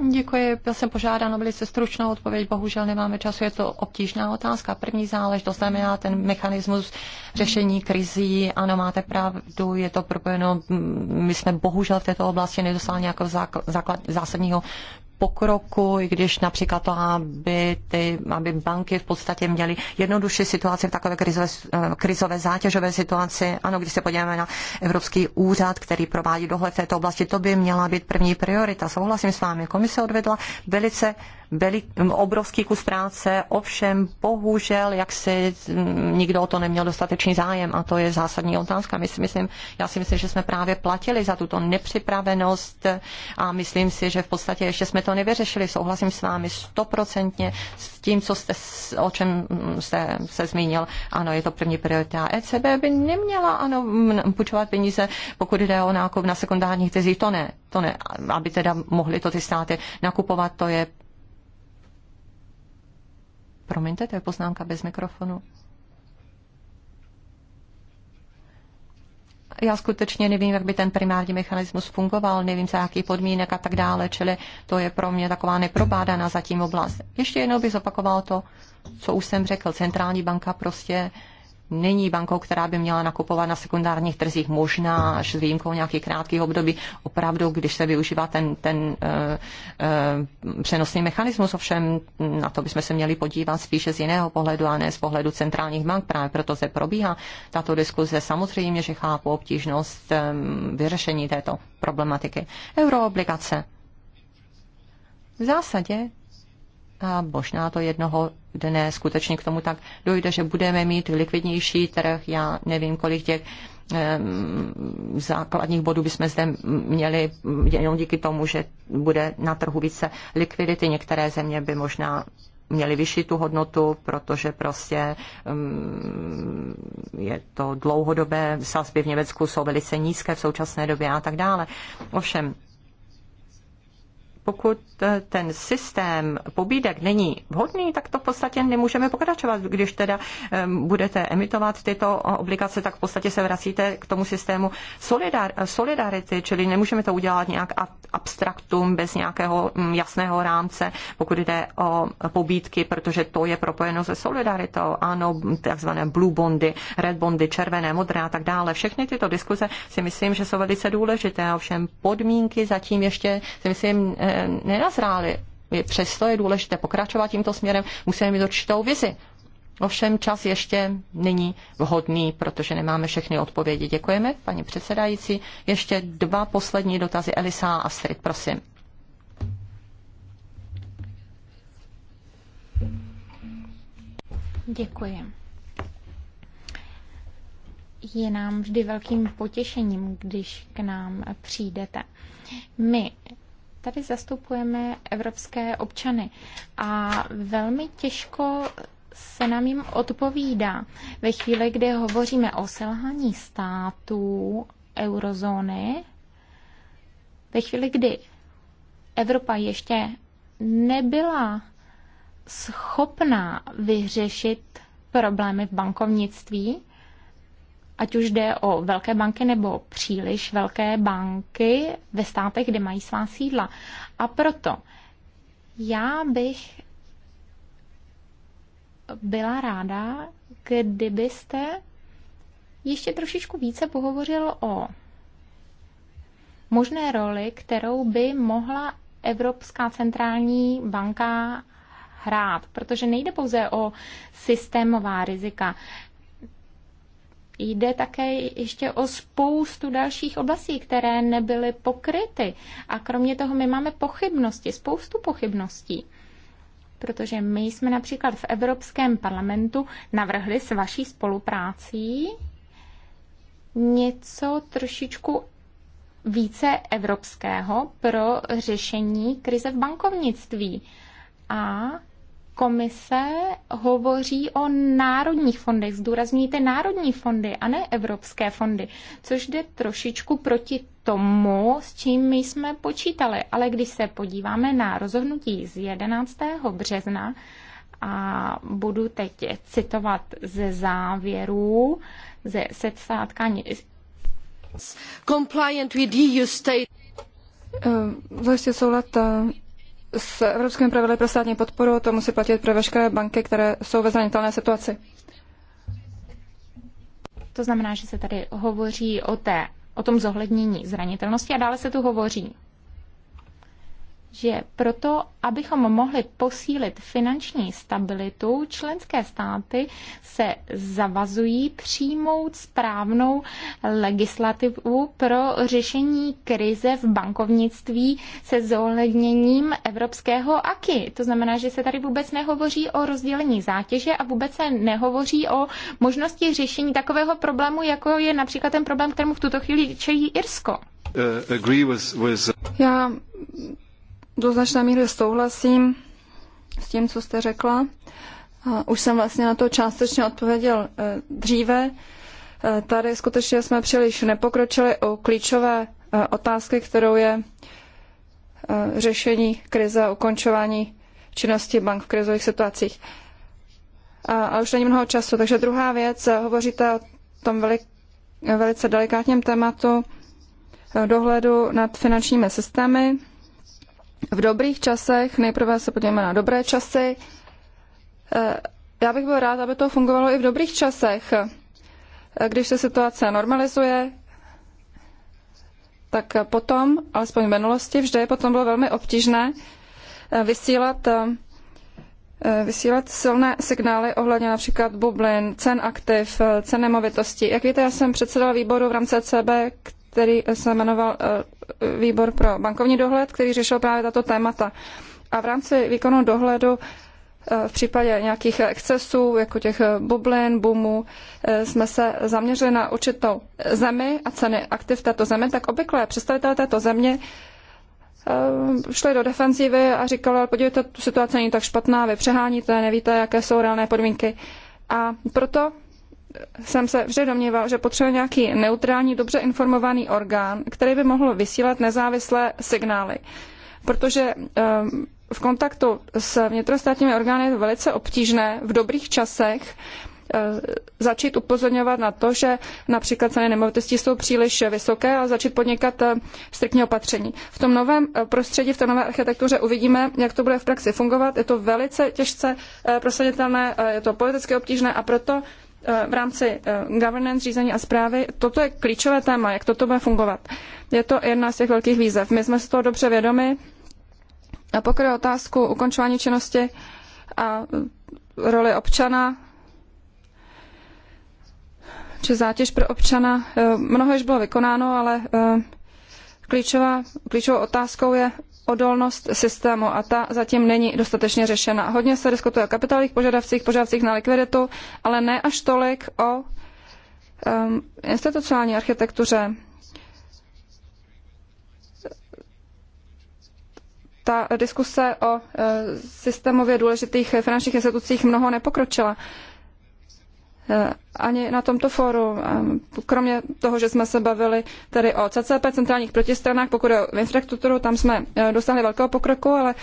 Děkuji, byl jsem požádán o velice stručnou odpověď, bohužel nemáme času, je to obtížná otázka. První záležitost znamená ten mechanismus řešení krizí, ano, máte pravdu, je to propojeno, my jsme bohužel v této oblasti nedosáhli nějakého základ, zásadního pokroku, i když například to, aby, ty, aby banky v podstatě měly jednodušší situaci v takové krizové, eh, krizové zátěžové situaci. Ano, když se podíváme na Evropský úřad, který provádí dohled v této oblasti, to by měla být první priorita. Souhlasím s vámi, komise odvedla velice velik, obrovský kus práce, ovšem bohužel, jak si mm, nikdo o to neměl dostatečný zájem a to je zásadní otázka. My si myslím, já si myslím, že jsme právě platili za tuto nepřipravenost a myslím si, že v podstatě ještě jsme to nevyřešili. Souhlasím s vámi stoprocentně s tím, co jste, o čem mm, jste se zmínil. Ano, je to první priorita. ECB by neměla ano, půjčovat peníze, pokud jde o nákup na sekundárních tezích. To ne, to ne, aby teda mohli to ty státy nakupovat, to je Promiňte, to je poznámka bez mikrofonu. já skutečně nevím, jak by ten primární mechanismus fungoval, nevím za jakých podmínek a tak dále, čili to je pro mě taková neprobádaná zatím oblast. Ještě jednou bych zopakoval to, co už jsem řekl. Centrální banka prostě není bankou, která by měla nakupovat na sekundárních trzích, možná až s výjimkou nějakých krátkých období, opravdu, když se využívá ten, ten uh, uh, přenosný mechanismus, ovšem na to bychom se měli podívat spíše z jiného pohledu a ne z pohledu centrálních bank, právě proto se probíhá tato diskuze. Samozřejmě, že chápu obtížnost um, vyřešení této problematiky. Euroobligace. V zásadě a možná to jednoho dne skutečně k tomu tak dojde, že budeme mít likvidnější trh. Já nevím, kolik těch základních bodů bychom zde měli jenom díky tomu, že bude na trhu více likvidity. Některé země by možná měly vyšší tu hodnotu, protože prostě je to dlouhodobé, sazby v Německu jsou velice nízké v současné době a tak dále. Ovšem, pokud eh, ten systém pobídek není vhodný, tak to v podstatě nemůžeme pokračovat. Když teda eh, budete emitovat tyto eh, obligace, tak v podstatě se vracíte k tomu systému solidar- solidarity, čili nemůžeme to udělat nějak abstraktum, bez nějakého mm, jasného rámce, pokud jde o pobídky, protože to je propojeno se solidaritou. Ano, takzvané blue bondy, red bondy, červené, modré a tak dále. Všechny tyto diskuze si myslím, že jsou velice důležité, ovšem podmínky zatím ještě si myslím, ne, nenazráli. Přesto je důležité pokračovat tímto směrem, musíme mít určitou vizi. Ovšem čas ještě není vhodný, protože nemáme všechny odpovědi. Děkujeme, paní předsedající. Ještě dva poslední dotazy. Elisa a Astrid, prosím. Děkuji. Je nám vždy velkým potěšením, když k nám přijdete. My Tady zastupujeme evropské občany a velmi těžko se nám jim odpovídá. Ve chvíli, kdy hovoříme o selhání států eurozóny, ve chvíli, kdy Evropa ještě nebyla schopná vyřešit problémy v bankovnictví, ať už jde o velké banky nebo příliš velké banky ve státech, kde mají svá sídla. A proto já bych byla ráda, kdybyste ještě trošičku více pohovořil o možné roli, kterou by mohla Evropská centrální banka hrát, protože nejde pouze o systémová rizika. Jde také ještě o spoustu dalších oblastí, které nebyly pokryty. A kromě toho my máme pochybnosti, spoustu pochybností. Protože my jsme například v Evropském parlamentu navrhli s vaší spoluprácí něco trošičku více evropského pro řešení krize v bankovnictví. A komise hovoří o národních fondech, zdůrazňujete národní fondy a ne evropské fondy, což jde trošičku proti tomu, s čím my jsme počítali. Ale když se podíváme na rozhodnutí z 11. března, a budu teď citovat ze závěrů, ze setsátkání. Compliant with EU state. Eh, vlastně soulad eh, s evropskými pravidly pro státní podporu, to musí platit pro veškeré banky, které jsou ve zranitelné situaci. To znamená, že se tady hovoří o té o tom zohlednění zranitelnosti a dále se tu hovoří že proto, abychom mohli posílit finanční stabilitu, členské státy se zavazují přijmout správnou legislativu pro řešení krize v bankovnictví se zohledněním evropského AKI. To znamená, že se tady vůbec nehovoří o rozdělení zátěže a vůbec se nehovoří o možnosti řešení takového problému, jako je například ten problém, kterému v tuto chvíli čelí Irsko. Uh, Já do značné míry souhlasím s tím, co jste řekla. Už jsem vlastně na to částečně odpověděl eh, dříve. Eh, tady skutečně jsme příliš nepokročili o klíčové eh, otázky, kterou je řešení krize a ukončování činnosti bank v krizových situacích. Ale už není mnoho času. Takže druhá věc, hovoříte o tom velik, velice delikátním tématu dohledu nad finančními systémy v dobrých časech, nejprve se podíváme na dobré časy. Eh, já bych byl rád, aby to fungovalo i v dobrých časech. Eh, když se situace normalizuje, tak potom, alespoň v minulosti, vždy potom bylo velmi obtížné eh, vysílat, vysílat silné signály ohledně například bublin, cen aktiv, cen nemovitostí. Jak víte, já jsem předsedala výboru v rámci e CB, který se jmenoval eh, Výbor pro bankovní dohled, který řešil právě tato témata. A v rámci výkonu dohledu eh, v případě nějakých excesů, jako těch bublin, boomů, eh, jsme se zaměřili na určitou zemi a ceny aktiv této země, tak obvykle představitelé této země šli do defenzívy a říkali, ale podívejte, tu situace není tak špatná, vy přeháníte, nevíte, jaké jsou reálné podmínky. A proto jsem se vždy domníval, že potřebuje nějaký neutrální, dobře informovaný orgán, který by mohl vysílat nezávislé signály. Protože ehm, v kontaktu s vnitrostátními orgány je velice obtížné v dobrých časech eh, začít upozorňovat na to, že například ceny nemovitostí jsou příliš vysoké a začít podnikat eh, striktní opatření. V tom novém eh, prostředí, v té nové architektuře uvidíme, jak to bude v praxi fungovat. Je to velice těžce prosaditelné, je to politicky obtížné a proto v rámci eh, governance, řízení a zprávy. Toto je klíčové téma, jak toto bude fungovat. Je to jedna z těch velkých výzev. My jsme z toho dobře vědomi. A pokud je otázku ukončování činnosti a eh, roli občana, či zátěž pro občana, eh, mnoho již bylo vykonáno, ale klíčová, klíčovou otázkou je odolnost systému a ta zatím není dostatečně řešena. Hodně se diskutuje o kapitálových požadavcích, požadavcích na likviditu, ale ne až tolik o um, institucionální architektuře. Ta diskuse o uh, systémově důležitých finančních institucích mnoho nepokročila. Uh, Eh, ani na tomto fóru. Eh, kromě toho, že jsme se bavili tedy o CCP, centrálních protistranách, pokud je o infrastrukturu, tam jsme eh, dosáhli velkého pokroku, ale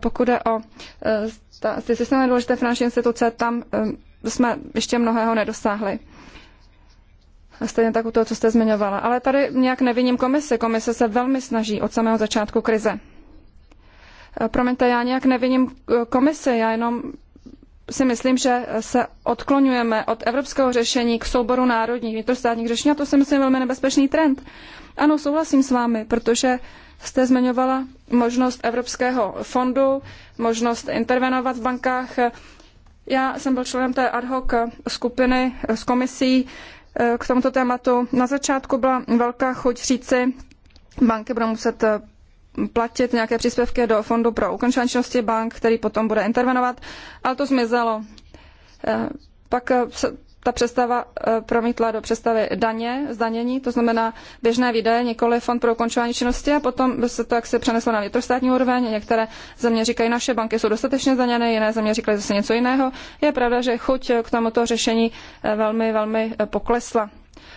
pokud je o ty systémy důležité finanční instituce, tam jsme ještě mnohého nedosáhli. A stejně tak u toho, co jste zmiňovala. Ale tady nějak neviním komise. Komise se velmi snaží od samého začátku krize. Promiňte, já nějak neviním komise, já jenom si myslím, že se odklonujeme od evropského řešení k souboru národních vnitrostátních řešení a to si myslím velmi nebezpečný trend. Ano, souhlasím s vámi, protože jste zmiňovala možnost Evropského fondu, možnost intervenovat v bankách. Já jsem byl členem té ad hoc skupiny s komisí eh, k tomuto tématu. Na začátku byla velká chuť říci, banky budou muset eh, platit nějaké příspěvky do fondu pro ukončování činnosti bank, který potom bude intervenovat, ale to zmizelo. Eh, pak eh, se ta přestava eh, promítla do přestavy daně, zdanění, to znamená běžné výdaje, nikoli fond pro ukončování činnosti a potom by se to jaksi přeneslo na vnitrostátní úroveň. Některé země říkají, naše banky jsou dostatečně zdaněné, jiné země říkají zase něco jiného. Je pravda, že chuť k tomuto řešení velmi, velmi poklesla.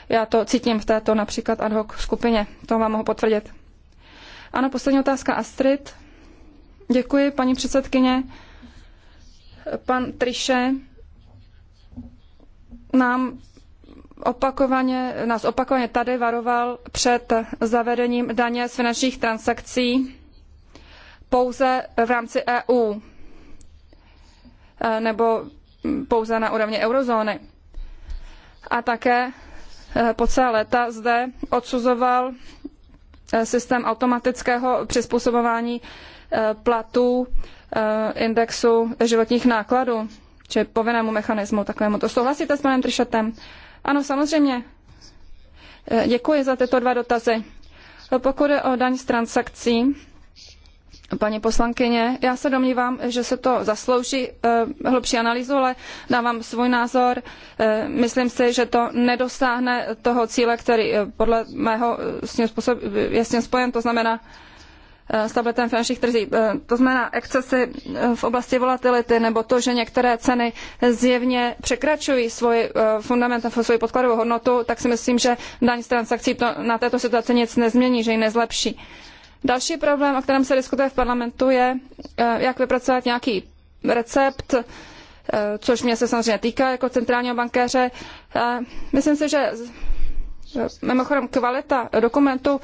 Já to cítím v této například ad hoc skupině, to vám mohu potvrdit. Ano, poslední otázka Astrid. Děkuji, paní předsedkyně. Pan Triše nám opakovaně, nás opakovaně tady varoval před zavedením daně z finančních transakcí pouze v rámci EU eh, nebo pouze na úrovni eurozóny. A také eh, po celé léta zde odsuzoval Eh, systém automatického přizpůsobování eh, platů eh, indexu životních nákladů, či povinnému mechanismu takovému. To souhlasíte s panem Trišetem? Ano, samozřejmě. Děkuji za tyto dva dotazy. Pokud je o daň z transakcí, Paní poslankyně, já se domnívám, že se to zaslouží eh, hlubší analýzu, ale dávám svůj názor. Eh, myslím si, že to nedosáhne toho cíle, který eh, podle mého je s tím spojen, to znamená stabilitem finančních trzí. To znamená excesy v oblasti volatility nebo to, že některé ceny zjevně překračují svoji fundament, svoji podkladovou hodnotu, tak si myslím, že daň z transakcí to na této situaci nic nezmění, že ji nezlepší. Další problém, o kterém se diskutuje v parlamentu, je, eh, jak vypracovat nějaký recept, eh, což mě se samozřejmě týká jako centrálního bankéře. Eh, myslím si, že mimochodem kvalita dokumentu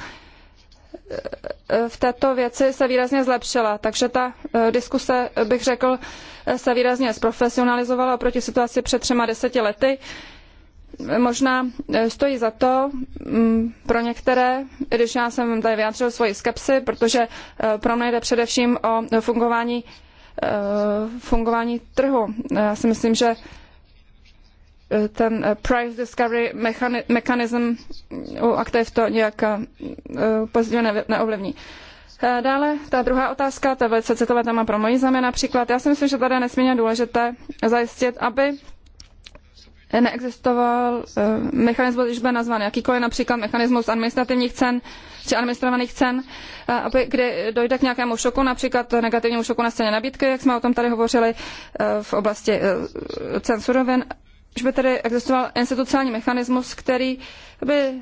v této věci se výrazně zlepšila, takže ta diskuse, bych řekl, se výrazně zprofesionalizovala oproti situaci před třema deseti lety možná eh, stojí za to mm, pro některé, když já jsem tady vyjádřil svoji skepsi, protože eh, pro mě jde především o fungování, eh, fungování trhu. Já si myslím, že ten price discovery mechanism u aktiv to nějak pozitivně neovlivní. Dále ta druhá otázka, to je velice citové téma pro moji zemi například. Já si myslím, že tady je nesmírně důležité zajistit, aby neexistoval eh, mechanismus, když byl nazván jakýkoliv, například mechanismus administrativních cen či administrovaných cen, eh, aby, kdy dojde k nějakému šoku, například negativnímu šoku na scéně nabídky, jak jsme o tom tady hovořili eh, v oblasti cen surovin, že by tedy existoval institucionální mechanismus, který by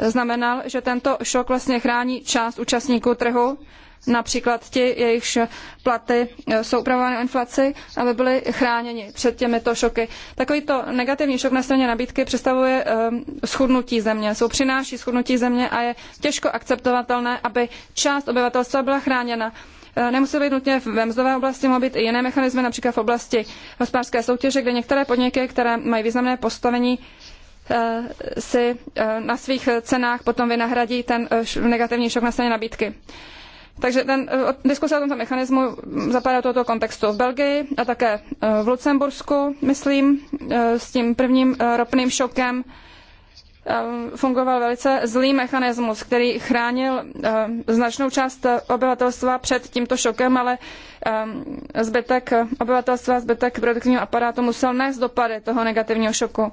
znamenal, že tento šok vlastně chrání část účastníků trhu například ti, jejichž platy eh, jsou upravovány o inflaci, aby byli chráněni před těmito šoky. Takovýto negativní šok na straně nabídky představuje eh, schudnutí země, jsou přináší schudnutí země a je těžko akceptovatelné, aby část obyvatelstva byla chráněna. Eh, nemusí být nutně ve mzdové oblasti, mohou být i jiné mechanismy, například v oblasti hospodářské soutěže, kde některé podniky, které mají významné postavení, si na svých cenách potom vynahradí ten negativní šok na straně nabídky. Takže ten, eh, diskuse o tomto mechanismu zapadá do tohoto kontextu v Belgii a také eh, v Lucembursku, myslím, eh, s tím prvním ropným šokem fungoval velice zlý mechanismus, který chránil značnou část obyvatelstva před tímto šokem, ale zbytek obyvatelstva, zbytek produktivního aparátu musel nést dopady toho negativního šoku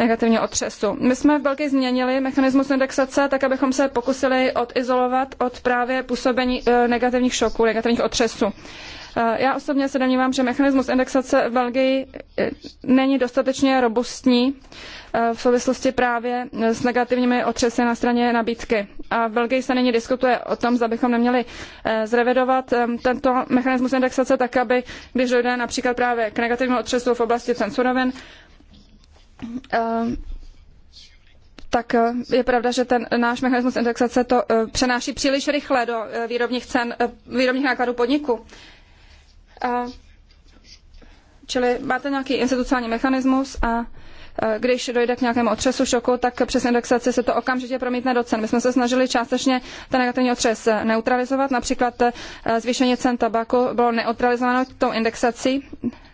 negativního otřesu. My jsme v Belgii změnili mechanismus indexace tak, abychom se pokusili odizolovat od právě působení eh, negativních šoků, negativních otřesů. Eh, já osobně se domnívám, že mechanismus indexace v Belgii eh, není dostatečně robustní v souvislosti právě s negativními otřesy na straně nabídky. A v Belgii se nyní diskutuje o tom, zda bychom neměli zrevidovat tento mechanismus indexace tak, aby když dojde například právě k negativnímu otřesu v oblasti cen surovin, Eh, tak eh, je pravda, že ten náš mechanismus indexace to eh, přenáší příliš rychle do výrobních cen, výrobních nákladů podniku. Čili máte nějaký institucionální mechanismus a když dojde k nějakému otřesu šoku, tak přes indexaci se to okamžitě promítne do cen. My jsme se snažili částečně ten negativní otřes neutralizovat. Například zvýšení cen tabaku bylo neutralizováno tou indexací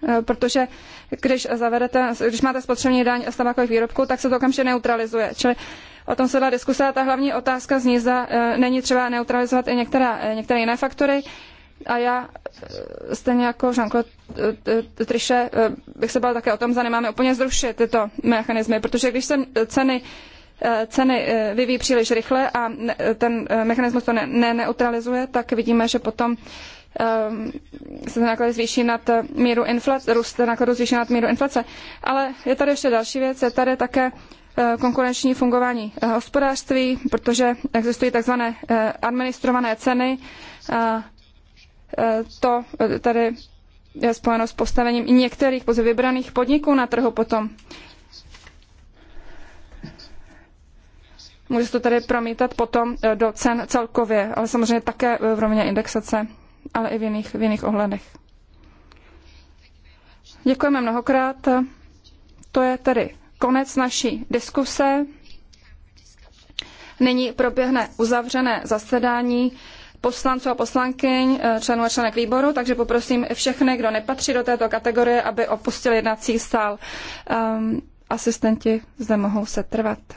Eh, protože když zavedete, když máte spotřební daň z tabakových výrobků, tak se to okamžitě neutralizuje. Čili o tom se dá diskuse a ta hlavní otázka zní, zda eh, není třeba neutralizovat i některá, eh, některé jiné faktory. A já, stejně jako Žanko Triše bych se bál také o tom, zda nemáme úplně zrušit tyto mechanismy, protože když se ceny ceny vyvíjí příliš rychle a ten mechanismus to ne, ne neutralizuje, tak vidíme, že potom Ehm, se náklady zvýší nad eh, míru inflace, růst nákladů zvýší nad míru inflace. Ale je tady ještě další věc, je tady také eh, konkurenční fungování eh, hospodářství, protože existují takzvané administrované ceny. To tady je spojeno s postavením některých pouze vybraných podniků na trhu potom. Může se to tedy promítat potom do cen celkově, ale samozřejmě také v rovině indexace ale i v jiných, v jiných ohledech. Děkujeme mnohokrát. To je tedy konec naší diskuse. Nyní proběhne uzavřené zasedání poslanců a poslankyň, eh, členů a členek výboru, takže poprosím všechny, kdo nepatří do této kategorie, aby opustili jednací sál. Um, asistenti zde mohou se trvat.